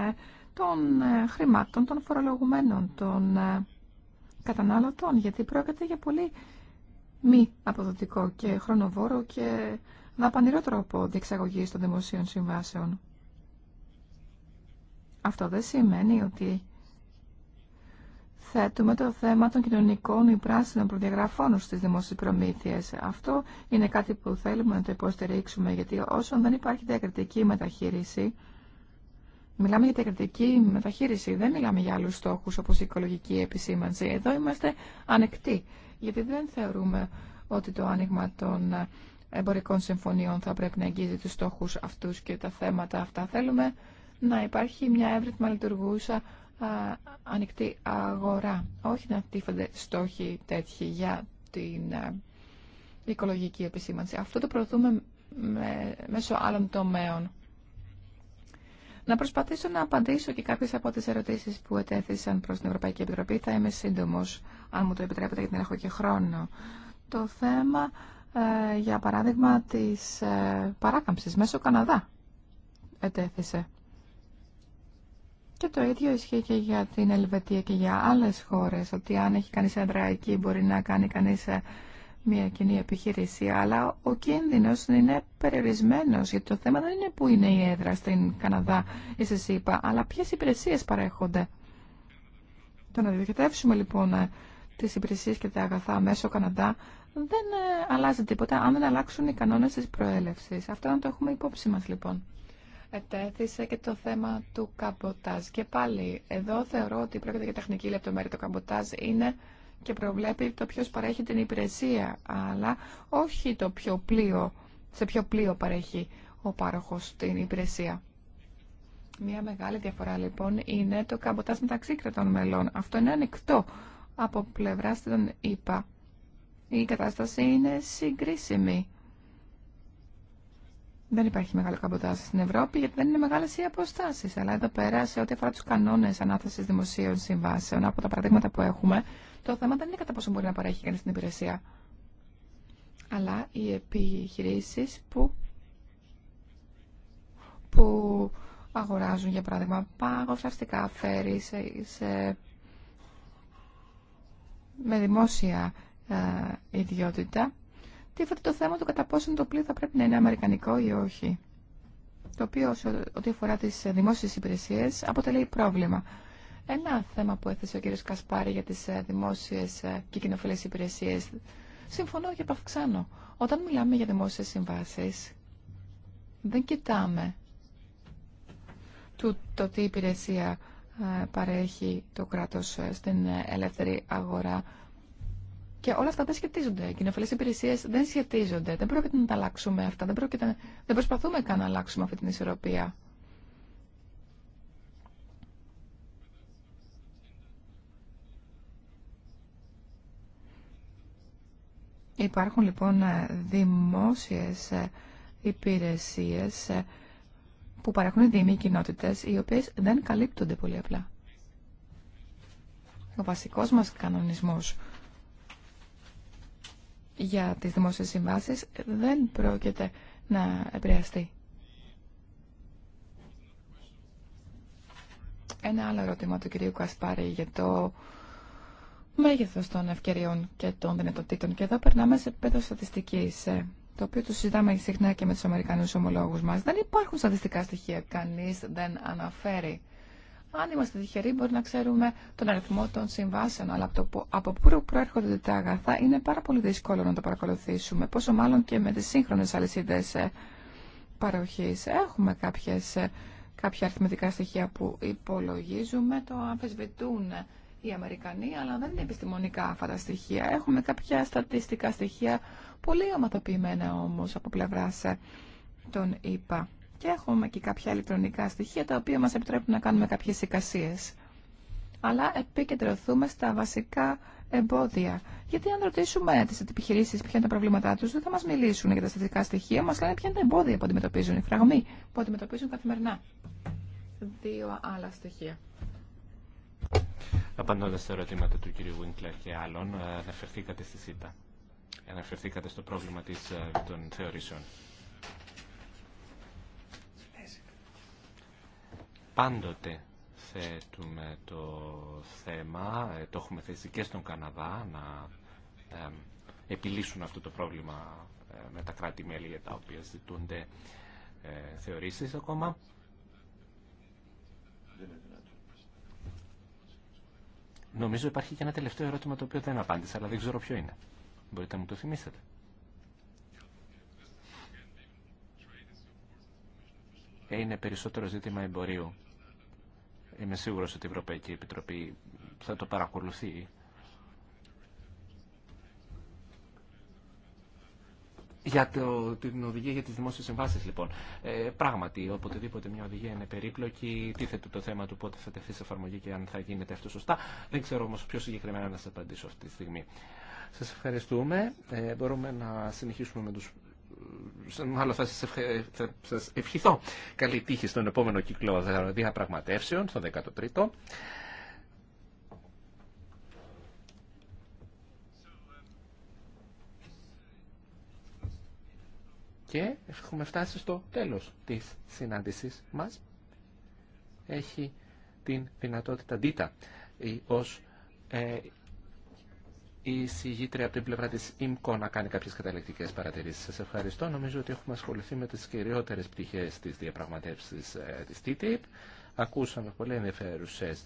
ε, των ε, χρημάτων, των φορολογουμένων, των ε, κατανάλωτων, γιατί πρόκειται για πολύ μη αποδοτικό και χρονοβόρο και δαπανηρό τρόπο διεξαγωγής των δημοσίων συμβάσεων. Αυτό δεν σημαίνει ότι θέτουμε το θέμα των κοινωνικών ή πράσινων προδιαγραφών στις δημόσιες προμήθειες. Αυτό είναι κάτι που θέλουμε να το υποστηρίξουμε, γιατί όσον δεν υπάρχει διακριτική μεταχείριση, μιλάμε για διακριτική μεταχείριση, δεν μιλάμε για άλλους στόχους όπως η οικολογική επισήμανση. Εδώ είμαστε ανεκτοί, γιατί δεν θεωρούμε ότι το άνοιγμα των εμπορικών συμφωνιών θα πρέπει να αγγίζει τους στόχους αυτούς και τα θέματα αυτά. Θέλουμε να υπάρχει μια εύρυθμα λειτουργούσα ανοιχτή αγορά. Όχι να τύφονται στόχοι τέτοιοι για την οικολογική επισήμανση. Αυτό το προωθούμε με, μέσω άλλων τομέων. Να προσπαθήσω να απαντήσω και κάποιες από τις ερωτήσεις που ετέθησαν προς την Ευρωπαϊκή Επιτροπή. Θα είμαι σύντομο, αν μου το επιτρέπετε, γιατί δεν έχω και χρόνο. Το θέμα, ε, για παράδειγμα, της ε, παράκαμψης μέσω Καναδά ετέθησε. Και το ίδιο ισχύει και για την Ελβετία και για άλλες χώρες, ότι αν έχει κανείς έδρα εκεί μπορεί να κάνει κανείς ε, μια κοινή επιχείρηση, αλλά ο κίνδυνος είναι περιορισμένος, γιατί το θέμα δεν είναι που είναι η έδρα στην Καναδά ή σε ΣΥΠΑ, αλλά ποιες υπηρεσίες παρέχονται. Το να διοικητεύσουμε λοιπόν ε, τις υπηρεσίες και τα αγαθά μέσω Καναδά δεν ε, αλλάζει τίποτα αν δεν αλλάξουν οι κανόνες της προέλευσης. Αυτό να το έχουμε υπόψη μας λοιπόν ετέθησε και το θέμα του καμποτάζ. Και πάλι, εδώ θεωρώ ότι πρόκειται για τεχνική λεπτομέρεια. Το καμποτάζ είναι και προβλέπει το ποιο παρέχει την υπηρεσία, αλλά όχι το πιο πλοίο, σε ποιο πλοίο παρέχει ο πάροχο την υπηρεσία. Μια μεγάλη διαφορά λοιπόν είναι το καμποτάζ μεταξύ κρατών μελών. Αυτό είναι ανοιχτό από πλευρά των ΗΠΑ. Η κατάσταση είναι συγκρίσιμη. Δεν υπάρχει μεγάλο καμποτάσταση στην Ευρώπη γιατί δεν είναι μεγάλε οι αποστάσει. Αλλά εδώ πέρα, σε ό,τι αφορά του κανόνε ανάθεση δημοσίων συμβάσεων, από τα παραδείγματα που έχουμε, το θέμα δεν είναι κατά πόσο μπορεί να παρέχει κανεί την υπηρεσία. Αλλά οι επιχειρήσει που, που αγοράζουν, για παράδειγμα, παγοφλαστικά φέρει σε, σε, με δημόσια ε, ιδιότητα, τι τίθεται το θέμα του κατά πόσον το πλοίο θα πρέπει να είναι αμερικανικό ή όχι. Το οποίο ό,τι αφορά τι δημόσιε υπηρεσίε αποτελεί πρόβλημα. Ένα θέμα που έθεσε ο κ. Κασπάρη για τι ε, δημόσιε ε, και κοινοφιλέ υπηρεσίες. Συμφωνώ και επαυξάνω. Όταν μιλάμε για δημόσιε συμβάσει δεν κοιτάμε το, το τι υπηρεσία ε, παρέχει το κράτος στην ελεύθερη αγορά και όλα αυτά δεν σχετίζονται. Οι κοινοφελεί υπηρεσίε δεν σχετίζονται. Δεν πρόκειται να τα αλλάξουμε αυτά. Δεν, πρόκειται να... δεν προσπαθούμε καν να αλλάξουμε αυτή την ισορροπία. Υπάρχουν λοιπόν δημόσιες υπηρεσίες που παρέχουν δήμοι κοινότητες οι οποίες δεν καλύπτονται πολύ απλά. Ο βασικός μας κανονισμός για τις δημόσιες συμβάσεις δεν πρόκειται να επηρεαστεί. Ένα άλλο ερώτημα του κυρίου Κασπάρη για το μέγεθο των ευκαιριών και των δυνατοτήτων. Και εδώ περνάμε σε επίπεδο στατιστική, ε, το οποίο το συζητάμε συχνά και με του Αμερικανού ομολόγου μα. Δεν υπάρχουν στατιστικά στοιχεία. Κανεί δεν αναφέρει αν είμαστε τυχεροί, μπορεί να ξέρουμε τον αριθμό των συμβάσεων, αλλά από, πού προέρχονται τα αγαθά είναι πάρα πολύ δύσκολο να το παρακολουθήσουμε. Πόσο μάλλον και με τι σύγχρονε αλυσίδε ε, παροχή. Έχουμε κάποιες, ε, κάποια αριθμητικά στοιχεία που υπολογίζουμε, το αμφισβητούν οι Αμερικανοί, αλλά δεν είναι επιστημονικά αυτά τα στοιχεία. Έχουμε κάποια στατιστικά στοιχεία, πολύ ομαδοποιημένα όμως από πλευρά ε, των ΙΠΑ και έχουμε και κάποια ηλεκτρονικά στοιχεία τα οποία μας επιτρέπουν να κάνουμε κάποιες εικασίες. Αλλά επικεντρωθούμε στα βασικά εμπόδια. Γιατί αν ρωτήσουμε τις επιχειρήσεις ποια είναι τα προβλήματά τους, δεν θα μας μιλήσουν για τα στατιστικά στοιχεία, μας λένε ποια είναι τα εμπόδια που αντιμετωπίζουν, οι φραγμοί που αντιμετωπίζουν καθημερινά. Δύο άλλα στοιχεία. Απαντώντα στα ερωτήματα του κ. Βίνκλερ και άλλων, αναφερθήκατε στη ΣΥΤΑ. Αναφερθήκατε στο πρόβλημα της, ε, των θεωρήσεων. πάντοτε θέτουμε το θέμα, ε, το έχουμε θέσει και στον Καναδά, να επιλύσουν αυτό το πρόβλημα ε, με τα κράτη-μέλη για τα οποία ζητούνται ε, θεωρήσεις ακόμα. Νομίζω υπάρχει και ένα τελευταίο ερώτημα το οποίο δεν απάντησα, αλλά δεν ξέρω ποιο είναι. Μπορείτε να μου το θυμίσετε. είναι περισσότερο ζήτημα εμπορίου. Είμαι σίγουρος ότι η Ευρωπαϊκή Επιτροπή θα το παρακολουθεί. Για το, την οδηγία για τις δημόσιες συμβάσεις λοιπόν. Ε, πράγματι, οποτεδήποτε μια οδηγία είναι περίπλοκη, τίθεται το θέμα του πότε θα τεθεί σε εφαρμογή και αν θα γίνεται αυτό σωστά. Δεν ξέρω όμως πιο συγκεκριμένα να σας απαντήσω αυτή τη στιγμή. Σας ευχαριστούμε. Ε, μπορούμε να συνεχίσουμε με τους μάλλον θα σας, ευχηθώ καλή τύχη στον επόμενο κύκλο διαπραγματεύσεων, στο 13ο. Και έχουμε φτάσει στο τέλος της συνάντησης μας. Έχει την δυνατότητα ντίτα ως ε, η συγγήτρια από την πλευρά της ΙΜΚΟ να κάνει κάποιες καταληκτικές παρατηρήσεις. Σας ευχαριστώ. Νομίζω ότι έχουμε ασχοληθεί με τις κυριότερες πτυχές της διαπραγματεύσης ε, της TTIP. Ακούσαμε πολύ ενδιαφέρουσες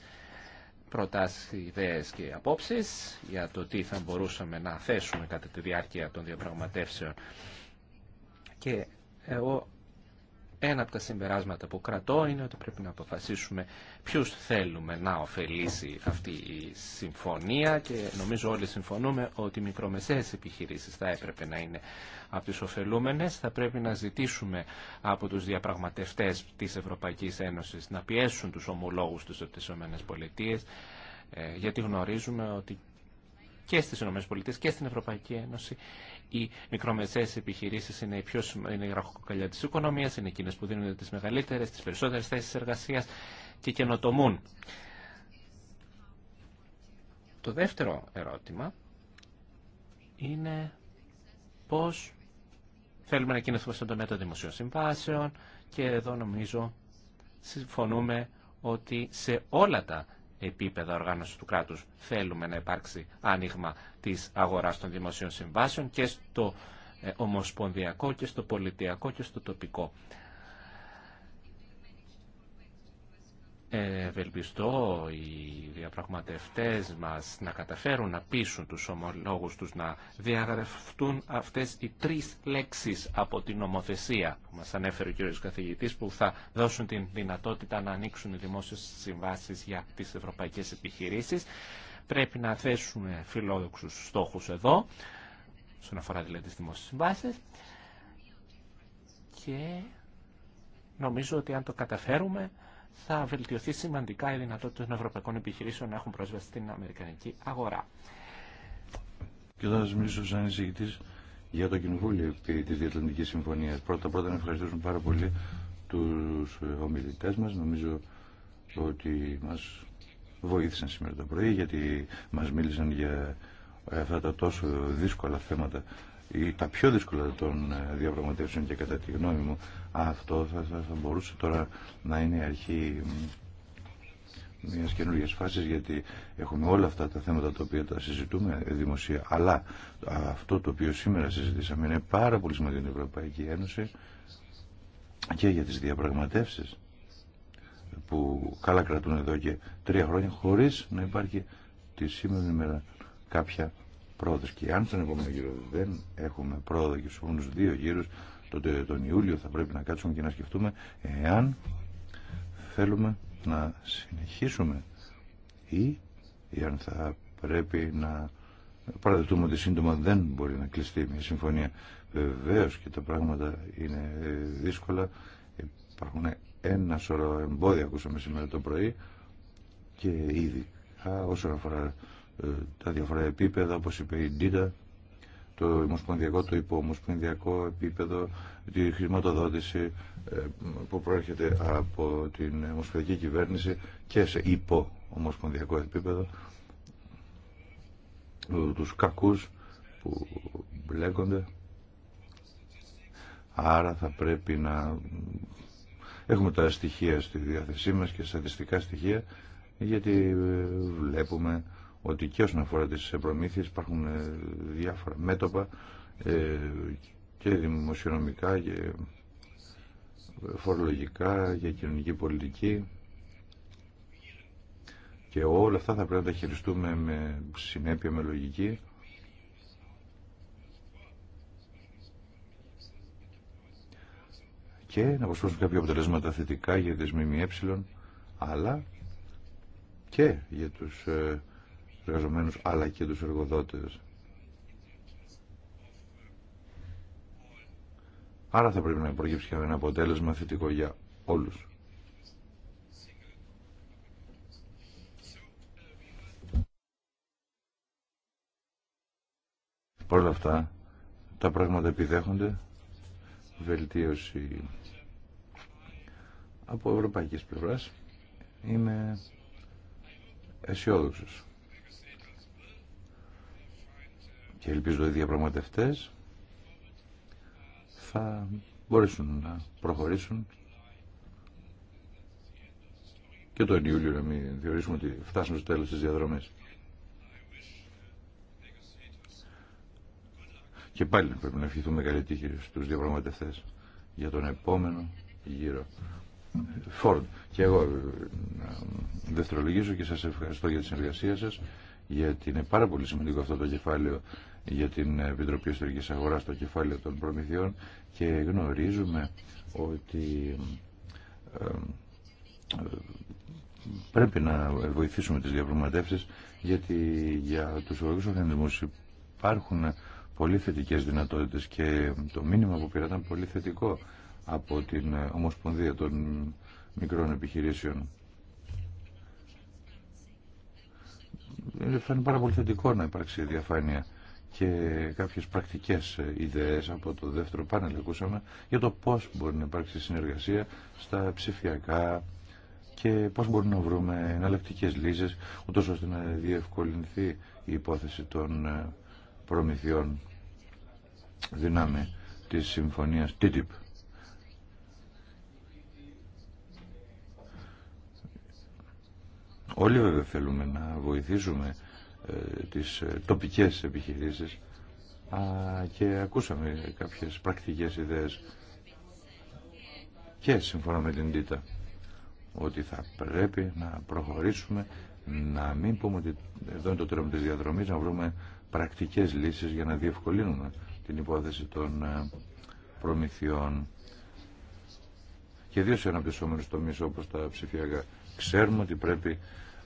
προτάσεις, ιδέες και απόψεις για το τι θα μπορούσαμε να θέσουμε κατά τη διάρκεια των διαπραγματεύσεων. Και εγώ ένα από τα συμπεράσματα που κρατώ είναι ότι πρέπει να αποφασίσουμε ποιους θέλουμε να ωφελήσει αυτή η συμφωνία και νομίζω όλοι συμφωνούμε ότι οι μικρομεσαίες επιχειρήσεις θα έπρεπε να είναι από τις ωφελούμενες. Θα πρέπει να ζητήσουμε από τους διαπραγματευτές της Ευρωπαϊκής Ένωσης να πιέσουν τους ομολόγους τους από τις ΗΠΑ ε, γιατί γνωρίζουμε ότι και στις ΗΠΑ και στην Ευρωπαϊκή Ένωση οι μικρομεσαίες επιχειρήσεις είναι, οι πιο, είναι η της οικονομίας, είναι εκείνες που δίνουν τις μεγαλύτερες, τις περισσότερες θέσεις εργασίας και καινοτομούν. Το δεύτερο ερώτημα είναι πώς θέλουμε να κινηθούμε στον τομέα των δημοσίων συμβάσεων και εδώ νομίζω συμφωνούμε ότι σε όλα τα επίπεδα οργάνωση του κράτους. Θέλουμε να υπάρξει άνοιγμα της αγοράς των δημοσίων συμβάσεων και στο ε, ομοσπονδιακό και στο πολιτιακό και στο τοπικό ευελπιστώ οι διαπραγματευτές μας να καταφέρουν να πείσουν τους ομολόγους τους να διαγραφτούν αυτές οι τρεις λέξεις από την νομοθεσία που μας ανέφερε ο κ. Καθηγητής που θα δώσουν την δυνατότητα να ανοίξουν οι δημόσιες συμβάσεις για τις ευρωπαϊκές επιχειρήσεις. Πρέπει να θέσουμε φιλόδοξους στόχους εδώ, στον αφορά δηλαδή τις δημόσιες συμβάσεις και νομίζω ότι αν το καταφέρουμε θα βελτιωθεί σημαντικά η δυνατότητα των ευρωπαϊκών επιχειρήσεων να έχουν πρόσβαση στην αμερικανική αγορά. Και θα σα μιλήσω σαν εισηγητή για το Κοινοβούλιο τη Διατλαντική Συμφωνία. Πρώτα πρώτα να ευχαριστήσουμε πάρα πολύ του ε, ομιλητέ μα. Νομίζω ότι μα βοήθησαν σήμερα το πρωί γιατί μα μίλησαν για ε, αυτά τα τόσο δύσκολα θέματα τα πιο δύσκολα των ε, διαπραγματεύσεων και κατά τη γνώμη μου αυτό θα, θα, μπορούσε τώρα να είναι η αρχή μιας καινούργιας φάσης γιατί έχουμε όλα αυτά τα θέματα τα οποία τα συζητούμε δημοσία αλλά αυτό το οποίο σήμερα συζητήσαμε είναι πάρα πολύ σημαντικό για την Ευρωπαϊκή Ένωση και για τις διαπραγματεύσεις που καλά κρατούν εδώ και τρία χρόνια χωρίς να υπάρχει τη σήμερα ημέρα κάποια πρόοδος. Και αν στον επόμενο γύρο δεν έχουμε πρόοδο και στους επόμενους δύο γύρους, τότε τον Ιούλιο θα πρέπει να κάτσουμε και να σκεφτούμε εάν θέλουμε να συνεχίσουμε ή εάν θα πρέπει να παραδεχτούμε ότι σύντομα δεν μπορεί να κλειστεί μια συμφωνία. Βεβαίως και τα πράγματα είναι δύσκολα. Υπάρχουν ένα σωρό εμπόδια ακούσαμε σήμερα το πρωί και ήδη όσον αφορά τα διάφορα επίπεδα, όπως είπε η Ντίτα, το ομοσπονδιακό, το υποομοσπονδιακό επίπεδο, τη χρηματοδότηση ε, που προέρχεται από την ομοσπονδιακή κυβέρνηση και σε υποομοσπονδιακό επίπεδο, τους κακούς που μπλέκονται. Άρα θα πρέπει να έχουμε τα στοιχεία στη διάθεσή μας και στατιστικά στοιχεία γιατί ε, βλέπουμε ότι και όσον αφορά τις προμήθειες υπάρχουν ε, διάφορα μέτωπα ε, και δημοσιονομικά και φορολογικά και κοινωνική πολιτική και όλα αυτά θα πρέπει να τα χειριστούμε με συνέπεια, με λογική και να προσφέρουμε κάποια αποτελέσματα θετικά για τις ΜΜΕ αλλά και για τους ε, αλλά και τους εργοδότες. Άρα θα πρέπει να προκύψει ένα αποτέλεσμα θετικό για όλους. Παρ' αυτά, τα πράγματα επιδέχονται βελτίωση από ευρωπαϊκής πλευράς. Είμαι αισιόδοξος. και ελπίζω οι διαπραγματευτές θα μπορέσουν να προχωρήσουν και τον Ιούλιο να μην θεωρήσουμε ότι φτάσουν στο τέλος της διαδρομής. Και πάλι πρέπει να ευχηθούμε καλή τύχη στους διαπραγματευτές για τον επόμενο γύρο. Φόρντ. Και εγώ να ε, δευτερολογήσω και σας ευχαριστώ για τη συνεργασία σας γιατί είναι πάρα πολύ σημαντικό αυτό το κεφάλαιο για την Επιτροπή Ιστορική Αγορά στο κεφάλαιο των προμηθειών και γνωρίζουμε ότι ε, πρέπει να βοηθήσουμε τις διαπραγματεύσεις γιατί για τους ευρωπαϊκούς οργανισμούς υπάρχουν πολύ θετικές δυνατότητες και το μήνυμα που πήρα ήταν πολύ θετικό από την Ομοσπονδία των Μικρών Επιχειρήσεων. φαίνεται ε, πάρα πολύ θετικό να υπάρξει διαφάνεια και κάποιες πρακτικές ιδέες από το δεύτερο πάνελ για το πώς μπορεί να υπάρξει συνεργασία στα ψηφιακά και πώς μπορούμε να βρούμε εναλλακτικές λύσεις ούτως ώστε να διευκολυνθεί η υπόθεση των ε, προμηθειών δυνάμει της συμφωνίας TTIP. Όλοι βέβαια θέλουμε να βοηθήσουμε ε, τις ε, τοπικές επιχειρήσεις Α, και ακούσαμε κάποιες πρακτικές ιδέες και συμφωνώ με την Τίτα ότι θα πρέπει να προχωρήσουμε να μην πούμε ότι εδώ είναι το τρόπο της διαδρομής να βρούμε πρακτικές λύσεις για να διευκολύνουμε την υπόθεση των ε, προμηθειών και δύο σε αναπτυσσόμενους τομείς όπως τα ψηφιακά ξέρουμε ότι πρέπει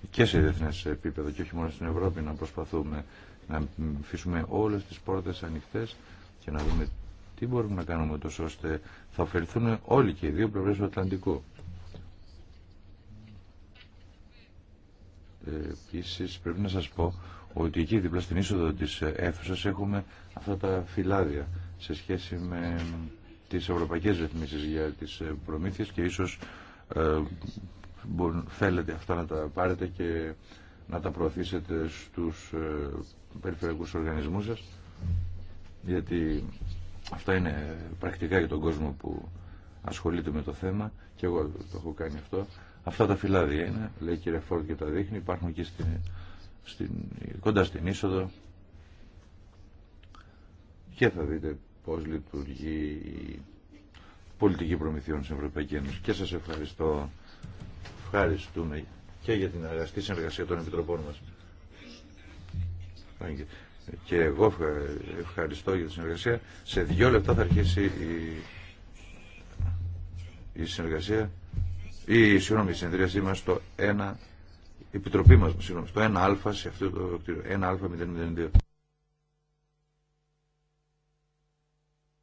και σε διεθνέ επίπεδο και όχι μόνο στην Ευρώπη να προσπαθούμε να αφήσουμε όλες τις πόρτες ανοιχτές και να δούμε τι μπορούμε να κάνουμε τόσο ώστε θα ωφεληθούν όλοι και οι δύο πλευρέ του Ατλαντικού. Επίση πρέπει να σας πω ότι εκεί δίπλα στην είσοδο της αίθουσα έχουμε αυτά τα φυλάδια σε σχέση με τις ευρωπαϊκέ ρυθμίσει για τι προμήθειε. και ίσως ε, μπορούν, θέλετε αυτά να τα πάρετε και να τα προωθήσετε στους ε, περιφερειακούς οργανισμούς σας γιατί αυτά είναι πρακτικά για τον κόσμο που ασχολείται με το θέμα και εγώ το έχω κάνει αυτό. Αυτά τα φυλάδια είναι, λέει η κυρία Φόρτ και τα δείχνει, υπάρχουν και στην, κοντά στην είσοδο και θα δείτε πώς λειτουργεί η πολιτική προμηθειών της Ευρωπαϊκή Ένωση. Και σας ευχαριστώ ευχαριστούμε και για την αγαστή συνεργασία των Επιτροπών μας. Και εγώ ευχαριστώ για τη συνεργασία. Σε δύο λεπτά θα αρχίσει η, η συνεργασία, η, συγγνώμη, η συνεδρίασή μας στο 1, η Επιτροπή μας, συγγνώμη, στο 1α σε αυτό το κτίριο, 1α002.